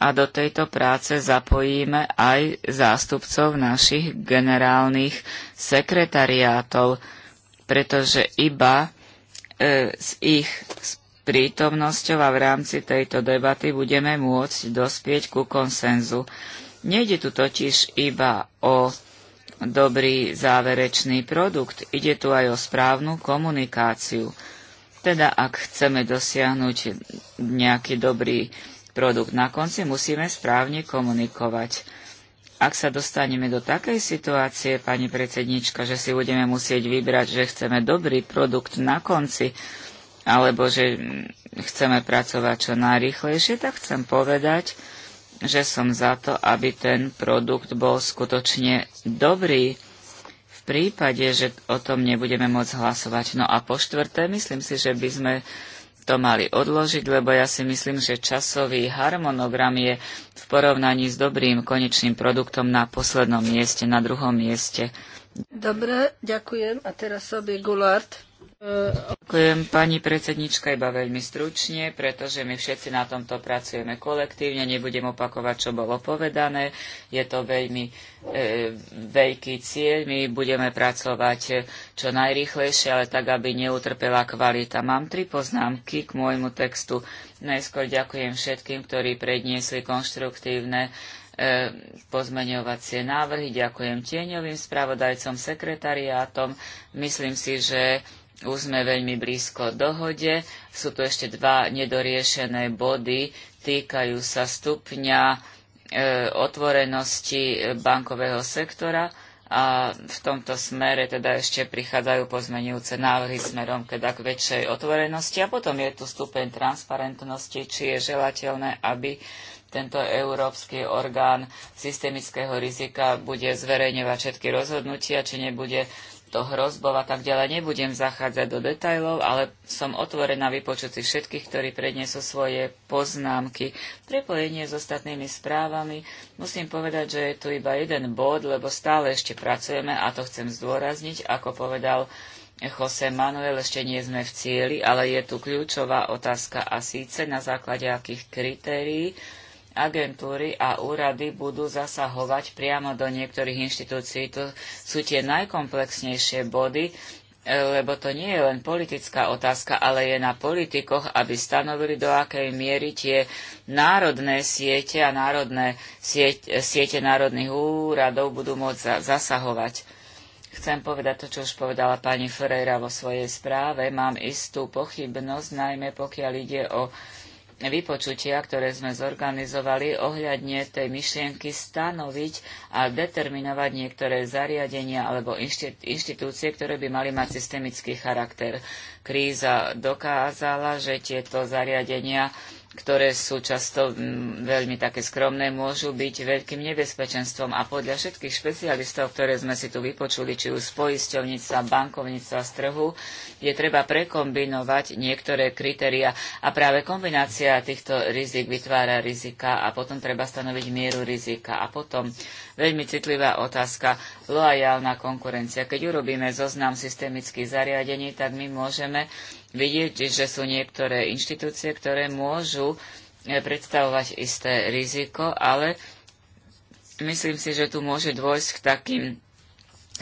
a do tejto práce zapojíme aj zástupcov našich generálnych sekretariátov, pretože iba e, s ich prítomnosťou a v rámci tejto debaty budeme môcť dospieť ku konsenzu. Nejde tu totiž iba o dobrý záverečný produkt, ide tu aj o správnu komunikáciu. Teda ak chceme dosiahnuť nejaký dobrý produkt. Na konci musíme správne komunikovať. Ak sa dostaneme do takej situácie, pani predsednička, že si budeme musieť vybrať, že chceme dobrý produkt na konci, alebo že chceme pracovať čo najrychlejšie, tak chcem povedať, že som za to, aby ten produkt bol skutočne dobrý v prípade, že o tom nebudeme môcť hlasovať. No a po štvrté, myslím si, že by sme to mali odložiť, lebo ja si myslím, že časový harmonogram je v porovnaní s dobrým konečným produktom na poslednom mieste, na druhom mieste. Dobre, ďakujem. A teraz sobie Gulard. Ďakujem pani predsednička iba veľmi stručne, pretože my všetci na tomto pracujeme kolektívne, nebudem opakovať, čo bolo povedané. Je to veľmi e, veľký cieľ, my budeme pracovať e, čo najrychlejšie, ale tak, aby neutrpela kvalita. Mám tri poznámky k môjmu textu. Najskôr ďakujem všetkým, ktorí predniesli konštruktívne e, pozmeňovacie návrhy. Ďakujem tieňovým spravodajcom, sekretariátom. Myslím si, že už sme veľmi blízko dohode. Sú tu ešte dva nedoriešené body. Týkajú sa stupňa e, otvorenosti bankového sektora a v tomto smere teda ešte prichádzajú pozmenujúce návrhy smerom teda k väčšej otvorenosti a potom je tu stupeň transparentnosti, či je želateľné, aby tento európsky orgán systemického rizika bude zverejňovať všetky rozhodnutia, či nebude to hrozbov a tak ďalej. Nebudem zachádzať do detajlov, ale som otvorená vypočuť si všetkých, ktorí prednesú svoje poznámky. Prepojenie s ostatnými správami. Musím povedať, že je tu iba jeden bod, lebo stále ešte pracujeme a to chcem zdôrazniť. Ako povedal Jose Manuel, ešte nie sme v cieli, ale je tu kľúčová otázka a síce na základe akých kritérií agentúry a úrady budú zasahovať priamo do niektorých inštitúcií. To sú tie najkomplexnejšie body, e, lebo to nie je len politická otázka, ale je na politikoch, aby stanovili, do akej miery tie národné siete a národné siete, siete národných úradov budú môcť zasahovať. Chcem povedať to, čo už povedala pani Ferreira vo svojej správe. Mám istú pochybnosť, najmä pokiaľ ide o vypočutia, ktoré sme zorganizovali ohľadne tej myšlienky stanoviť a determinovať niektoré zariadenia alebo inštitúcie, ktoré by mali mať systemický charakter. Kríza dokázala, že tieto zariadenia ktoré sú často mm, veľmi také skromné, môžu byť veľkým nebezpečenstvom. A podľa všetkých špecialistov, ktoré sme si tu vypočuli, či už spoisťovnica, bankovnica bankovníctva, z trhu, je treba prekombinovať niektoré kritéria. A práve kombinácia týchto rizik vytvára rizika a potom treba stanoviť mieru rizika. A potom veľmi citlivá otázka, loajálna konkurencia. Keď urobíme zoznam systemických zariadení, tak my môžeme vidieť, že sú niektoré inštitúcie, ktoré môžu e, predstavovať isté riziko, ale myslím si, že tu môže dôjsť k, takým,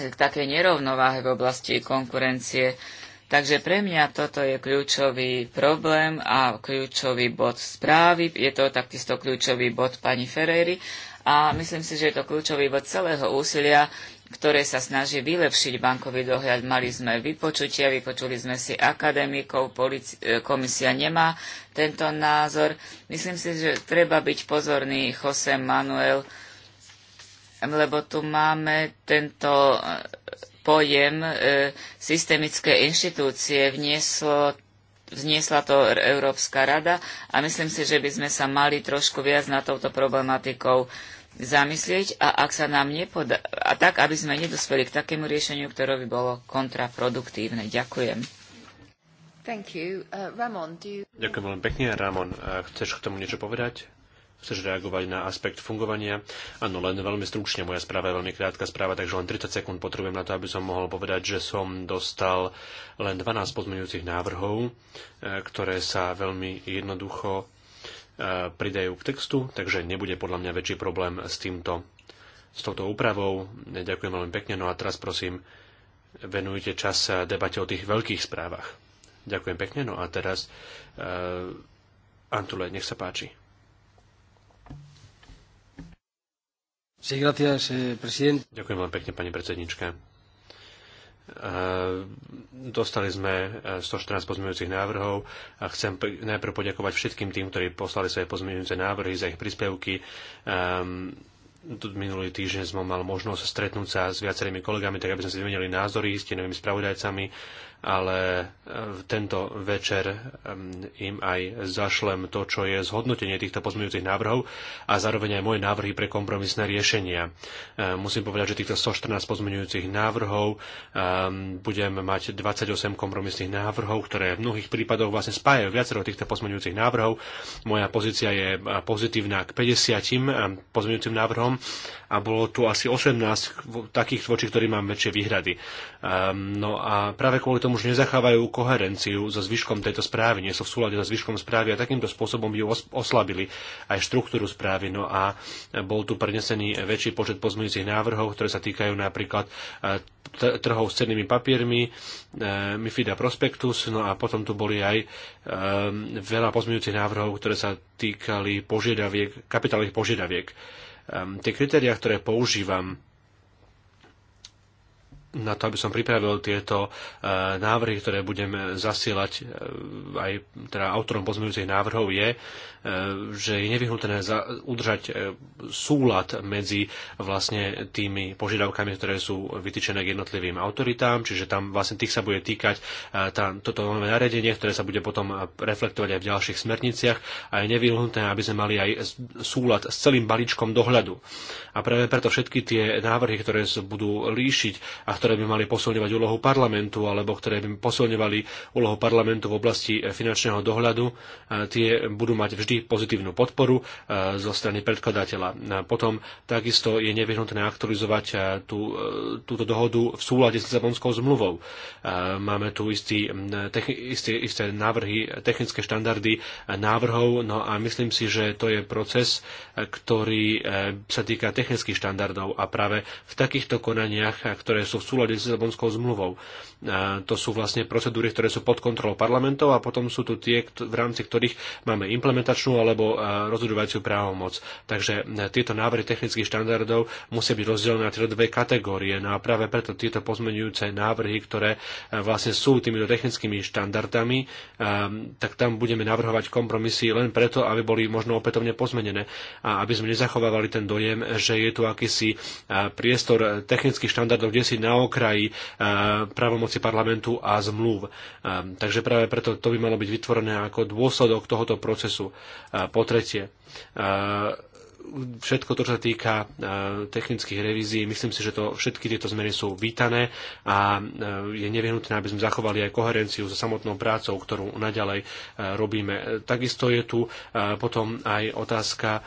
e, k takej nerovnováhe v oblasti konkurencie. Takže pre mňa toto je kľúčový problém a kľúčový bod správy. Je to takisto kľúčový bod pani Ferreri a myslím si, že je to kľúčový bod celého úsilia, ktoré sa snaží vylepšiť bankový dohľad. Mali sme vypočutia, vypočuli sme si akademikov, e, komisia nemá tento názor. Myslím si, že treba byť pozorný, Jose Manuel, lebo tu máme tento e, pojem e, systemické inštitúcie vnieslo vzniesla to Európska rada a myslím si, že by sme sa mali trošku viac na touto problematikou zamyslieť a ak sa nám nepodá a tak, aby sme nedospeli k takému riešeniu, ktoré by bolo kontraproduktívne. Ďakujem. Thank you. Uh, Ramon, do you... Ďakujem veľmi pekne. Ramon, uh, chceš k tomu niečo povedať? chceš reagovať na aspekt fungovania. Áno, len veľmi stručne, moja správa je veľmi krátka správa, takže len 30 sekúnd potrebujem na to, aby som mohol povedať, že som dostal len 12 pozmeňujúcich návrhov, uh, ktoré sa veľmi jednoducho pridajú k textu, takže nebude podľa mňa väčší problém s týmto s touto úpravou. Ďakujem veľmi pekne. No a teraz prosím, venujte čas debate o tých veľkých správach. Ďakujem pekne. No a teraz uh, Antule, nech sa páči. Sí, gracias, eh, Ďakujem veľmi pekne, pani predsednička. Ehm, dostali sme 114 eh, pozmeňujúcich návrhov a chcem najprv poďakovať všetkým tým, ktorí poslali svoje pozmeňujúce návrhy za ich príspevky. Ehm, minulý týždeň som mal možnosť stretnúť sa s viacerými kolegami, tak aby sme si vymenili názory s novými spravodajcami ale v eh, tento večer im aj zašlem to, čo je zhodnotenie týchto pozmeňujúcich návrhov a zároveň aj moje návrhy pre kompromisné riešenia. Eh, musím povedať, že týchto 114 pozmeňujúcich návrhov budem mať 28 kompromisných návrhov, ktoré v mnohých prípadoch vlastne spájajú viacero týchto pozmeňujúcich návrhov. Moja pozícia je eh, pozitívna k 50 pozmeňujúcim návrhom a bolo tu asi 18 takých, voči ktorým mám väčšie výhrady. No a práve kvôli tomu už nezachávajú koherenciu so zvyškom tejto správy, nie sú v súlade so zvyškom správy a takýmto spôsobom ju oslabili aj štruktúru správy. No a bol tu prenesený väčší počet pozmeňujúcich návrhov, ktoré sa týkajú napríklad e, trhov s cennými papiermi, e, MIFID a Prospectus, no a potom tu boli aj e, veľa pozmeňujúcich návrhov, ktoré sa týkali požiadaviek, kapitálových požiadaviek. Tie kritériá, ktoré používam na to, aby som pripravil tieto e, návrhy, ktoré budem zasielať e, aj teda autorom pozmeňujúcich návrhov, je, e, že je nevyhnutné udržať súlad medzi vlastne tými požiadavkami, ktoré sú vytýčené k jednotlivým autoritám, čiže tam vlastne tých sa bude týkať tá, toto nové nariadenie, ktoré sa bude potom reflektovať aj v ďalších smerniciach a je nevyhnutné, aby sme mali aj súlad s celým balíčkom dohľadu. A práve preto všetky tie návrhy, ktoré sa budú líšiť a ktoré ktoré by mali posilňovať úlohu parlamentu alebo ktoré by posilňovali úlohu parlamentu v oblasti eh, finančného dohľadu, eh, tie budú mať vždy pozitívnu podporu eh, zo strany predkladateľa. Potom takisto je nevyhnutné aktualizovať tú, túto dohodu v súlade s Lisabonskou zmluvou. Máme tu istý, istý, isté návrhy, technické štandardy návrhov, no a myslím si, že to je proces, ktorý sa týka technických štandardov a práve v takýchto konaniach, ktoré sú v súlade s Lisabonskou zmluvou. To sú vlastne procedúry, ktoré sú pod kontrolou parlamentov a potom sú tu tie, v rámci ktorých máme implementačnú alebo e, rozhodovaciu právomoc. Takže e, tieto návrhy technických štandardov musia byť rozdelené na tieto dve kategórie. No a práve preto tieto pozmenujúce návrhy, ktoré e, vlastne sú týmito technickými štandardami, tak tam budeme navrhovať kompromisy len preto, aby boli možno opätovne pozmenené a aby sme nezachovávali ten dojem, že je tu akýsi priestor technických štandardov, kde si na okraji právomoc pomoci parlamentu a zmluv. Ehm, takže práve preto to by malo byť vytvorené ako dôsledok tohoto procesu. Ehm, po tretie, ehm, všetko to, čo sa týka technických revízií, myslím si, že to, všetky tieto zmeny sú vítané a je nevyhnutné, aby sme zachovali aj koherenciu so samotnou prácou, ktorú naďalej robíme. Takisto je tu potom aj otázka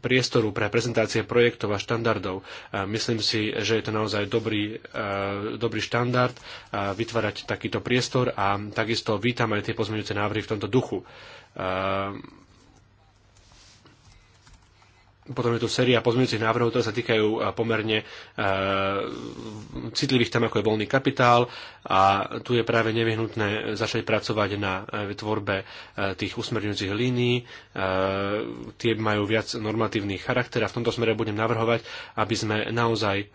priestoru pre prezentácie projektov a štandardov. Myslím si, že je to naozaj dobrý, e, dobrý štandard e, vytvárať takýto priestor a takisto vítam aj tie pozmeňujúce návrhy v tomto duchu e, potom je tu séria pozmeňujúcich návrhov, ktoré sa týkajú eh, pomerne e, citlivých tém, ako je voľný kapitál a tu je práve nevyhnutné začať pracovať na eh, tvorbe tých usmerňujúcich línií. E, tie majú viac normatívny charakter a v tomto smere budem navrhovať, aby sme naozaj e,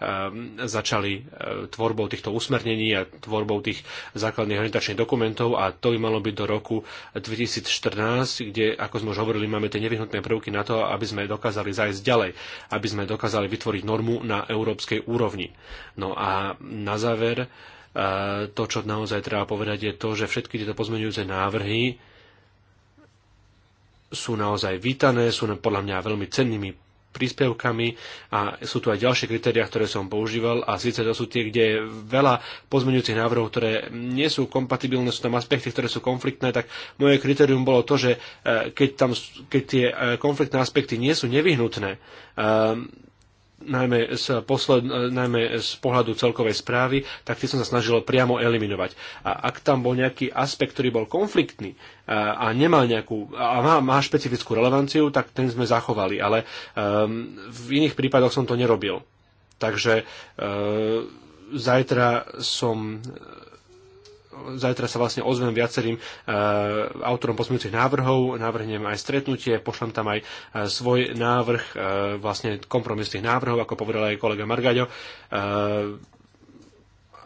začali tvorbou týchto usmernení a tvorbou tých základných orientačných dokumentov a to by malo byť do roku 2014, kde, ako sme už hovorili, máme tie nevyhnutné prvky na to, aby sme dokázali zajsť ďalej, aby sme dokázali vytvoriť normu na európskej úrovni. No a na záver, eh, to, čo naozaj treba povedať, je to, že všetky tieto pozmeňujúce návrhy sú naozaj vítané, sú podľa mňa veľmi cennými príspevkami a sú tu aj ďalšie kritéria, ktoré som používal a síce to sú tie, kde je veľa pozmeňujúcich návrhov, ktoré nie sú kompatibilné, sú tam aspekty, ktoré sú konfliktné, tak moje kritérium bolo to, že eh, keď, tam, keď tie eh, konfliktné aspekty nie sú nevyhnutné, eh, najmä z, posled, najmä z pohľadu celkovej správy, tak tie som sa snažil priamo eliminovať. A ak tam bol nejaký aspekt, ktorý bol konfliktný a, a nemal nejakú, a má, má špecifickú relevanciu, tak ten sme zachovali, ale um, v iných prípadoch som to nerobil. Takže uh, zajtra som zajtra sa vlastne ozvem viacerým e, autorom pozmeňujúcich návrhov, navrhnem aj stretnutie, pošlem tam aj e, svoj návrh, e, vlastne kompromis tých návrhov, ako povedal aj kolega Margaďo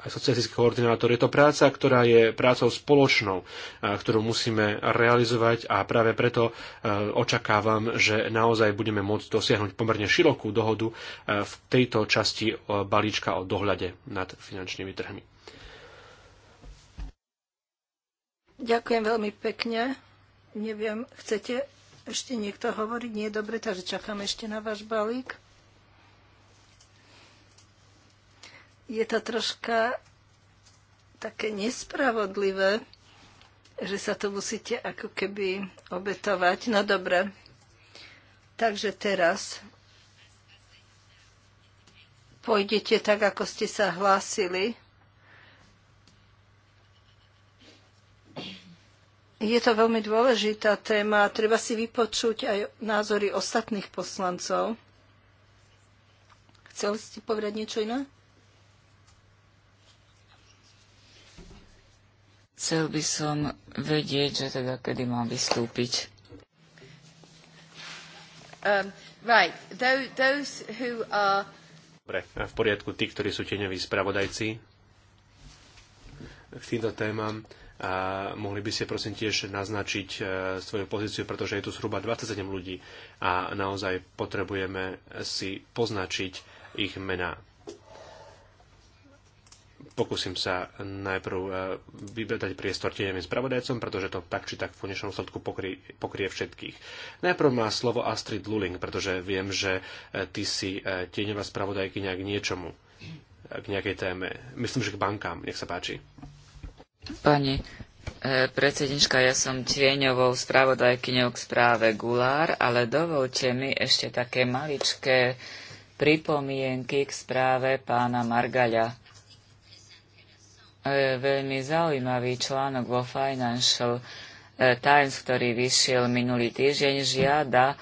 aj socialistický koordinátor. Je to práca, ktorá je prácou spoločnou, ktorú musíme realizovať a práve preto očakávam, že naozaj budeme môcť dosiahnuť pomerne širokú dohodu v tejto časti balíčka o dohľade nad finančnými trhmi. Ďakujem veľmi pekne. Neviem, chcete ešte niekto hovoriť? Nie, dobre, takže čakám ešte na váš balík. Je to troška také nespravodlivé, že sa to musíte ako keby obetovať. No dobre. Takže teraz pôjdete tak, ako ste sa hlásili. Je to veľmi dôležitá téma. Treba si vypočuť aj názory ostatných poslancov. Chcel ste povedať niečo iné? Chcel by som vedieť, že teda kedy mám vystúpiť. Um, right. Those, those who are... Dobre, v poriadku tí, ktorí sú tieňoví spravodajci k týmto témam mohli by ste prosím tiež naznačiť e, svoju pozíciu, pretože je tu zhruba 27 ľudí a naozaj potrebujeme si poznačiť ich mená. Pokúsim sa najprv e, vybrať priestor tieňovým spravodajcom, pretože to tak či tak v konečnom sledku pokrie, pokrie všetkých. Najprv má slovo Astrid Luling, pretože viem, že e, ty si tieňová spravodajky k niečomu, k nejakej téme. Myslím, že k bankám. Nech sa páči. Pani e, predsednička, ja som tieňovou spravodajkyňou k správe Gulár, ale dovolte mi ešte také maličké pripomienky k správe pána Margaľa. E, veľmi zaujímavý článok vo Financial e, Times, ktorý vyšiel minulý týždeň, žiada e,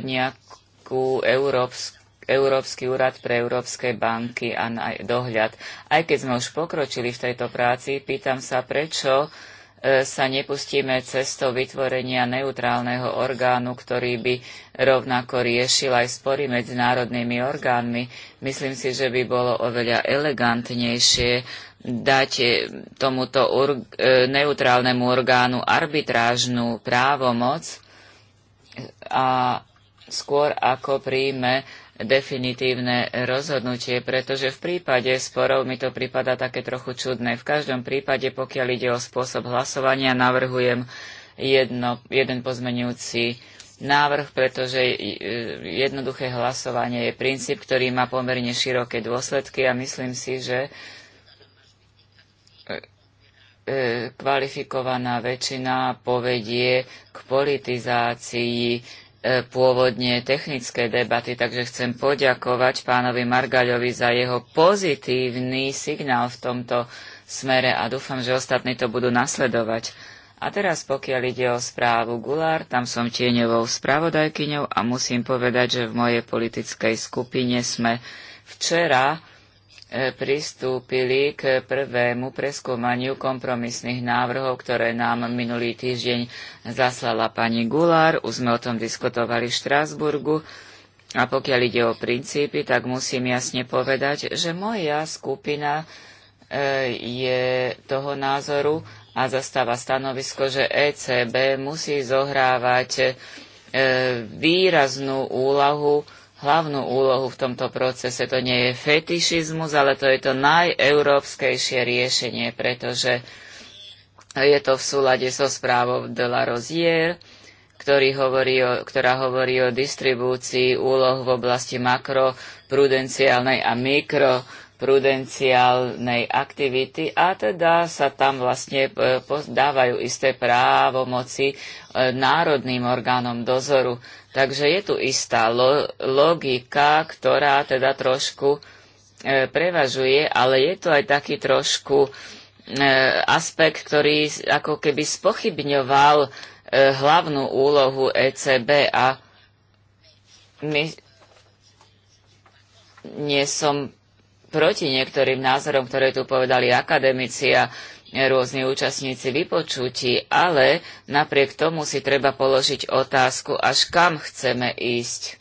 nejakú európsku Európsky úrad pre európske banky a dohľad. Aj keď sme už pokročili v tejto práci, pýtam sa, prečo e, sa nepustíme cestou vytvorenia neutrálneho orgánu, ktorý by rovnako riešil aj spory medzi národnými orgánmi. Myslím si, že by bolo oveľa elegantnejšie dať e, tomuto e, neutrálnemu orgánu arbitrážnu právomoc a skôr ako príjme definitívne rozhodnutie, pretože v prípade sporov mi to prípada také trochu čudné. V každom prípade, pokiaľ ide o spôsob hlasovania, navrhujem jedno, jeden pozmenujúci návrh, pretože e, jednoduché hlasovanie je princíp, ktorý má pomerne široké dôsledky a myslím si, že e, e, kvalifikovaná väčšina povedie k politizácii E, pôvodne technické debaty, takže chcem poďakovať pánovi Margaľovi za jeho pozitívny signál v tomto smere a dúfam, že ostatní to budú nasledovať. A teraz pokiaľ ide o správu Gulár, tam som tieňovou spravodajkyňou a musím povedať, že v mojej politickej skupine sme včera E, pristúpili k prvému preskúmaniu kompromisných návrhov, ktoré nám minulý týždeň zaslala pani Gulár. Už sme o tom diskutovali v Štrásburgu. A pokiaľ ide o princípy, tak musím jasne povedať, že moja skupina e, je toho názoru a zastáva stanovisko, že ECB musí zohrávať e, výraznú úlahu hlavnú úlohu v tomto procese. To nie je fetišizmus, ale to je to najeurópskejšie riešenie, pretože je to v súlade so správou de la Rosière, ktorý hovorí o, ktorá hovorí o distribúcii úloh v oblasti makroprudenciálnej a mikroprudenciálnej aktivity a teda sa tam vlastne e, dávajú isté právomoci e, národným orgánom dozoru. Takže je tu istá lo- logika, ktorá teda trošku e, prevažuje, ale je tu aj taký trošku e, aspekt, ktorý ako keby spochybňoval e, hlavnú úlohu ECB a my nie som proti niektorým názorom, ktoré tu povedali akademici a rôzni účastníci vypočutí, ale napriek tomu si treba položiť otázku, až kam chceme ísť,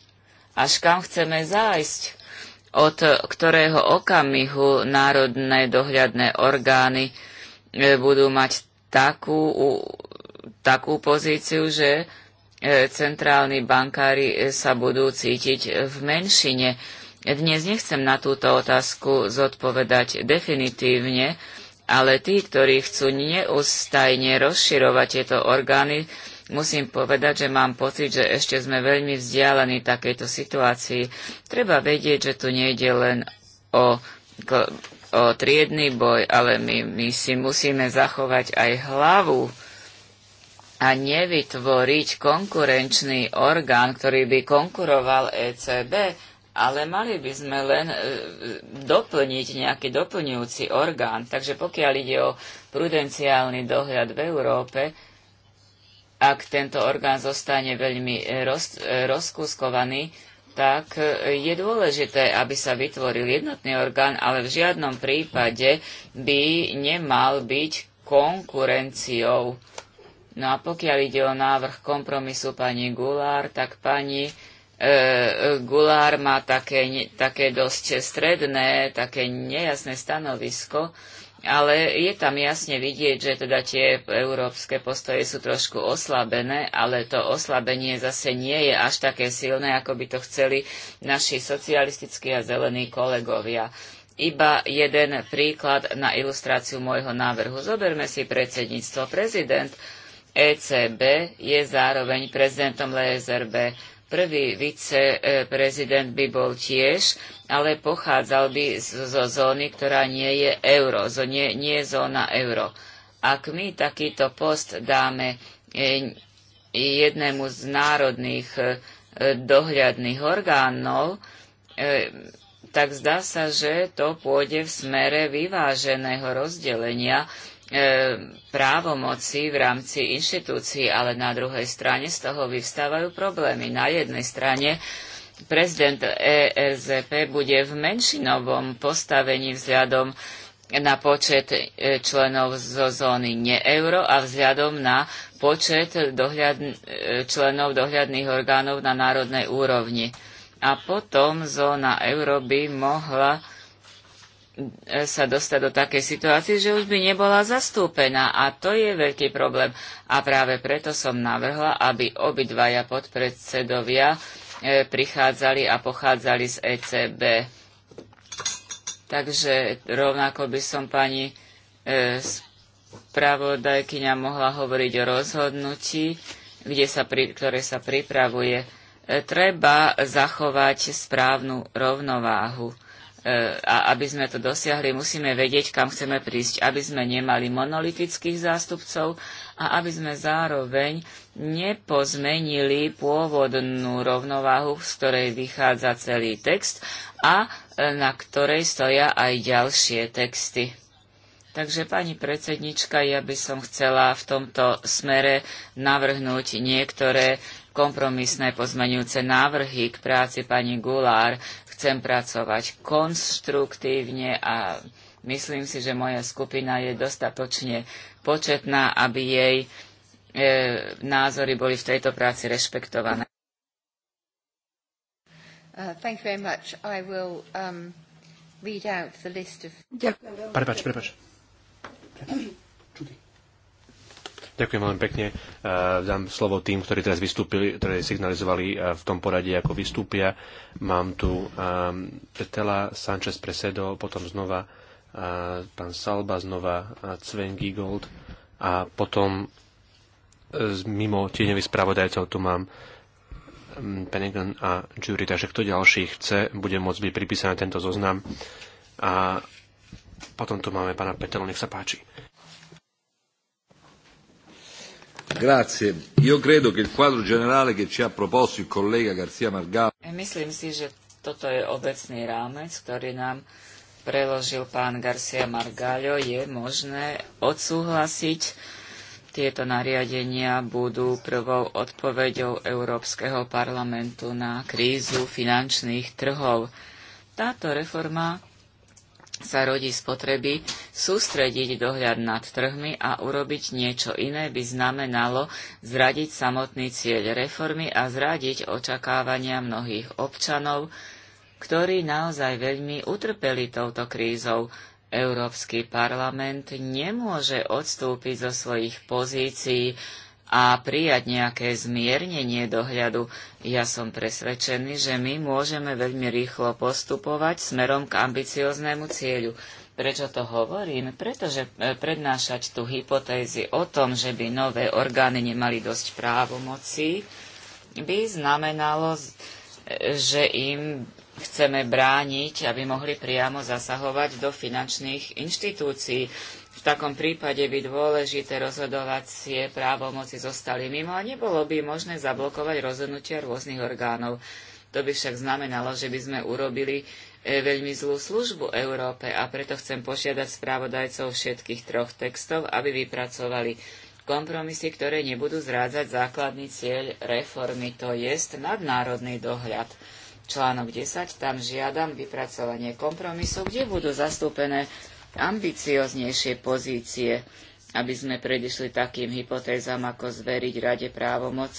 až kam chceme zájsť, od ktorého okamihu národné dohľadné orgány e, budú mať takú, takú pozíciu, že e, centrálni bankári e, sa budú cítiť v menšine. Dnes nechcem na túto otázku zodpovedať definitívne, ale tí, ktorí chcú neustajne rozširovať tieto orgány, musím povedať, že mám pocit, že ešte sme veľmi vzdialení takejto situácii. Treba vedieť, že tu nejde len o, o triedny boj, ale my, my si musíme zachovať aj hlavu a nevytvoriť konkurenčný orgán, ktorý by konkuroval ECB, ale mali by sme len e, doplniť nejaký doplňujúci orgán. Takže pokiaľ ide o prudenciálny dohľad v Európe, ak tento orgán zostane veľmi e, roz, e, rozkúskovaný, tak je dôležité, aby sa vytvoril jednotný orgán, ale v žiadnom prípade by nemal byť konkurenciou. No a pokiaľ ide o návrh kompromisu pani Gulár, tak pani E, Gulár má také, také dosť stredné, také nejasné stanovisko, ale je tam jasne vidieť, že teda tie európske postoje sú trošku oslabené, ale to oslabenie zase nie je až také silné, ako by to chceli naši socialistickí a zelení kolegovia. Iba jeden príklad na ilustráciu môjho návrhu. Zoberme si predsedníctvo. Prezident ECB je zároveň prezidentom LSRB. Prvý viceprezident by bol tiež, ale pochádzal by zo zóny, ktorá nie je euro, zo, nie, nie je zóna euro. Ak my takýto post dáme e, jednému z národných e, dohľadných orgánov, e, tak zdá sa, že to pôjde v smere vyváženého rozdelenia E, právomoci v rámci inštitúcií, ale na druhej strane z toho vyvstávajú problémy. Na jednej strane prezident ERZP bude v menšinovom postavení vzhľadom na počet e, členov zo zóny neeuro a vzhľadom na počet dohľad, e, členov dohľadných orgánov na národnej úrovni. A potom zóna euro by mohla sa dostať do takej situácie, že už by nebola zastúpená a to je veľký problém. A práve preto som navrhla, aby obidvaja podpredsedovia e, prichádzali a pochádzali z ECB. Takže rovnako by som pani e, spravodajkyňa mohla hovoriť o rozhodnutí, kde sa pri, ktoré sa pripravuje. E, treba zachovať správnu rovnováhu E, a aby sme to dosiahli, musíme vedieť, kam chceme prísť, aby sme nemali monolitických zástupcov a aby sme zároveň nepozmenili pôvodnú rovnováhu, z ktorej vychádza celý text a e, na ktorej stoja aj ďalšie texty. Takže, pani predsednička, ja by som chcela v tomto smere navrhnúť niektoré kompromisné pozmenujúce návrhy k práci pani Gulár chcem pracovať konštruktívne a myslím si, že moja skupina je dostatočne početná, aby jej e, názory boli v tejto práci rešpektované. Uh, um, Ďakujem. Prepač, prepač. prepač. Ďakujem veľmi pekne. E, dám slovo tým, ktorí teraz vystúpili, ktorí signalizovali e, v tom poradí, ako vystúpia. Mám tu e, Petela Sanchez Presedo, potom znova pán Salba, znova Cven Gigold a potom mimo tieňových spravodajcov tu mám Penigan a Jury, takže kto ďalší chce, bude môcť byť pripísaný tento zoznam. A potom tu máme pána Petelu, nech sa páči. Grazie. Io credo che il quadro generale che ci ha proposto il collega Margallo... E myslím si, že toto je obecný rámec, ktorý nám preložil pán Garcia Margallo. Je možné odsúhlasiť. Tieto nariadenia budú prvou odpoveďou Európskeho parlamentu na krízu finančných trhov. Táto reforma sa rodí z potreby sústrediť dohľad nad trhmi a urobiť niečo iné by znamenalo zradiť samotný cieľ reformy a zradiť očakávania mnohých občanov, ktorí naozaj veľmi utrpeli touto krízou. Európsky parlament nemôže odstúpiť zo svojich pozícií a prijať nejaké zmiernenie dohľadu. Ja som presvedčený, že my môžeme veľmi rýchlo postupovať smerom k ambicioznému cieľu. Prečo to hovorím? Pretože e, prednášať tu hypotézy o tom, že by nové orgány nemali dosť právomocí, by znamenalo, e, že im chceme brániť, aby mohli priamo zasahovať do finančných inštitúcií. V takom prípade by dôležité rozhodovacie právomoci zostali mimo a nebolo by možné zablokovať rozhodnutia rôznych orgánov. To by však znamenalo, že by sme urobili e, veľmi zlú službu Európe a preto chcem požiadať správodajcov všetkých troch textov, aby vypracovali kompromisy, ktoré nebudú zrádzať základný cieľ reformy, to jest nadnárodný dohľad. Článok 10, tam žiadam vypracovanie kompromisov, kde budú zastúpené ambicioznejšie pozície, aby sme predišli takým hypotézam, ako zveriť Rade právomoc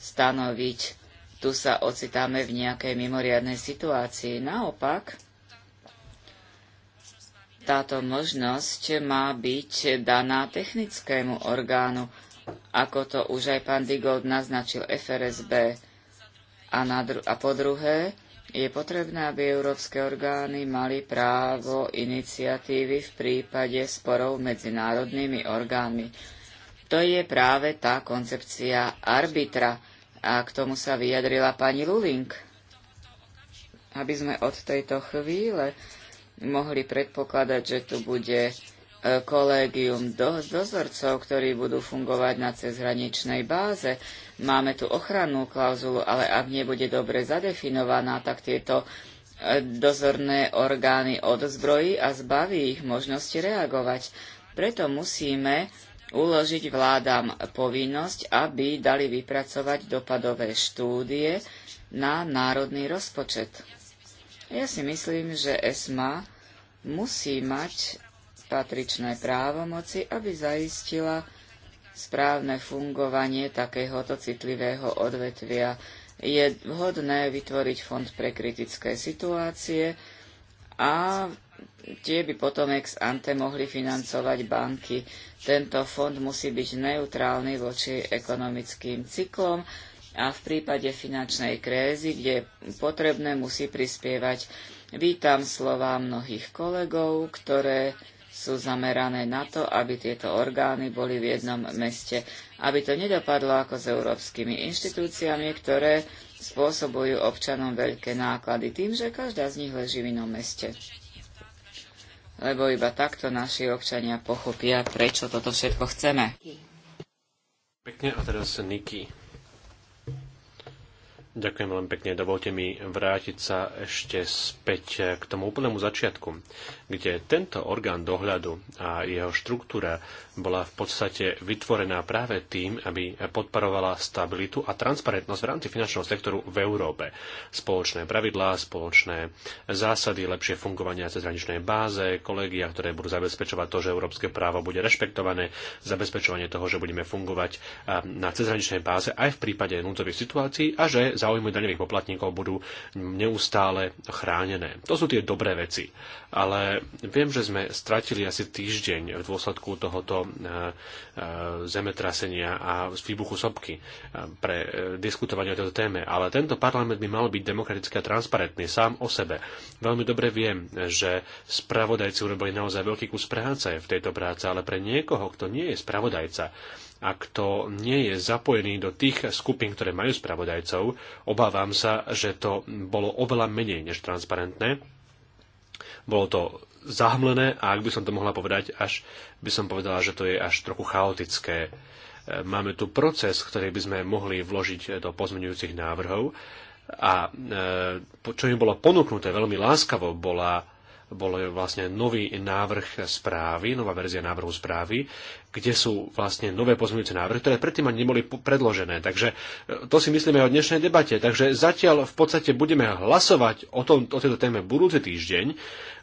stanoviť. Tu sa ocitáme v nejakej mimoriadnej situácii. Naopak, táto možnosť má byť daná technickému orgánu, ako to už aj pán Digold naznačil FRSB. A, na a po druhé, je potrebné, aby európske orgány mali právo iniciatívy v prípade sporov medzi národnými orgánmi. To je práve tá koncepcia arbitra a k tomu sa vyjadrila pani Luling. Aby sme od tejto chvíle mohli predpokladať, že tu bude e, kolégium dozorcov, ktorí budú fungovať na cezhraničnej báze, Máme tu ochrannú klauzulu, ale ak nebude dobre zadefinovaná, tak tieto e, dozorné orgány odzbrojí a zbaví ich možnosti reagovať. Preto musíme uložiť vládam povinnosť, aby dali vypracovať dopadové štúdie na národný rozpočet. Ja si myslím, že ESMA musí mať patričné právomoci, aby zaistila správne fungovanie takéhoto citlivého odvetvia. Je vhodné vytvoriť fond pre kritické situácie a tie by potom ex ante mohli financovať banky. Tento fond musí byť neutrálny voči ekonomickým cyklom a v prípade finančnej krézy, kde je potrebné, musí prispievať. Vítam slova mnohých kolegov, ktoré sú zamerané na to, aby tieto orgány boli v jednom meste, aby to nedopadlo ako s európskymi inštitúciami, ktoré spôsobujú občanom veľké náklady tým, že každá z nich leží v inom meste. Lebo iba takto naši občania pochopia, prečo toto všetko chceme. Pekne a teraz Niky. Ďakujem veľmi pekne. Dovolte mi vrátiť sa ešte späť k tomu úplnému začiatku, kde tento orgán dohľadu a jeho štruktúra bola v podstate vytvorená práve tým, aby podporovala stabilitu a transparentnosť v rámci finančného sektoru v Európe. Spoločné pravidlá, spoločné zásady, lepšie fungovania cez cezhraničnej báze, kolegia, ktoré budú zabezpečovať to, že európske právo bude rešpektované, zabezpečovanie toho, že budeme fungovať na cezhraničnej báze aj v prípade núdzových situácií a že záujmy daňových poplatníkov budú neustále chránené. To sú tie dobré veci. Ale viem, že sme stratili asi týždeň v dôsledku tohoto e, e, zemetrasenia a z výbuchu sopky e, pre diskutovanie o tejto téme. Ale tento parlament by mal byť demokratický a transparentný sám o sebe. Veľmi dobre viem, že spravodajci urobili naozaj veľký kus práce v tejto práce, ale pre niekoho, kto nie je spravodajca, a kto nie je zapojený do tých skupín, ktoré majú spravodajcov, obávam sa, že to bolo oveľa menej než transparentné. Bolo to zahmlené a ak by som to mohla povedať, až by som povedala, že to je až trochu chaotické. E, máme tu proces, ktorý by sme mohli vložiť do pozmeňujúcich návrhov a e, čo im bolo ponúknuté veľmi láskavo, bola bol vlastne nový návrh správy, nová verzia návrhu správy, kde sú vlastne nové pozmeňujúce návrhy, ktoré predtým ani neboli predložené. Takže e, to si myslíme o dnešnej debate. Takže zatiaľ v podstate budeme hlasovať o, tom, o tejto téme budúci týždeň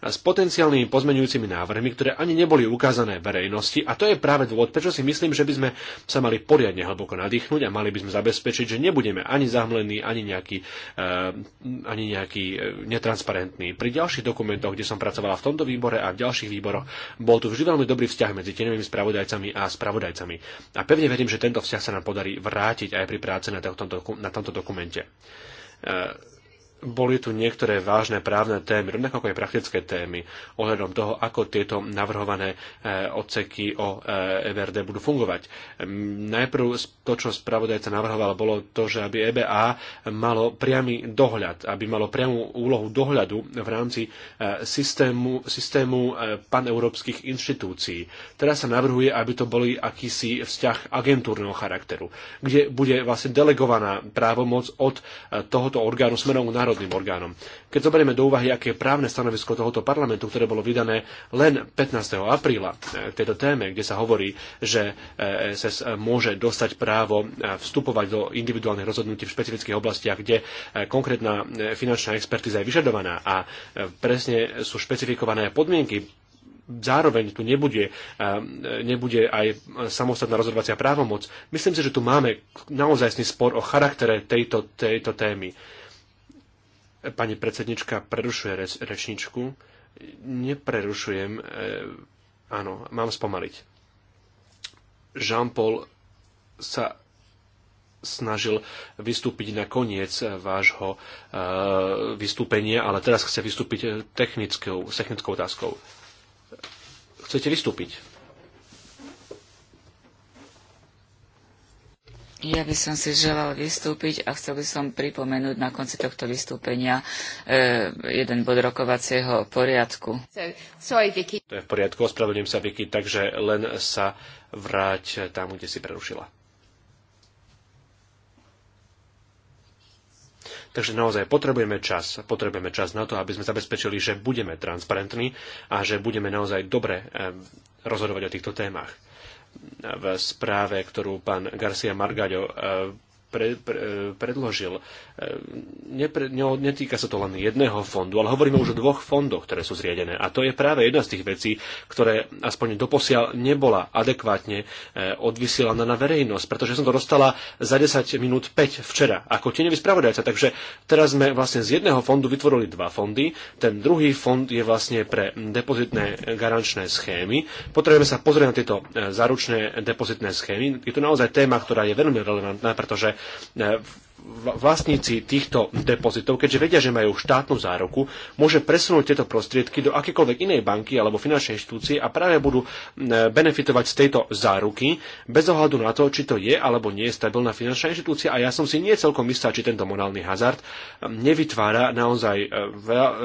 s potenciálnymi pozmeňujúcimi návrhmi, ktoré ani neboli ukázané verejnosti. A to je práve dôvod, prečo si myslím, že by sme sa mali poriadne hlboko nadýchnuť a mali by sme zabezpečiť, že nebudeme ani zahmlení, ani nejaký, e, ani nejaký e, netransparentný. Pri ďalších dokumentoch, kde som pracovala v tomto výbore a v ďalších výboroch, bol tu vždy veľmi dobrý vzťah medzi tenovými spravodajcami spravodajcami a spravodajcami. A pevne verím, že tento vzťah sa nám podarí vrátiť aj pri práci na tomto, na tomto dokumente e, boli tu niektoré vážne právne témy, rovnako ako aj praktické témy, ohľadom toho, ako tieto navrhované e, odseky o EBRD e budú fungovať. Najprv to, čo spravodajca navrhoval, bolo to, že aby EBA malo priamy dohľad, aby malo priamu úlohu dohľadu v rámci e, systému, systému paneurópskych inštitúcií. Teraz sa navrhuje, aby to boli akýsi vzťah agentúrneho charakteru, kde bude vlastne delegovaná právomoc od tohoto orgánu smerom k národným národným orgánom. Keď zoberieme do úvahy, aké je právne stanovisko tohoto parlamentu, ktoré bolo vydané len 15. apríla eh, tejto téme, kde sa hovorí, že SS eh, môže dostať právo eh, vstupovať do individuálnych rozhodnutí v špecifických oblastiach, kde konkrétna finančná expertiza je vyžadovaná a presne sú špecifikované podmienky zároveň tu nebude, nebude aj samostatná rozhodovacia právomoc. Myslím si, že tu máme naozajstný spor o charaktere tejto, tejto témy. Pani predsednička prerušuje reč, rečničku. Neprerušujem. E, áno, mám spomaliť. Jean-Paul sa snažil vystúpiť na koniec vášho e, vystúpenia, ale teraz chce vystúpiť technickou, technickou otázkou. Chcete vystúpiť? Ja by som si želal vystúpiť a chcel by som pripomenúť na konci tohto vystúpenia e, jeden bod rokovacieho poriadku. To je v poriadku, ospravedlňujem sa, Vicky, takže len sa vráť tam, kde si prerušila. Takže naozaj potrebujeme čas, potrebujeme čas na to, aby sme zabezpečili, že budeme transparentní a že budeme naozaj dobre e, rozhodovať o týchto témach v správe, ktorú pán Garcia Margaďo eh, pre, pre, e, predložil, e, nepre, ne, netýka sa to len jedného fondu, ale hovoríme už o dvoch fondoch, ktoré sú zriadené. A to je práve jedna z tých vecí, ktoré aspoň doposiaľ nebola adekvátne e, odvysielaná na verejnosť, pretože som to dostala za 10 minút 5 včera ako tenevý spravodajca. Takže teraz sme vlastne z jedného fondu vytvorili dva fondy. Ten druhý fond je vlastne pre depozitné garančné schémy. Potrebujeme sa pozrieť na tieto záručné depozitné schémy. Je to naozaj téma, ktorá je veľmi relevantná, pretože E, vlastníci týchto depozitov, keďže vedia, že majú štátnu záruku, môže presunúť tieto prostriedky do akékoľvek inej banky alebo finančnej inštitúcie a práve budú e, benefitovať z tejto záruky bez ohľadu na to, či to je alebo nie je stabilná finančná inštitúcia a ja som si nie celkom istá, či tento morálny hazard e, nevytvára naozaj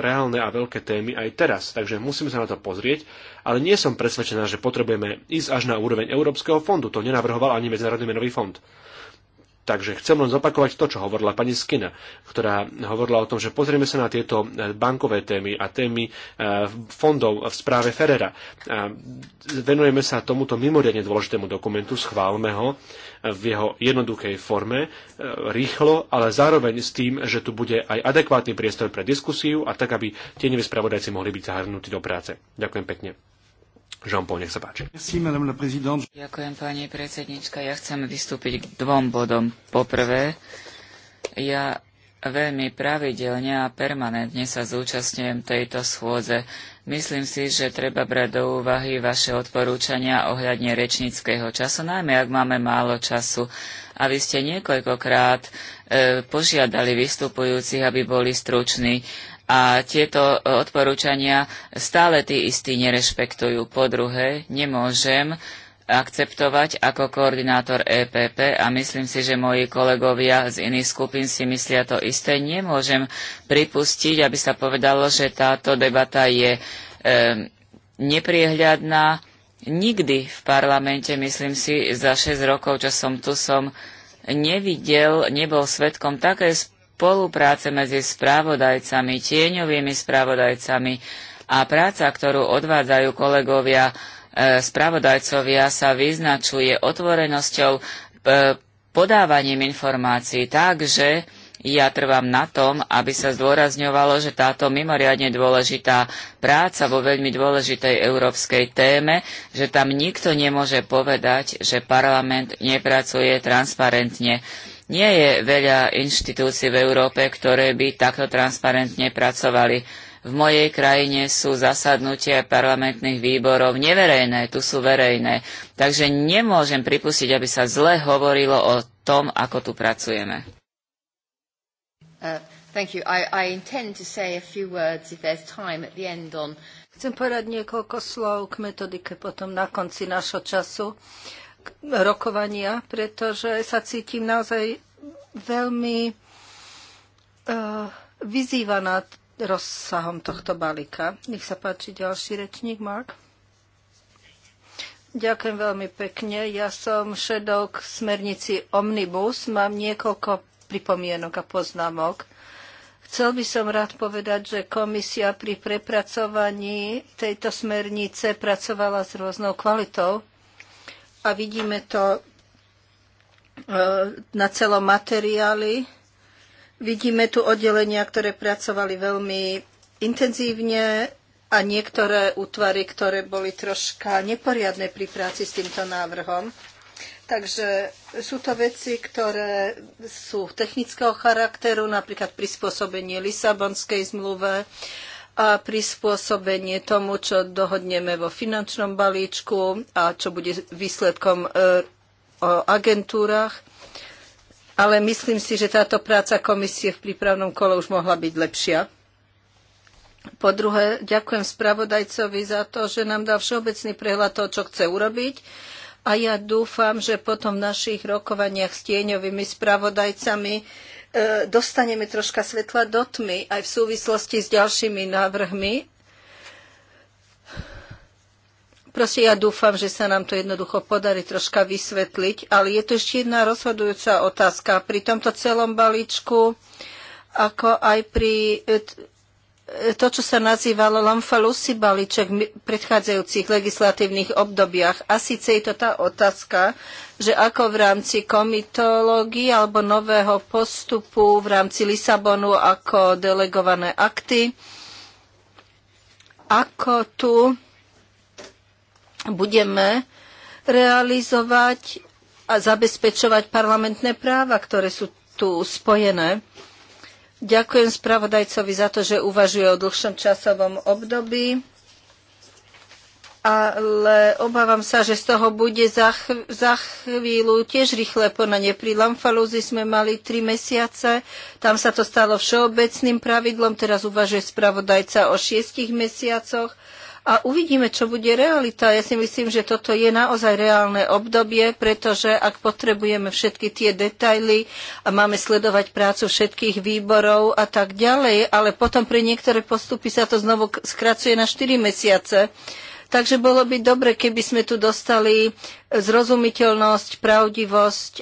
reálne a veľké témy aj teraz. Takže musíme sa na to pozrieť ale nie som presvedčená, že potrebujeme ísť až na úroveň Európskeho fondu. To nenavrhoval ani Medzinárodný menový fond. Takže chcem len zopakovať to, čo hovorila pani Skina, ktorá hovorila o tom, že pozrieme sa na tieto e, bankové témy a témy e, fondov v správe Ferrera. Venujeme sa tomuto mimoriadne dôležitému dokumentu, schválme ho v jeho jednoduchej forme, e, rýchlo, ale zároveň s tým, že tu bude aj adekvátny priestor pre diskusiu a tak, aby tie spravodajci mohli byť zahrnutí do práce. Ďakujem pekne. Jean-Paul, nech sa páči. Ďakujem, pani predsednička. Ja chcem vystúpiť k dvom bodom. Poprvé, ja veľmi pravidelne a permanentne sa zúčastňujem tejto schôdze. Myslím si, že treba brať do úvahy vaše odporúčania ohľadne rečníckého času, najmä ak máme málo času. A vy ste niekoľkokrát e, požiadali vystupujúcich, aby boli struční a tieto e, odporúčania stále tí istí nerešpektujú. Po druhé, nemôžem akceptovať ako koordinátor EPP a myslím si, že moji kolegovia z iných skupín si myslia to isté. Nemôžem pripustiť, aby sa povedalo, že táto debata je e, nepriehľadná. Nikdy v parlamente, myslím si, za 6 rokov, čo som tu som, nevidel, nebol svetkom takej spolupráce medzi správodajcami, tieňovými správodajcami a práca, ktorú odvádzajú kolegovia e, spravodajcovia sa vyznačuje otvorenosťou, e, podávaním informácií. Takže ja trvám na tom, aby sa zdôrazňovalo, že táto mimoriadne dôležitá práca vo veľmi dôležitej európskej téme, že tam nikto nemôže povedať, že parlament nepracuje transparentne. Nie je veľa inštitúcií v Európe, ktoré by takto transparentne pracovali. V mojej krajine sú zasadnutia parlamentných výborov neverejné, tu sú verejné. Takže nemôžem pripustiť, aby sa zle hovorilo o tom, ako tu pracujeme. Uh, Chcem povedať niekoľko slov k metodike potom na konci našho času. Uh, rokovania, pretože sa cítim naozaj veľmi uh, eh, vyzývaná rozsahom tohto balíka. Nech sa páči ďalší rečník, Mark. Ďakujem veľmi pekne. Ja som šedol k smernici Omnibus. Mám niekoľko pripomienok a poznámok. Chcel by som rád povedať, že komisia pri prepracovaní tejto smernice pracovala s rôznou kvalitou a vidíme to e, na celom materiáli. Vidíme tu oddelenia, ktoré pracovali veľmi intenzívne a niektoré útvary, ktoré boli troška neporiadne pri práci s týmto návrhom. Takže sú to veci, ktoré sú technického charakteru, napríklad prispôsobenie Lisabonskej zmluve, a prispôsobenie tomu, čo dohodneme vo finančnom balíčku a čo bude výsledkom e, o agentúrach. Ale myslím si, že táto práca komisie v prípravnom kole už mohla byť lepšia. Po druhé, ďakujem spravodajcovi za to, že nám dal všeobecný prehľad toho, čo chce urobiť. A ja dúfam, že potom v našich rokovaniach s tieňovými spravodajcami E, dostaneme troška svetla do tmy aj v súvislosti s ďalšími návrhmi. Proste ja dúfam, že sa nám to jednoducho podarí troška vysvetliť, ale je tu ešte jedna rozhodujúca otázka. Pri tomto celom balíčku, ako aj pri e, to, čo sa nazývalo lamfalusy balíček v predchádzajúcich legislatívnych obdobiach. A síce je to tá otázka, že ako v rámci komitológie alebo nového postupu v rámci Lisabonu ako delegované akty, ako tu budeme realizovať a zabezpečovať parlamentné práva, ktoré sú tu spojené. Ďakujem spravodajcovi za to, že uvažuje o dlhšom časovom období, ale obávam sa, že z toho bude za, chv- za chvíľu tiež rýchle konanie. Pri Lamfalúzi sme mali tri mesiace, tam sa to stalo všeobecným pravidlom, teraz uvažuje spravodajca o šiestich mesiacoch a uvidíme, čo bude realita. Ja si myslím, že toto je naozaj reálne obdobie, pretože ak potrebujeme všetky tie detaily a máme sledovať prácu všetkých výborov a tak ďalej, ale potom pre niektoré postupy sa to znovu skracuje na 4 mesiace. Takže bolo by dobre, keby sme tu dostali e, zrozumiteľnosť, pravdivosť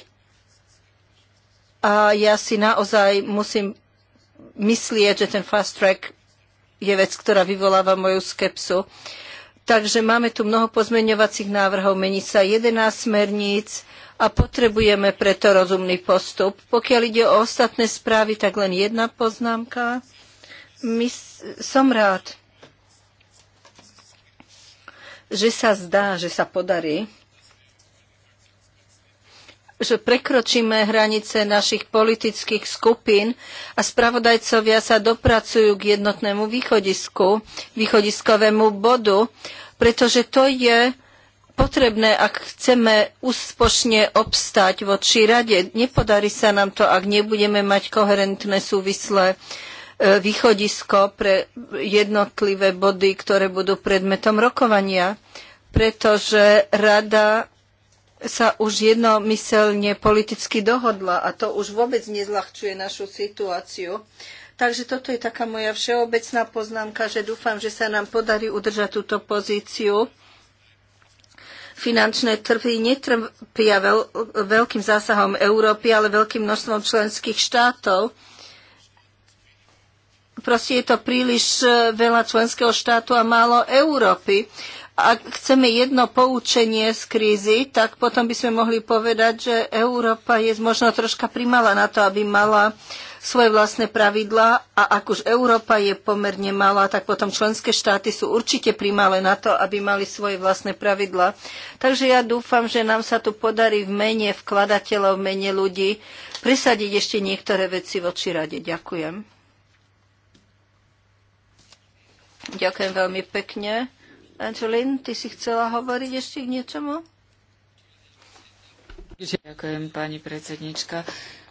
a ja si naozaj musím myslieť, že ten fast track je vec, ktorá vyvoláva moju skepsu. Takže máme tu mnoho pozmeňovacích návrhov, mení sa 11 smerníc a potrebujeme preto rozumný postup. Pokiaľ ide o ostatné správy, tak len jedna poznámka. My, som rád, že sa zdá, že sa podarí že prekročíme hranice našich politických skupín a spravodajcovia sa dopracujú k jednotnému východisku, východiskovému bodu, pretože to je potrebné, ak chceme úspošne obstať voči rade. Nepodarí sa nám to, ak nebudeme mať koherentné súvislé e, východisko pre jednotlivé body, ktoré budú predmetom rokovania, pretože rada sa už jednomyselne politicky dohodla a to už vôbec nezľahčuje našu situáciu. Takže toto je taká moja všeobecná poznámka, že dúfam, že sa nám podarí udržať túto pozíciu. Finančné trhy netrpia veľ, veľkým zásahom Európy, ale veľkým množstvom členských štátov. Proste je to príliš eh, veľa členského štátu a málo Európy ak chceme jedno poučenie z krízy, tak potom by sme mohli povedať, že Európa je možno troška primala na to, aby mala svoje vlastné pravidlá a ak už Európa je pomerne malá, tak potom členské štáty sú určite primalé na to, aby mali svoje vlastné pravidlá. Takže ja dúfam, že nám sa tu podarí v mene vkladateľov, v mene ľudí presadiť ešte niektoré veci voči rade. Ďakujem. Ďakujem veľmi pekne. Angelin, ty si chcela hovoriť ešte k niečomu? Ďakujem, pani predsednička.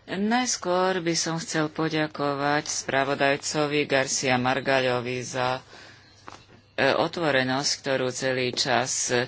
Najskôr by som chcel poďakovať spravodajcovi Garcia Margaľovi za e, otvorenosť, ktorú celý čas e,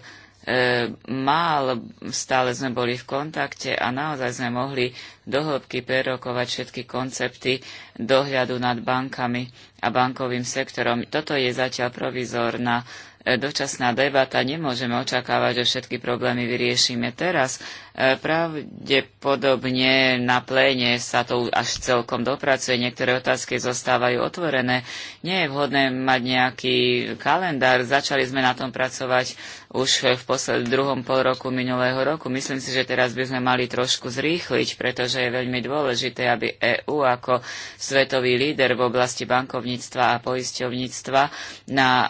mal, stále sme boli v kontakte a naozaj sme mohli dohlbky prerokovať všetky koncepty dohľadu nad bankami a bankovým sektorom. Toto je zatiaľ provizorná E, dočasná debata. Nemôžeme očakávať, že všetky problémy vyriešime teraz. E, pravdepodobne na pléne sa to až celkom dopracuje. Niektoré otázky zostávajú otvorené. Nie je vhodné mať nejaký kalendár. Začali sme na tom pracovať už v, posled, druhom pol roku minulého roku. Myslím si, že teraz by sme mali trošku zrýchliť, pretože je veľmi dôležité, aby EÚ ako svetový líder v oblasti bankovníctva a poisťovníctva na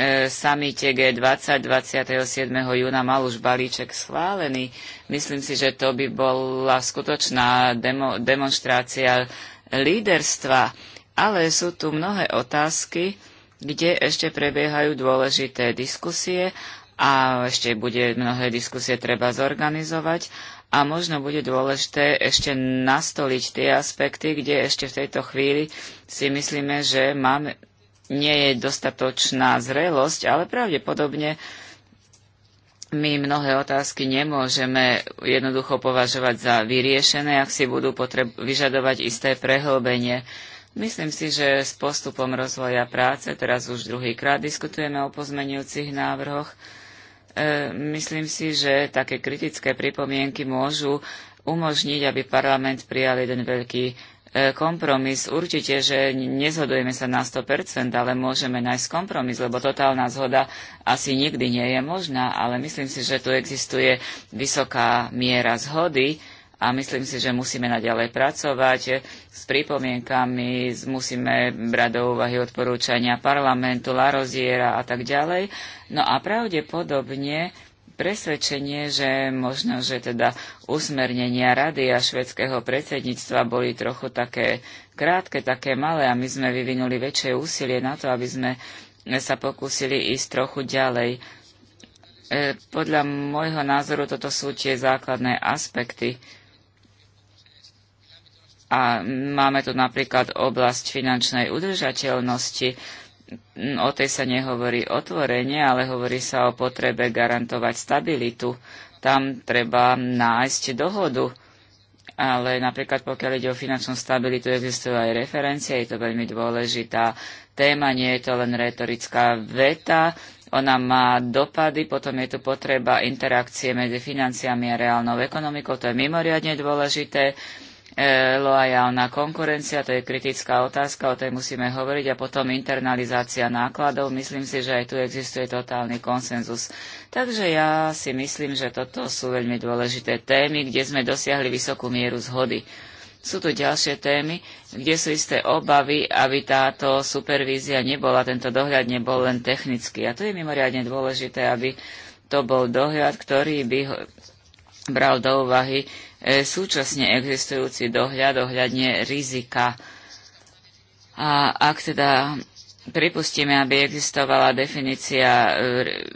E, samite G20 27. júna mal už balíček schválený. Myslím si, že to by bola skutočná demo, demonstrácia líderstva, ale sú tu mnohé otázky, kde ešte prebiehajú dôležité diskusie a ešte bude mnohé diskusie treba zorganizovať a možno bude dôležité ešte nastoliť tie aspekty, kde ešte v tejto chvíli si myslíme, že máme, nie je dostatočná zrelosť, ale pravdepodobne my mnohé otázky nemôžeme jednoducho považovať za vyriešené, ak si budú vyžadovať isté prehlbenie. Myslím si, že s postupom rozvoja práce, teraz už druhýkrát diskutujeme o pozmenujúcich návrhoch, e, myslím si, že také kritické pripomienky môžu umožniť, aby parlament prijal jeden veľký kompromis. Určite, že nezhodujeme sa na 100%, ale môžeme nájsť kompromis, lebo totálna zhoda asi nikdy nie je možná, ale myslím si, že tu existuje vysoká miera zhody a myslím si, že musíme naďalej pracovať s pripomienkami, musíme brať do úvahy odporúčania parlamentu, Laroziera a tak ďalej. No a pravdepodobne presvedčenie, že možno, že teda usmernenia rady a švedského predsedníctva boli trochu také krátke, také malé a my sme vyvinuli väčšie úsilie na to, aby sme sa pokúsili ísť trochu ďalej. E, podľa môjho názoru toto sú tie základné aspekty. A máme tu napríklad oblasť finančnej udržateľnosti, o tej sa nehovorí otvorenie, ale hovorí sa o potrebe garantovať stabilitu. Tam treba nájsť dohodu. Ale napríklad pokiaľ ide o finančnú stabilitu, existujú aj referencie, je to veľmi dôležitá téma, nie je to len retorická veta, ona má dopady, potom je tu potreba interakcie medzi financiami a reálnou ekonomikou, to je mimoriadne dôležité. Uh, E, loajálna konkurencia, to je kritická otázka, o tej musíme hovoriť a potom internalizácia nákladov. Myslím si, že aj tu existuje totálny konsenzus. Takže ja si myslím, že toto sú veľmi dôležité témy, kde sme dosiahli vysokú mieru zhody. Sú tu ďalšie témy, kde sú isté obavy, aby táto supervízia nebola, tento dohľad nebol len technický. A to je mimoriadne dôležité, aby to bol dohľad, ktorý by bral do úvahy E, súčasne existujúci dohľad ohľadne rizika. A ak teda pripustíme, aby existovala definícia e,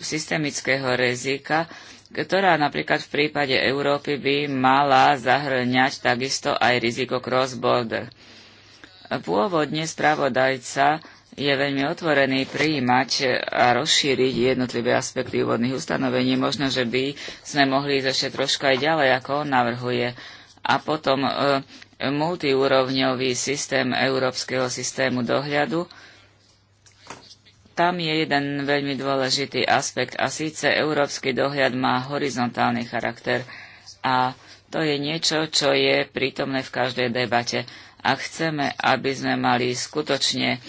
systemického rizika, ktorá napríklad v prípade Európy by mala zahrňať takisto aj riziko cross-border. Pôvodne spravodajca je veľmi otvorený prijímať a rozšíriť jednotlivé aspekty úvodných ustanovení. Možno, že by sme mohli ísť ešte trošku aj ďalej, ako on navrhuje. A potom e, multiúrovňový systém európskeho systému dohľadu. Tam je jeden veľmi dôležitý aspekt a síce európsky dohľad má horizontálny charakter a to je niečo, čo je prítomné v každej debate. Ak chceme, aby sme mali skutočne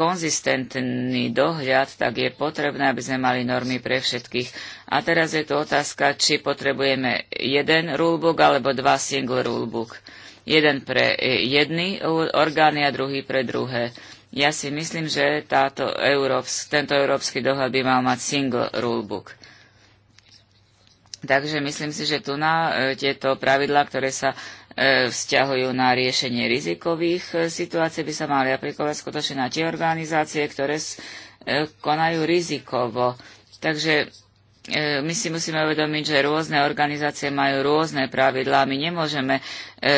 konzistentný dohľad, tak je potrebné, aby sme mali normy pre všetkých. A teraz je to otázka, či potrebujeme jeden rulebook alebo dva single rulebook. Jeden pre e, jedny orgány a druhý pre druhé. Ja si myslím, že táto Európs, tento európsky dohľad by mal mať single rulebook. Takže myslím si, že tu na e, tieto pravidlá, ktoré sa E, vzťahujú na riešenie rizikových e, situácií, by sa mali aplikovať skutočne na tie organizácie, ktoré e, konajú rizikovo. Takže E, my si musíme uvedomiť, že rôzne organizácie majú rôzne pravidlá. My nemôžeme e,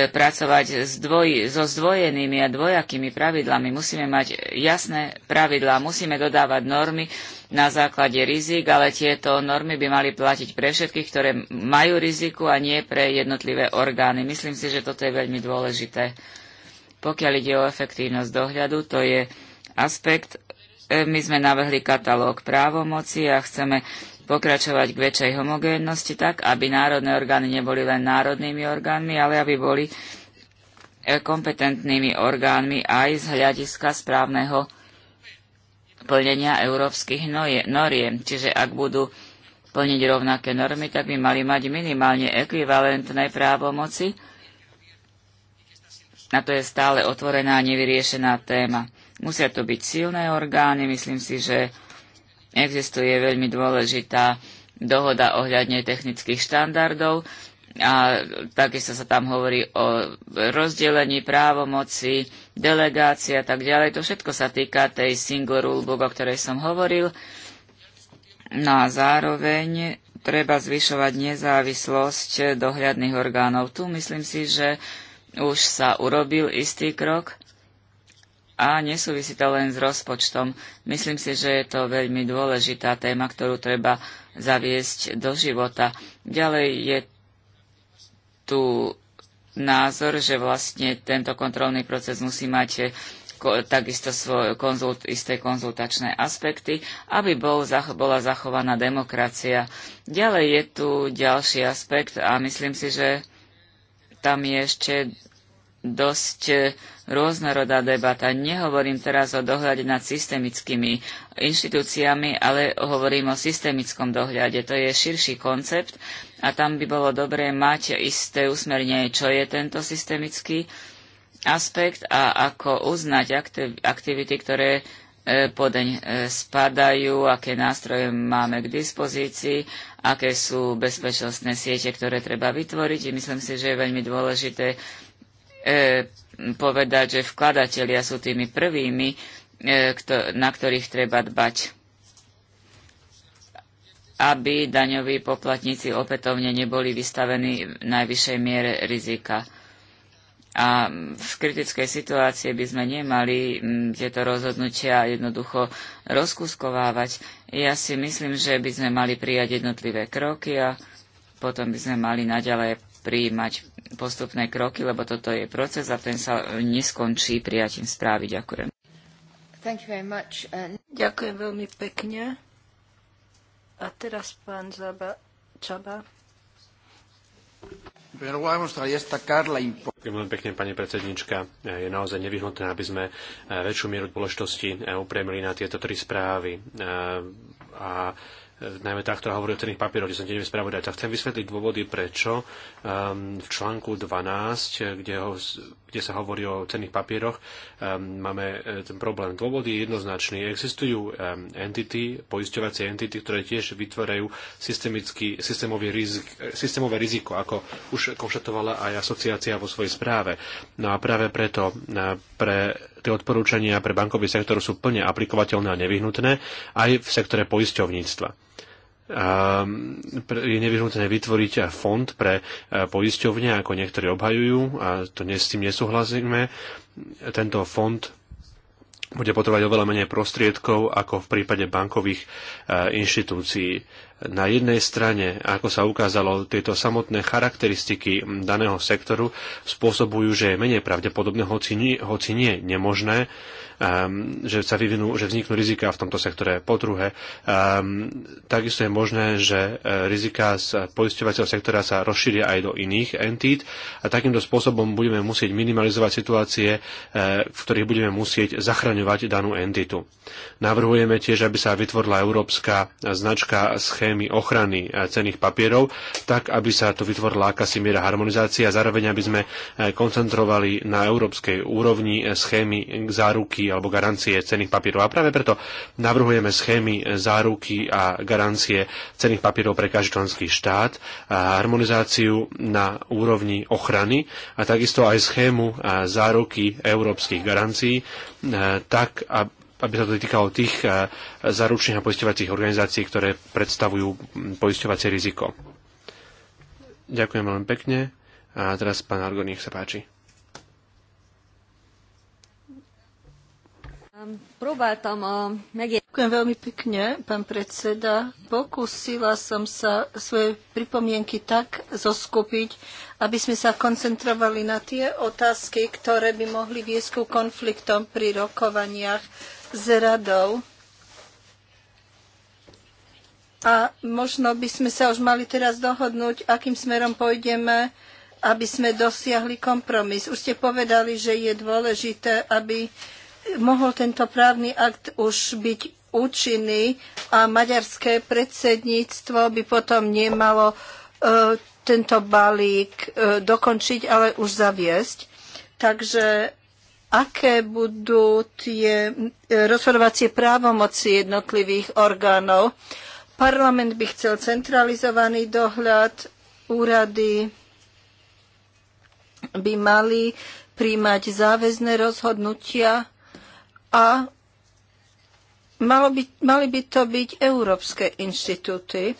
pracovať s dvoj, so zdvojenými a dvojakými pravidlami. Musíme mať jasné pravidlá, musíme dodávať normy na základe rizik, ale tieto normy by mali platiť pre všetkých, ktoré majú riziku a nie pre jednotlivé orgány. Myslím si, že toto je veľmi dôležité. Pokiaľ ide o efektívnosť dohľadu, to je aspekt. E, my sme navrhli katalóg právomoci a chceme pokračovať k väčšej homogénnosti tak, aby národné orgány neboli len národnými orgánmi, ale aby boli e, kompetentnými orgánmi aj z hľadiska správneho plnenia európskych noriem. Čiže ak budú plniť rovnaké normy, tak by mali mať minimálne ekvivalentné právomoci. A to je stále otvorená a nevyriešená téma. Musia to byť silné orgány, myslím si, že Existuje veľmi dôležitá dohoda ohľadne technických štandardov a takisto sa tam hovorí o rozdelení právomoci, delegácia a tak ďalej. To všetko sa týka tej single rulebook, o ktorej som hovoril. No a zároveň treba zvyšovať nezávislosť dohľadných orgánov. Tu myslím si, že už sa urobil istý krok a nesúvisí to len s rozpočtom. Myslím si, že je to veľmi dôležitá téma, ktorú treba zaviesť do života. Ďalej je tu názor, že vlastne tento kontrolný proces musí mať eh, takisto svoje konzult, isté konzultačné aspekty, aby bol, bola zachovaná demokracia. Ďalej je tu ďalší aspekt a myslím si, že tam je ešte dosť e, rôznorodá debata. Nehovorím teraz o dohľade nad systemickými inštitúciami, ale hovorím o systemickom dohľade. To je širší koncept a tam by bolo dobré mať isté usmernenie, čo je tento systemický aspekt a ako uznať aktivity, ktoré e, podeň e, spadajú, aké nástroje máme k dispozícii, aké sú bezpečnostné siete, ktoré treba vytvoriť. Myslím si, že je veľmi dôležité e, povedať, že vkladatelia sú tými prvými, e, kto, na ktorých treba dbať aby daňoví poplatníci opätovne neboli vystavení v najvyššej miere rizika. A v kritickej situácii by sme nemali tieto rozhodnutia jednoducho rozkuskovávať. Ja si myslím, že by sme mali prijať jednotlivé kroky a potom by sme mali naďalej prijímať postupné kroky, lebo toto je proces a ten sa neskončí prijatím správy. Ďakujem. Uh, Ďakujem veľmi pekne. A teraz pán Zaba, Čaba. Ďakujem veľmi pekne, pani predsednička. Je naozaj nevyhnutné, aby sme eh, väčšiu mieru dôležitosti eh, upremili na tieto tri správy. Eh, a najmä tá, ktorá hovorí o cených papieroch, kde som tiež spravodajca. Chcem vysvetliť dôvody, prečo um, v článku 12, kde, ho, kde sa hovorí o cených papieroch, um, máme e, ten problém. Dôvod je jednoznačný. Existujú um, entity, poisťovacie entity, ktoré tiež vytvárajú systémový rizik, e, systémové riziko, ako už konštatovala aj asociácia vo svojej správe. No a práve preto e, pre tie odporúčania pre bankový sektor sú plne aplikovateľné a nevyhnutné aj v sektore poisťovníctva. Ehm, je nevyhnutné vytvoriť eh, fond pre eh, poisťovne, ako niektorí obhajujú, a to s tým nesúhlasíme. Tento fond bude potrebovať oveľa menej prostriedkov ako v prípade bankových eh, inštitúcií. Na jednej strane, ako sa ukázalo, tieto samotné charakteristiky daného sektoru spôsobujú, že je menej pravdepodobné, hoci nie, hoci nie nemožné, Ehm, že sa vyvinú, že vzniknú rizika v tomto sektore. Po druhé, ehm, takisto je možné, že eh, rizika z poisťovacieho sektora sa rozšíria aj do iných entít a takýmto spôsobom budeme musieť minimalizovať situácie, eh, v ktorých budeme musieť zachraňovať danú entitu. Navrhujeme tiež, aby sa vytvorila európska značka schémy ochrany eh, cených papierov, tak aby sa tu vytvorila akási miera harmonizácia a zároveň aby sme koncentrovali na európskej úrovni schémy záruky záruky alebo garancie cených papierov. A práve preto navrhujeme schémy záruky a garancie cených papierov pre každý členský štát, a harmonizáciu na úrovni ochrany a takisto aj schému záruky európskych garancií, e, tak aby sa to týkalo tých e, zaručných a poisťovacích organizácií, ktoré predstavujú poisťovacie riziko. Ďakujem veľmi pekne. A teraz pán Argon, nech sa páči. próbáltam Ďakujem veľmi pekne, pán predseda. Pokúsila som sa svoje pripomienky tak zoskupiť, aby sme sa koncentrovali na tie otázky, ktoré by mohli viesť ku konfliktom pri rokovaniach s radou. A možno by sme sa už mali teraz dohodnúť, akým smerom pôjdeme, aby sme dosiahli kompromis. Už ste povedali, že je dôležité, aby mohol tento právny akt už byť účinný a maďarské predsedníctvo by potom nemalo e, tento balík e, dokončiť, ale už zaviesť. Takže aké budú tie e, rozhodovacie právomoci jednotlivých orgánov. Parlament by chcel centralizovaný dohľad, úrady by mali príjmať záväzné rozhodnutia a malo by, mali by to byť európske inštitúty.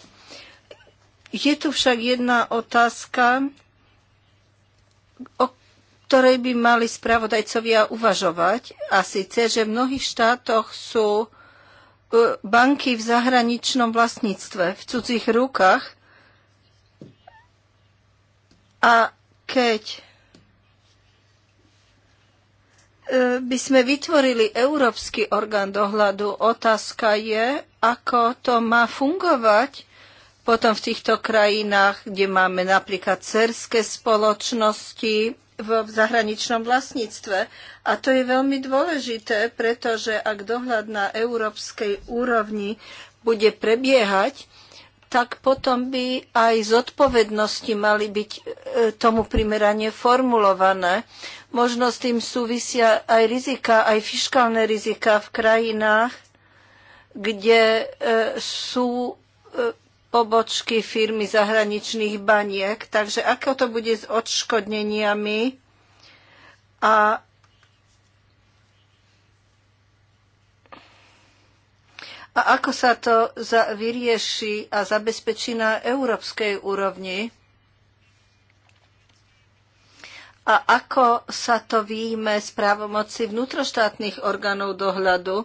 Je tu však jedna otázka, o ktorej by mali spravodajcovia uvažovať, a síce, že v mnohých štátoch sú e, banky v zahraničnom vlastníctve, v cudzích rukách. A keď by sme vytvorili európsky orgán dohľadu. Otázka je, ako to má fungovať potom v týchto krajinách, kde máme napríklad cerské spoločnosti v zahraničnom vlastníctve. A to je veľmi dôležité, pretože ak dohľad na európskej úrovni bude prebiehať, tak potom by aj zodpovednosti mali byť e, tomu primerane formulované. Možno s tým súvisia aj rizika, aj fiskálne rizika v krajinách, kde e, sú e, pobočky firmy zahraničných baniek. Takže ako to bude s odškodneniami a A ako sa to za, vyrieši a zabezpečí na európskej úrovni? A ako sa to výjme z právomoci vnútroštátnych orgánov dohľadu?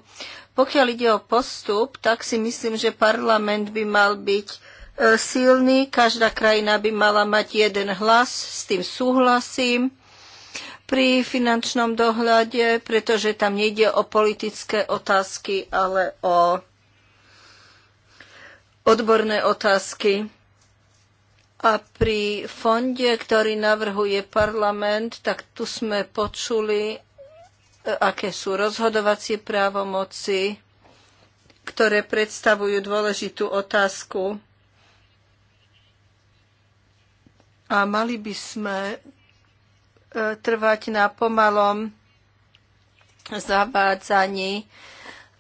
Pokiaľ ide o postup, tak si myslím, že parlament by mal byť e, silný, každá krajina by mala mať jeden hlas, s tým súhlasím pri finančnom dohľade, pretože tam nejde o politické otázky, ale o odborné otázky. A pri fonde, ktorý navrhuje parlament, tak tu sme počuli, e, aké sú rozhodovacie právomoci, ktoré predstavujú dôležitú otázku. A mali by sme e, trvať na pomalom zavádzaní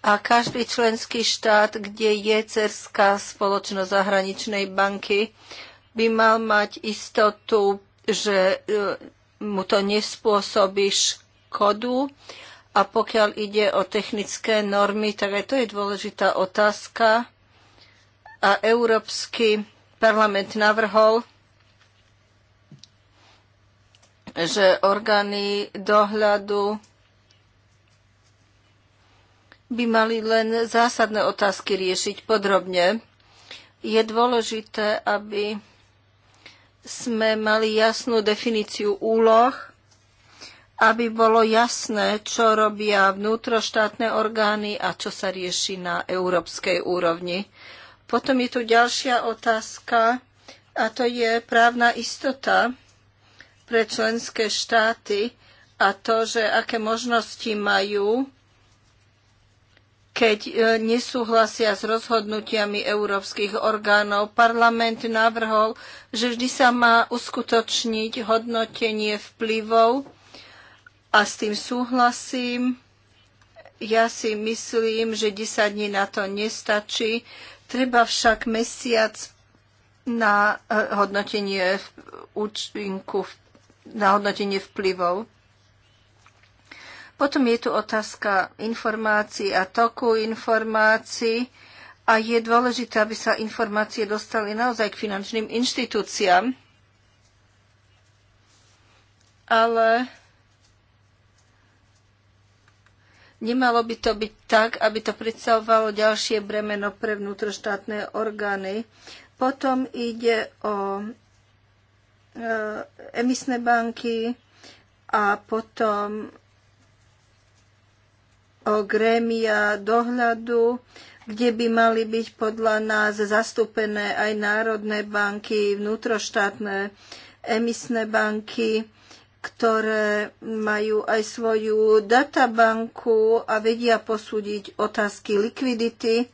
a každý členský štát, kde je cerská spoločnosť zahraničnej banky, by mal mať istotu, že e, mu to nespôsobí škodu. A pokiaľ ide o technické normy, tak aj to je dôležitá otázka. A Európsky parlament navrhol, že orgány dohľadu by mali len zásadné otázky riešiť podrobne. Je dôležité, aby sme mali jasnú definíciu úloh, aby bolo jasné, čo robia vnútroštátne orgány a čo sa rieši na európskej úrovni. Potom je tu ďalšia otázka a to je právna istota pre členské štáty a to, že aké možnosti majú keď e, nesúhlasia s rozhodnutiami európskych orgánov. Parlament navrhol, že vždy sa má uskutočniť hodnotenie vplyvov a s tým súhlasím. Ja si myslím, že 10 dní na to nestačí. Treba však mesiac na e, hodnotenie účinku, na hodnotenie vplyvov. Potom je tu otázka informácií a toku informácií a je dôležité, aby sa informácie dostali naozaj k finančným inštitúciám. Ale Nemalo by to byť tak, aby to predstavovalo ďalšie bremeno pre vnútroštátne orgány. Potom ide o e, emisné banky a potom o grémia dohľadu, kde by mali byť podľa nás zastúpené aj národné banky, vnútroštátne emisné banky, ktoré majú aj svoju databanku a vedia posúdiť otázky likvidity.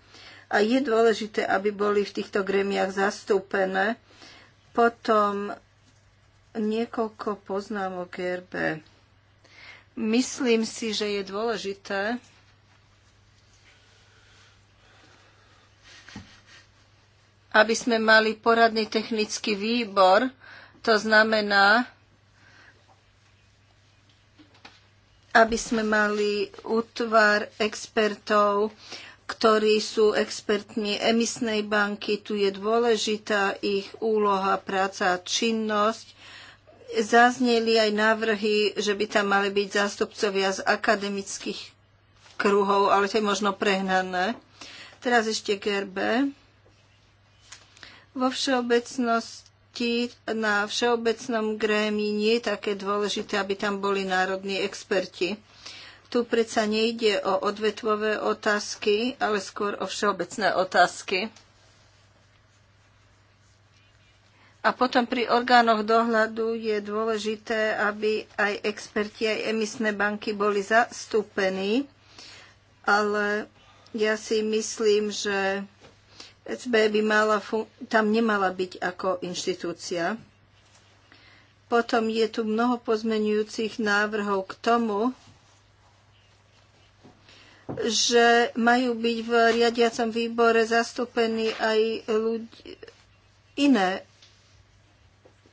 A je dôležité, aby boli v týchto gremiách zastúpené. Potom niekoľko poznámok RB. Myslím si, že je dôležité aby sme mali poradný technický výbor, to znamená, aby sme mali útvar expertov, ktorí sú expertmi emisnej banky. Tu je dôležitá ich úloha, práca, a činnosť. Zazneli aj návrhy, že by tam mali byť zástupcovia z akademických kruhov, ale to je možno prehnané. Teraz ešte Gerbe. Vo všeobecnosti na všeobecnom grémi nie je také dôležité, aby tam boli národní experti. Tu predsa nejde o odvetvové otázky, ale skôr o všeobecné otázky. A potom pri orgánoch dohľadu je dôležité, aby aj experti, aj emisné banky boli zastúpení, ale ja si myslím, že SB by mala tam nemala byť ako inštitúcia. Potom je tu mnoho pozmenujúcich návrhov k tomu, že majú byť v riadiacom výbore zastúpení aj ľudí, iné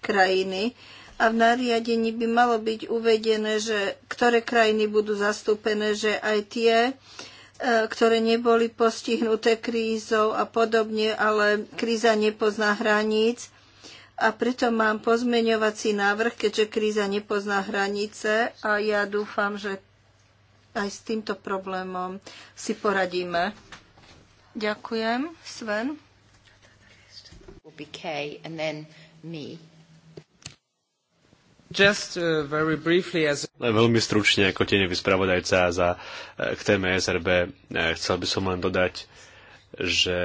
krajiny a v nariadení by malo byť uvedené, že ktoré krajiny budú zastúpené, že aj tie, e, ktoré neboli postihnuté krízou a podobne, ale kríza nepozná hraníc. A preto mám pozmeňovací návrh, keďže kríza nepozná hranice a ja dúfam, že aj s týmto problémom si poradíme. Ďakujem. Sven? Will be Kay and then me. Uh, len veľmi stručne ako tenevý spravodajca za, e, k téme SRB e, chcel by som len dodať, že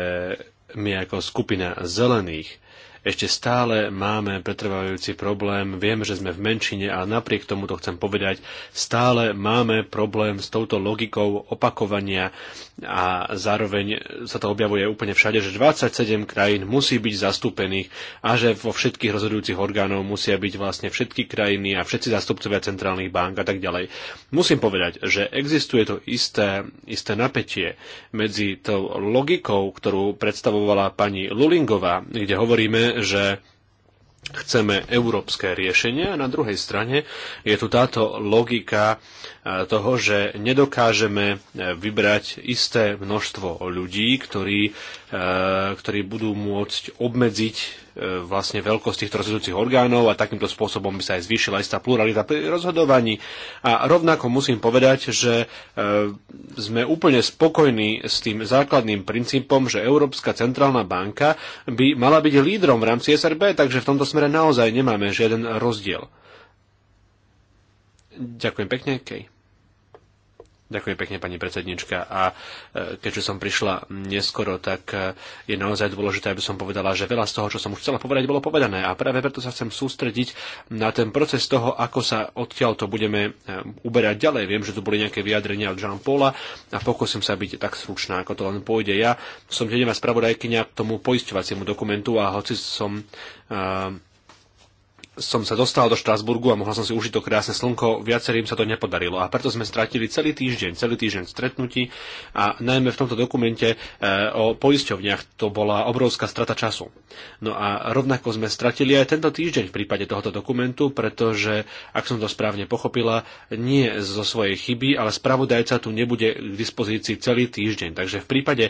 my ako skupina zelených ešte stále máme pretrvajúci problém, viem, že sme v menšine a napriek tomu to chcem povedať, stále máme problém s touto logikou opakovania a zároveň sa to objavuje úplne všade, že 27 krajín musí byť zastúpených a že vo všetkých rozhodujúcich orgánov musia byť vlastne všetky krajiny a všetci zastupcovia centrálnych bank a tak ďalej. Musím povedať, že existuje to isté, isté napätie medzi tou logikou, ktorú predstavovala pani Lulingová, kde hovoríme, že chceme európske riešenia a na druhej strane je tu táto logika toho, že nedokážeme e, vybrať isté množstvo ľudí, ktorí, e, ktorí budú môcť obmedziť e, vlastne veľkosť týchto rozhodujúcich orgánov a takýmto spôsobom by sa aj zvýšila istá pluralita pri rozhodovaní. A rovnako musím povedať, že sme úplne spokojní s tým základným princípom, že Európska centrálna banka by mala byť lídrom v rámci SRB, takže v tomto smere naozaj nemáme žiaden rozdiel. Ďakujem pekne, Kej. Ďakujem pekne, pani predsednička. A e, keďže som prišla neskoro, tak e, je naozaj dôležité, aby som povedala, že veľa z toho, čo som už chcela povedať, bolo povedané. A práve preto sa chcem sústrediť na ten proces toho, ako sa odtiaľ to budeme e, uberať ďalej. Viem, že tu boli nejaké vyjadrenia od Jean Paula a pokúsim sa byť tak slušná, ako to len pôjde. Ja som tenová spravodajkyňa k tomu poisťovaciemu dokumentu a hoci som uh, som sa dostal do Štrasburgu a mohla som si užiť to krásne slnko, viacerým sa to nepodarilo a preto sme strátili celý týždeň, celý týždeň stretnutí a najmä v tomto dokumente e, o poisťovniach to bola obrovská strata času. No a rovnako sme stratili aj tento týždeň v prípade tohoto dokumentu, pretože, ak som to správne pochopila, nie zo svojej chyby, ale spravodajca tu nebude k dispozícii celý týždeň. Takže v prípade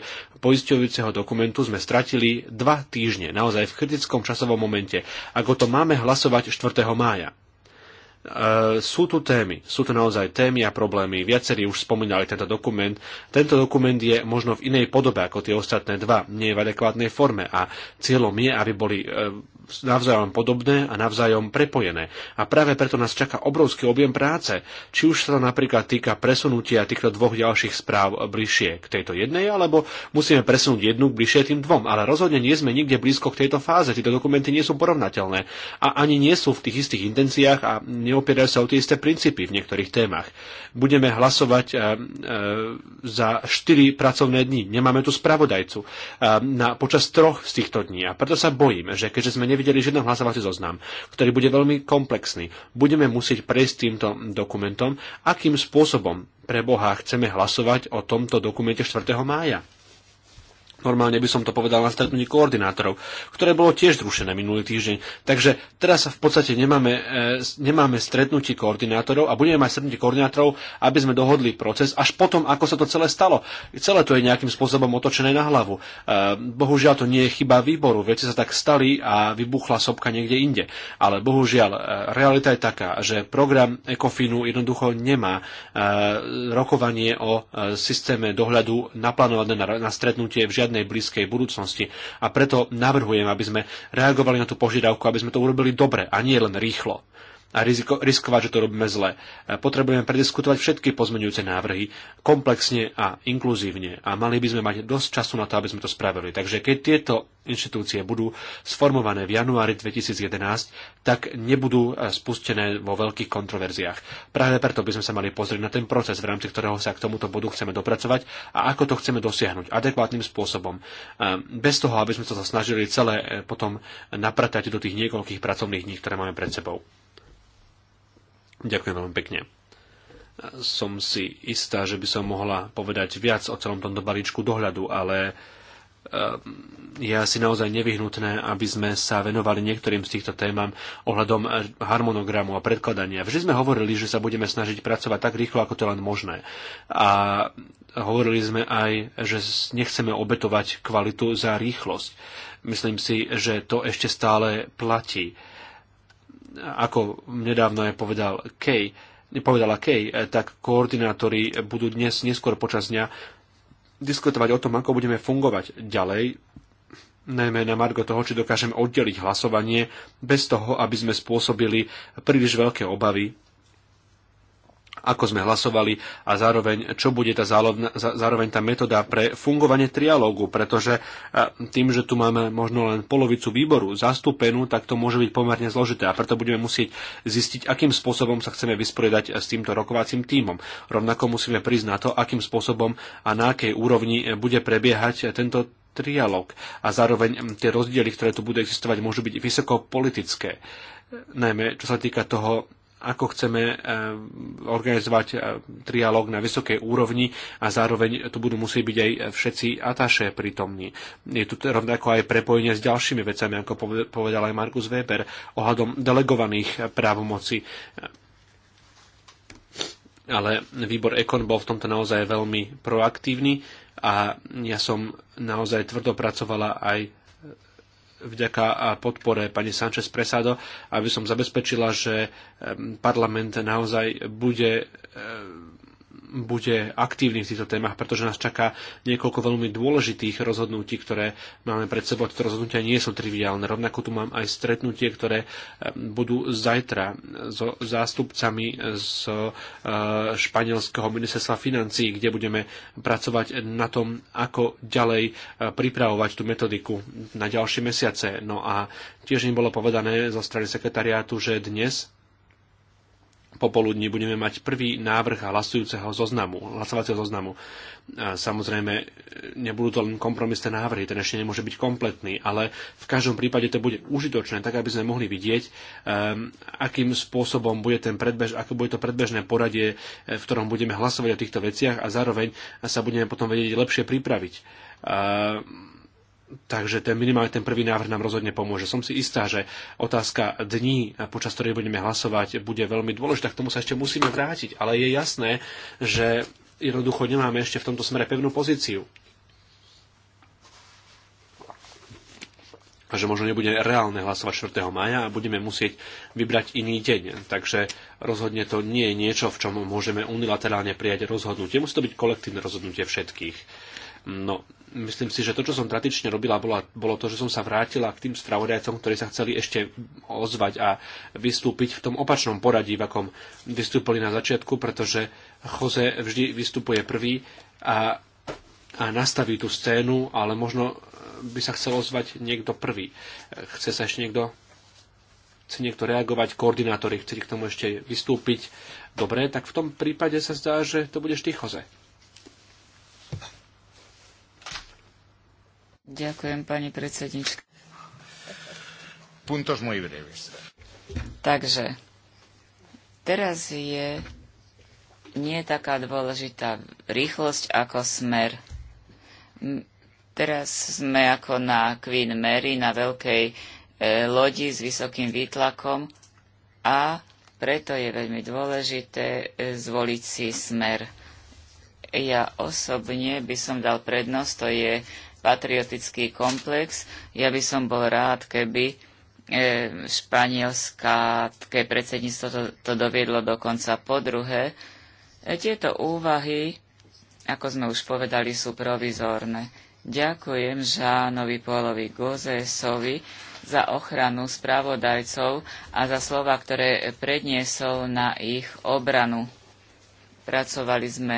poisťovujúceho dokumentu sme stratili dva týždne, naozaj v kritickom časovom momente. Ako to máme hlasovať hlasovať 4. mája. E, sú tu témy, sú tu naozaj témy a problémy, viacerí už spomínali tento dokument. Tento dokument je možno v inej podobe ako tie ostatné dva, nie je v adekvátnej forme a cieľom je, aby boli e, navzájom podobné a navzájom prepojené. A práve preto nás čaká obrovský objem práce, či už sa to napríklad týka presunutia týchto dvoch ďalších správ bližšie k tejto jednej, alebo musíme presunúť jednu bližšie tým dvom. Ale rozhodne nie sme nikde blízko k tejto fáze. Tieto dokumenty nie sú porovnateľné a ani nie sú v tých istých intenciách a neopierajú sa o tie isté princípy v niektorých témach. Budeme hlasovať eh, eh, za 4 pracovné dni. Nemáme tu spravodajcu eh, na, počas troch z týchto dní. A preto sa bojím, že keďže sme nevideli žiadny hlasovací zoznam, ktorý bude veľmi komplexný. Budeme musieť prejsť týmto dokumentom, akým spôsobom pre Boha chceme hlasovať o tomto dokumente 4. mája normálne by som to povedal na stretnutí koordinátorov, ktoré bolo tiež zrušené minulý týždeň. Takže teraz v podstate nemáme, e, nemáme stretnutie koordinátorov a budeme mať stretnutie koordinátorov, aby sme dohodli proces až potom, ako sa to celé stalo. Celé to je nejakým spôsobom otočené na hlavu. E, bohužiaľ to nie je chyba výboru, veci sa tak stali a vybuchla sopka niekde inde. Ale bohužiaľ e, realita je taká, že program Ecofinu jednoducho nemá rokovanie o systéme dohľadu naplánované na stretnutie v žiadnej žiadnej blízkej budúcnosti. A preto navrhujem, aby sme reagovali na tú požiadavku, aby sme to urobili dobre a nie len rýchlo a riziko, riskovať, že to robíme zle. E, potrebujeme prediskutovať všetky pozmeňujúce návrhy komplexne a inkluzívne a mali by sme mať dosť času na to, aby sme to spravili. Takže keď tieto inštitúcie budú sformované v januári 2011, tak nebudú e, spustené vo veľkých kontroverziách. Práve preto by sme sa mali pozrieť na ten proces, v rámci ktorého sa k tomuto bodu chceme dopracovať a ako to chceme dosiahnuť adekvátnym spôsobom. E, bez toho, aby sme sa snažili celé potom napratať do tých niekoľkých pracovných dní, ktoré máme pred sebou. Ďakujem veľmi pekne. Som si istá, že by som mohla povedať viac o celom tomto balíčku dohľadu, ale ehm, je asi naozaj nevyhnutné, aby sme sa venovali niektorým z týchto témam ohľadom harmonogramu a predkladania. Vždy sme hovorili, že sa budeme snažiť pracovať tak rýchlo, ako to len možné. A hovorili sme aj, že nechceme obetovať kvalitu za rýchlosť. Myslím si, že to ešte stále platí ako nedávno je povedal Kay, nepovedala Kay, eh, tak koordinátori budú dnes neskôr počas dňa diskutovať o tom, ako budeme fungovať ďalej, najmä na margo toho, či dokážeme oddeliť hlasovanie bez toho, aby sme spôsobili príliš veľké obavy ako sme hlasovali a zároveň, čo bude tá zálovna, zároveň tá metóda pre fungovanie trialógu, pretože e, tým, že tu máme možno len polovicu výboru zastúpenú, tak to môže byť pomerne zložité a preto budeme musieť zistiť, akým spôsobom sa chceme vysporiadať s týmto rokovacím tímom. Rovnako musíme prísť na to, akým spôsobom a na akej úrovni bude prebiehať tento trialóg. a zároveň tie rozdiely, ktoré tu budú existovať, môžu byť vysokopolitické. Najmä čo sa týka toho ako chceme eh, organizovať eh, trialóg na vysokej úrovni a zároveň tu budú musieť byť aj eh, všetci ataše prítomní. Je tu rovnako aj prepojenie s ďalšími vecami, ako povedal aj Markus Weber, ohľadom delegovaných právomocí ale výbor Ekon bol v tomto naozaj veľmi proaktívny a ja som naozaj tvrdo pracovala aj vďaka podpore pani Sanchez Presado, aby som zabezpečila, že parlament naozaj bude bude aktívny v týchto témach, pretože nás čaká niekoľko veľmi dôležitých rozhodnutí, ktoré máme pred sebou. Tieto rozhodnutia nie sú triviálne. Rovnako tu mám aj stretnutie, ktoré eh, budú zajtra so zástupcami z eh, španielského ministerstva financí, kde budeme pracovať na tom, ako ďalej eh, pripravovať tú metodiku na ďalšie mesiace. No a tiež im bolo povedané zo strany sekretariátu, že dnes popoludní budeme mať prvý návrh hlasujúceho zoznamu, hlasovacieho zoznamu. Samozrejme, nebudú to len kompromisné návrhy, ten ešte nemôže byť kompletný, ale v každom prípade to bude užitočné, tak aby sme mohli vidieť, um, akým spôsobom bude, ten predbež, ako bude to predbežné poradie, eh, v ktorom budeme hlasovať o týchto veciach a zároveň sa budeme potom vedieť lepšie pripraviť. Um, Takže ten minimálne ten prvý návrh nám rozhodne pomôže. Som si istá, že otázka dní, počas ktorej budeme hlasovať, bude veľmi dôležitá. K tomu sa ešte musíme vrátiť. Ale je jasné, že jednoducho nemáme ešte v tomto smere pevnú pozíciu. že možno nebude reálne hlasovať 4. maja a budeme musieť vybrať iný deň. Takže rozhodne to nie je niečo, v čom môžeme unilaterálne prijať rozhodnutie. Musí to byť kolektívne rozhodnutie všetkých. No, myslím si, že to, čo som tradične robila, bola, bolo to, že som sa vrátila k tým spravodajcom, ktorí sa chceli ešte ozvať a vystúpiť v tom opačnom poradí, v akom vystúpili na začiatku, pretože Jose vždy vystupuje prvý a, a nastaví tú scénu, ale možno by sa chcel ozvať niekto prvý. Chce sa ešte niekto chce niekto reagovať, koordinátori chceli k tomu ešte vystúpiť. Dobre, tak v tom prípade sa zdá, že to budeš ty, Jose. Ďakujem, pani predsednička. Puntos muy breves. Takže, teraz je nie taká dôležitá rýchlosť ako smer. Teraz sme ako na Queen Mary, na veľkej e, lodi s vysokým výtlakom a preto je veľmi dôležité e, zvoliť si smer. Ja osobne by som dal prednosť, to je patriotický komplex. Ja by som bol rád, keby e, španielská ke predsedníctvo to, to doviedlo dokonca po druhé. E, tieto úvahy, ako sme už povedali, sú provizórne. Ďakujem Žánovi Polovi Gozesovi za ochranu spravodajcov a za slova, ktoré predniesol na ich obranu. Pracovali sme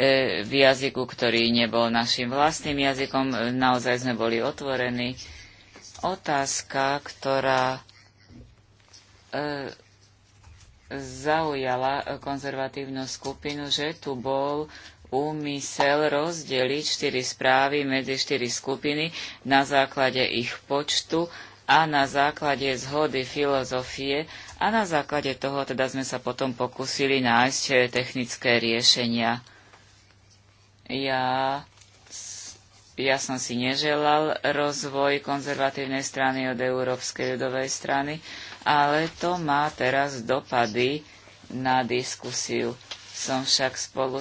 E, v jazyku, ktorý nebol našim vlastným jazykom. E, naozaj sme boli otvorení. Otázka, ktorá e, zaujala konzervatívnu skupinu, že tu bol úmysel rozdeliť štyri správy medzi štyri skupiny na základe ich počtu a na základe zhody filozofie a na základe toho teda sme sa potom pokúsili nájsť technické riešenia. Ja, ja som si neželal rozvoj konzervatívnej strany od Európskej ľudovej strany, ale to má teraz dopady na diskusiu. Som však spolu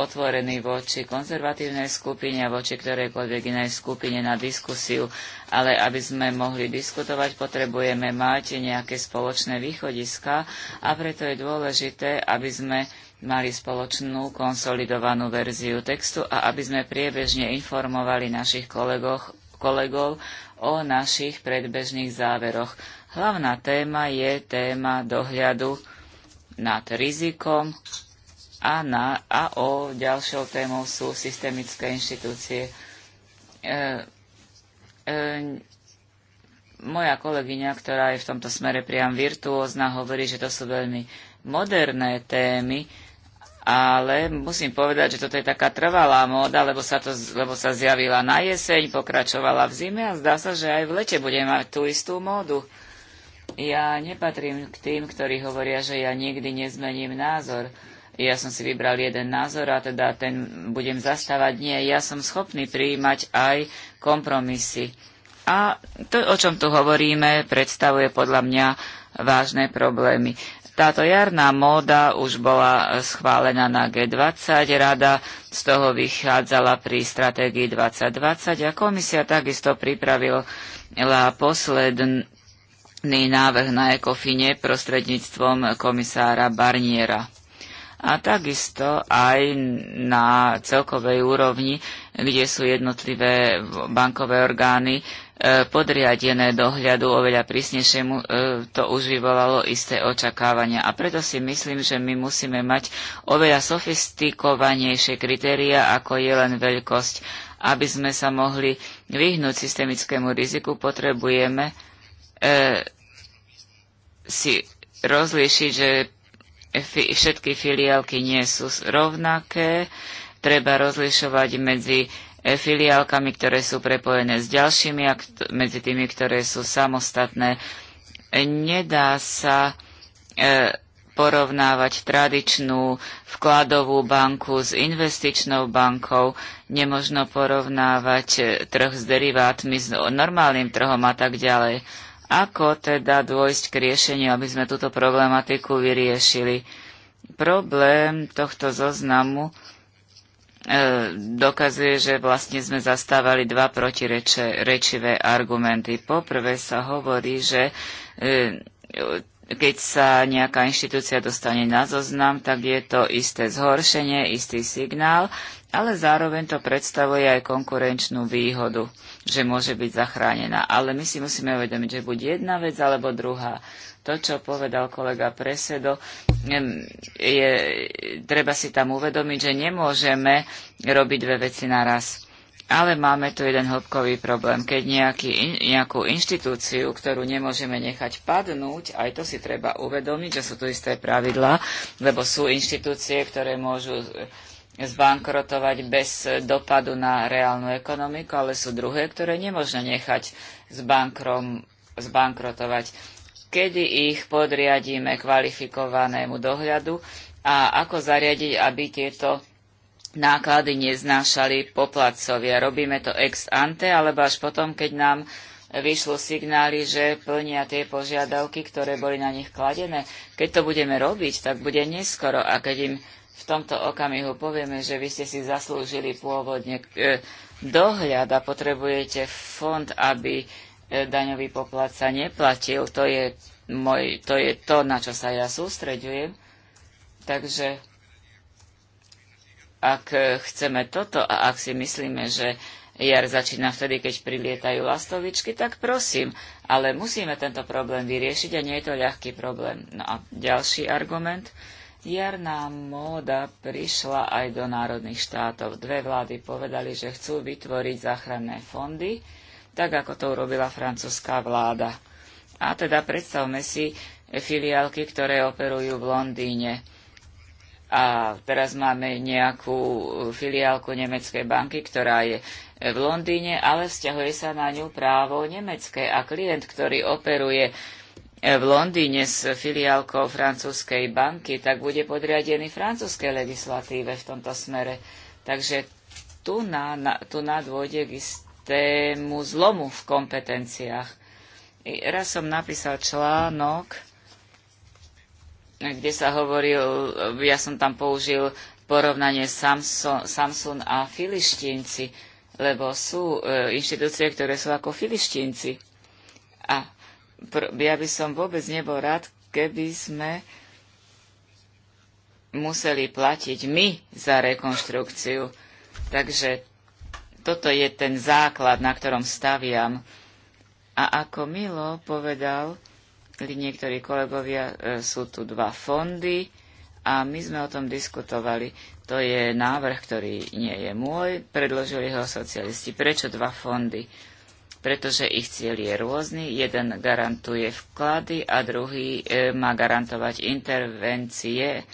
otvorený voči konzervatívnej skupine a voči ktorejkoľvek inej skupine na diskusiu, ale aby sme mohli diskutovať, potrebujeme mať nejaké spoločné východiska a preto je dôležité, aby sme mali spoločnú konsolidovanú verziu textu a aby sme priebežne informovali našich kolegoch, kolegov o našich predbežných záveroch. Hlavná téma je téma dohľadu nad rizikom a, na, a o ďalšou témou sú systemické inštitúcie. E, e, moja kolegyňa, ktorá je v tomto smere priam virtuózna, hovorí, že to sú veľmi moderné témy, ale musím povedať, že toto je taká trvalá móda, lebo sa, to, lebo sa zjavila na jeseň, pokračovala v zime a zdá sa, že aj v lete bude mať tú istú módu. Ja nepatrím k tým, ktorí hovoria, že ja nikdy nezmením názor. Ja som si vybral jeden názor a teda ten budem zastávať. Nie, ja som schopný prijímať aj kompromisy. A to, o čom tu hovoríme, predstavuje podľa mňa vážne problémy. Táto jarná móda už bola schválená na G20, rada z toho vychádzala pri stratégii 2020 a komisia takisto pripravila posledný návrh na ECOFINE prostredníctvom komisára Barniera a takisto aj na celkovej úrovni, kde sú jednotlivé bankové orgány E, podriadené dohľadu oveľa prísnejšiemu, e, to už vyvolalo isté očakávania. A preto si myslím, že my musíme mať oveľa sofistikovanejšie kritéria, ako je len veľkosť. Aby sme sa mohli vyhnúť systemickému riziku, potrebujeme e, si rozlíšiť, že všetky filiálky nie sú rovnaké, treba rozlišovať medzi filiálkami, ktoré sú prepojené s ďalšími a medzi tými, ktoré sú samostatné. Nedá sa e, porovnávať tradičnú vkladovú banku s investičnou bankou, nemožno porovnávať e, trh s derivátmi s normálnym trhom a tak ďalej. Ako teda dôjsť k riešeniu, aby sme túto problematiku vyriešili? Problém tohto zoznamu E, dokazuje, že vlastne sme zastávali dva protirečivé argumenty. Poprvé sa hovorí, že e, keď sa nejaká inštitúcia dostane na zoznam, tak je to isté zhoršenie, istý signál, ale zároveň to predstavuje aj konkurenčnú výhodu že môže byť zachránená. Ale my si musíme uvedomiť, že buď jedna vec alebo druhá. To, čo povedal kolega Presedo, je, treba si tam uvedomiť, že nemôžeme robiť dve veci naraz. Ale máme tu jeden hĺbkový problém. Keď nejaký, nejakú inštitúciu, ktorú nemôžeme nechať padnúť, aj to si treba uvedomiť, že sú tu isté pravidlá, lebo sú inštitúcie, ktoré môžu zbankrotovať bez dopadu na reálnu ekonomiku, ale sú druhé, ktoré nemôžno nechať bankrom zbankrotovať. Kedy ich podriadíme kvalifikovanému dohľadu a ako zariadiť, aby tieto náklady neznášali poplatcovia. Robíme to ex ante, alebo až potom, keď nám vyšlo signály, že plnia tie požiadavky, ktoré boli na nich kladené. Keď to budeme robiť, tak bude neskoro a keď im tomto okamihu povieme, že vy ste si zaslúžili pôvodne e, dohľad a potrebujete fond, aby e, daňový poplat sa neplatil. To je, môj, to je to, na čo sa ja sústreďujem. Takže ak e, chceme toto a ak si myslíme, že jar začína vtedy, keď prilietajú lastovičky, tak prosím, ale musíme tento problém vyriešiť a nie je to ľahký problém. No a ďalší argument Jarná móda prišla aj do národných štátov. Dve vlády povedali, že chcú vytvoriť záchranné fondy, tak ako to urobila francúzska vláda. A teda predstavme si filiálky, ktoré operujú v Londýne. A teraz máme nejakú filiálku nemeckej banky, ktorá je v Londýne, ale vzťahuje sa na ňu právo nemecké. A klient, ktorý operuje v Londýne s filiálkou francúzskej banky, tak bude podriadený francúzskej legislatíve v tomto smere. Takže tu na, na, tu na dôjde k istému zlomu v kompetenciách. I raz som napísal článok, kde sa hovoril, ja som tam použil porovnanie Samson, a filištínci, lebo sú e, inštitúcie, ktoré sú ako filištínci. A ja by som vôbec nebol rád, keby sme museli platiť my za rekonštrukciu. Takže toto je ten základ, na ktorom staviam. A ako Milo povedal, niektorí kolegovia, e, sú tu dva fondy a my sme o tom diskutovali. To je návrh, ktorý nie je môj, predložili ho socialisti. Prečo dva fondy? pretože ich cieľ je rôzny. Jeden garantuje vklady a druhý e, má garantovať intervencie,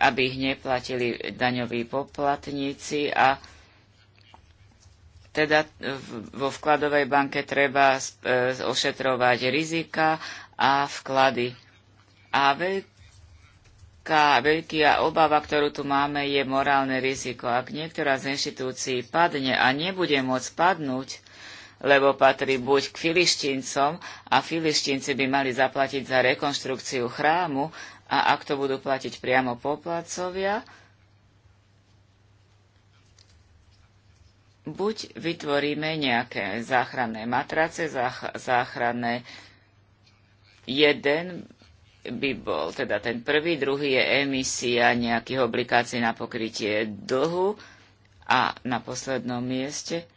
aby ich neplatili daňoví poplatníci a teda vo vkladovej banke treba e, ošetrovať rizika a vklady. A veľká, veľká obava, ktorú tu máme, je morálne riziko. Ak niektorá z inštitúcií padne a nebude môcť padnúť, lebo patrí buď k filištíncom a filištínci by mali zaplatiť za rekonštrukciu chrámu a ak to budú platiť priamo poplatcovia, buď vytvoríme nejaké záchranné matrace, zách, záchranné jeden by bol teda ten prvý, druhý je emisia nejakých obligácií na pokrytie dlhu a na poslednom mieste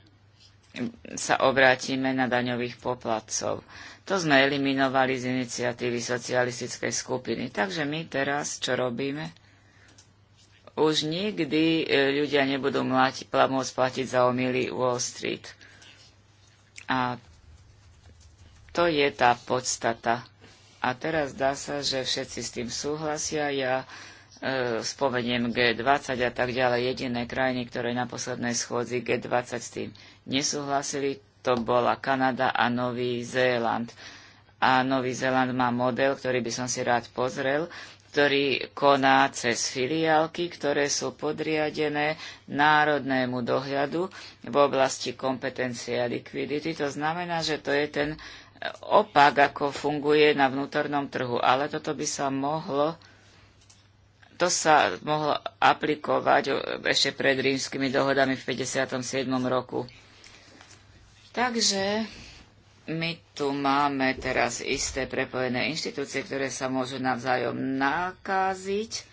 sa obrátime na daňových poplatcov. To sme eliminovali z iniciatívy socialistickej skupiny. Takže my teraz čo robíme? Už nikdy e, ľudia nebudú mláti, môcť platiť za omily Wall Street. A to je tá podstata. A teraz dá sa, že všetci s tým súhlasia. Ja e, spomeniem G20 a tak ďalej. Jediné krajiny, ktoré na poslednej schôdzi G20 s tým nesúhlasili, to bola Kanada a Nový Zéland. A Nový Zéland má model, ktorý by som si rád pozrel, ktorý koná cez filiálky, ktoré sú podriadené národnému dohľadu v oblasti kompetencie a likvidity. To znamená, že to je ten opak, ako funguje na vnútornom trhu. Ale toto by sa mohlo to sa mohlo aplikovať ešte pred rímskymi dohodami v 57. roku. Takže my tu máme teraz isté prepojené inštitúcie, ktoré sa môžu navzájom nakáziť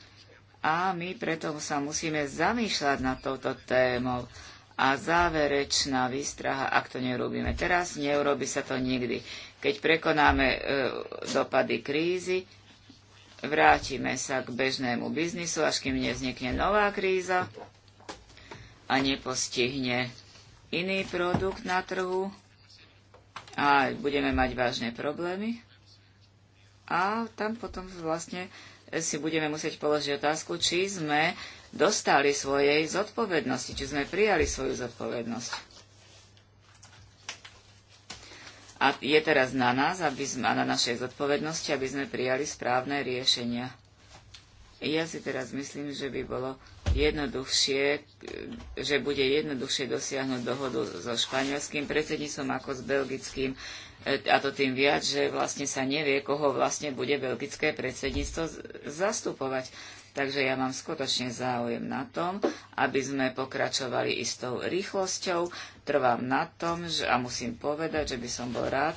a my preto sa musíme zamýšľať nad touto témou. A záverečná výstraha, ak to neurobíme teraz, neurobi sa to nikdy. Keď prekonáme e, dopady krízy, vrátime sa k bežnému biznisu, až kým nevznikne nová kríza a nepostihne iný produkt na trhu a budeme mať vážne problémy. A tam potom vlastne si budeme musieť položiť otázku, či sme dostali svojej zodpovednosti, či sme prijali svoju zodpovednosť. A je teraz na nás, aby sme, a na našej zodpovednosti, aby sme prijali správne riešenia. Ja si teraz myslím, že by bolo jednoduchšie, že bude jednoduchšie dosiahnuť dohodu so španielským predsedníctvom ako s belgickým. E, a to tým viac, že vlastne sa nevie, koho vlastne bude belgické predsedníctvo zastupovať. Takže ja mám skutočne záujem na tom, aby sme pokračovali istou rýchlosťou. Trvám na tom že, a musím povedať, že by som bol rád,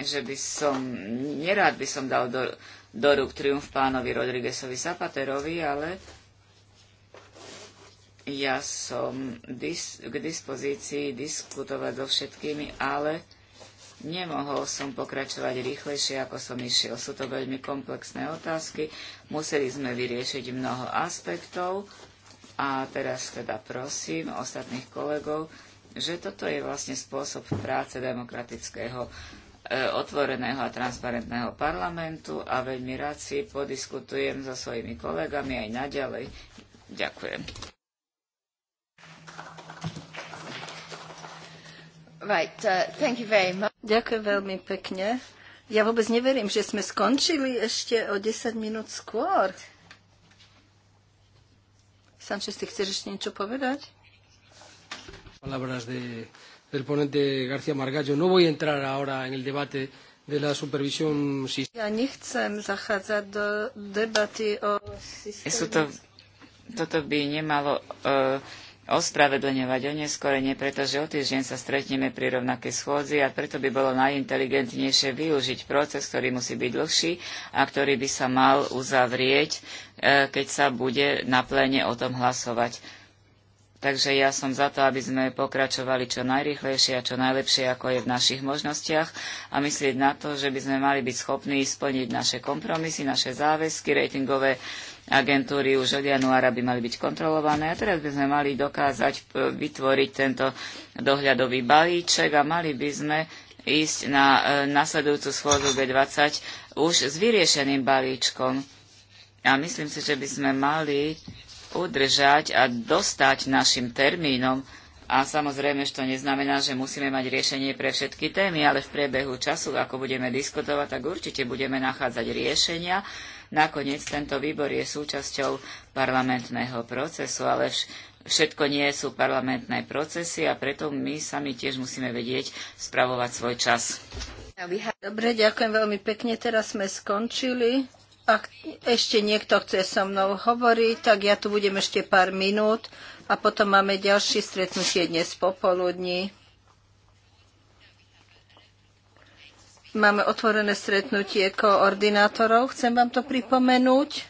že by som, nerád by som dal do, do rúk triumf pánovi Rodriguesovi Zapaterovi, ale ja som dis- k dispozícii diskutovať so všetkými, ale nemohol som pokračovať rýchlejšie, ako som išiel. Sú to veľmi komplexné otázky, museli sme vyriešiť mnoho aspektov a teraz teda prosím ostatných kolegov, že toto je vlastne spôsob práce demokratického e, otvoreného a transparentného parlamentu a veľmi rád si podiskutujem so svojimi kolegami aj naďalej. Ďakujem. Uh, Ďakujem veľmi pekne. Ja vôbec neverím, že sme skončili ešte o 10 minút skôr. Sanchez, ty chceš ešte niečo povedať? Palabras de, del ponente García Margallo. No voy a entrar ahora en el debate de la supervisión Ja nechcem zachádzať do debaty o systému. Sú to, toto by nemalo uh, ospravedlňovať oneskorenie, pretože o týždeň sa stretneme pri rovnakej schôdzi a preto by bolo najinteligentnejšie využiť proces, ktorý musí byť dlhší a ktorý by sa mal uzavrieť, e, keď sa bude na pléne o tom hlasovať. Takže ja som za to, aby sme pokračovali čo najrychlejšie a čo najlepšie, ako je v našich možnostiach a myslieť na to, že by sme mali byť schopní splniť naše kompromisy, naše záväzky, ratingové agentúry už od januára by mali byť kontrolované a teraz by sme mali dokázať e, vytvoriť tento dohľadový balíček a mali by sme ísť na e, nasledujúcu schôdzu G20 už s vyriešeným balíčkom. A myslím si, že by sme mali udržať a dostať našim termínom. A samozrejme, že to neznamená, že musíme mať riešenie pre všetky témy, ale v priebehu času, ako budeme diskutovať, tak určite budeme nachádzať riešenia Nakoniec tento výbor je súčasťou parlamentného procesu, ale všetko nie sú parlamentné procesy a preto my sami tiež musíme vedieť spravovať svoj čas. Dobre, ďakujem veľmi pekne. Teraz sme skončili. Ak ešte niekto chce so mnou hovoriť, tak ja tu budem ešte pár minút a potom máme ďalšie stretnutie dnes popoludní. Máme otvorené stretnutie koordinátorov. Chcem vám to pripomenúť.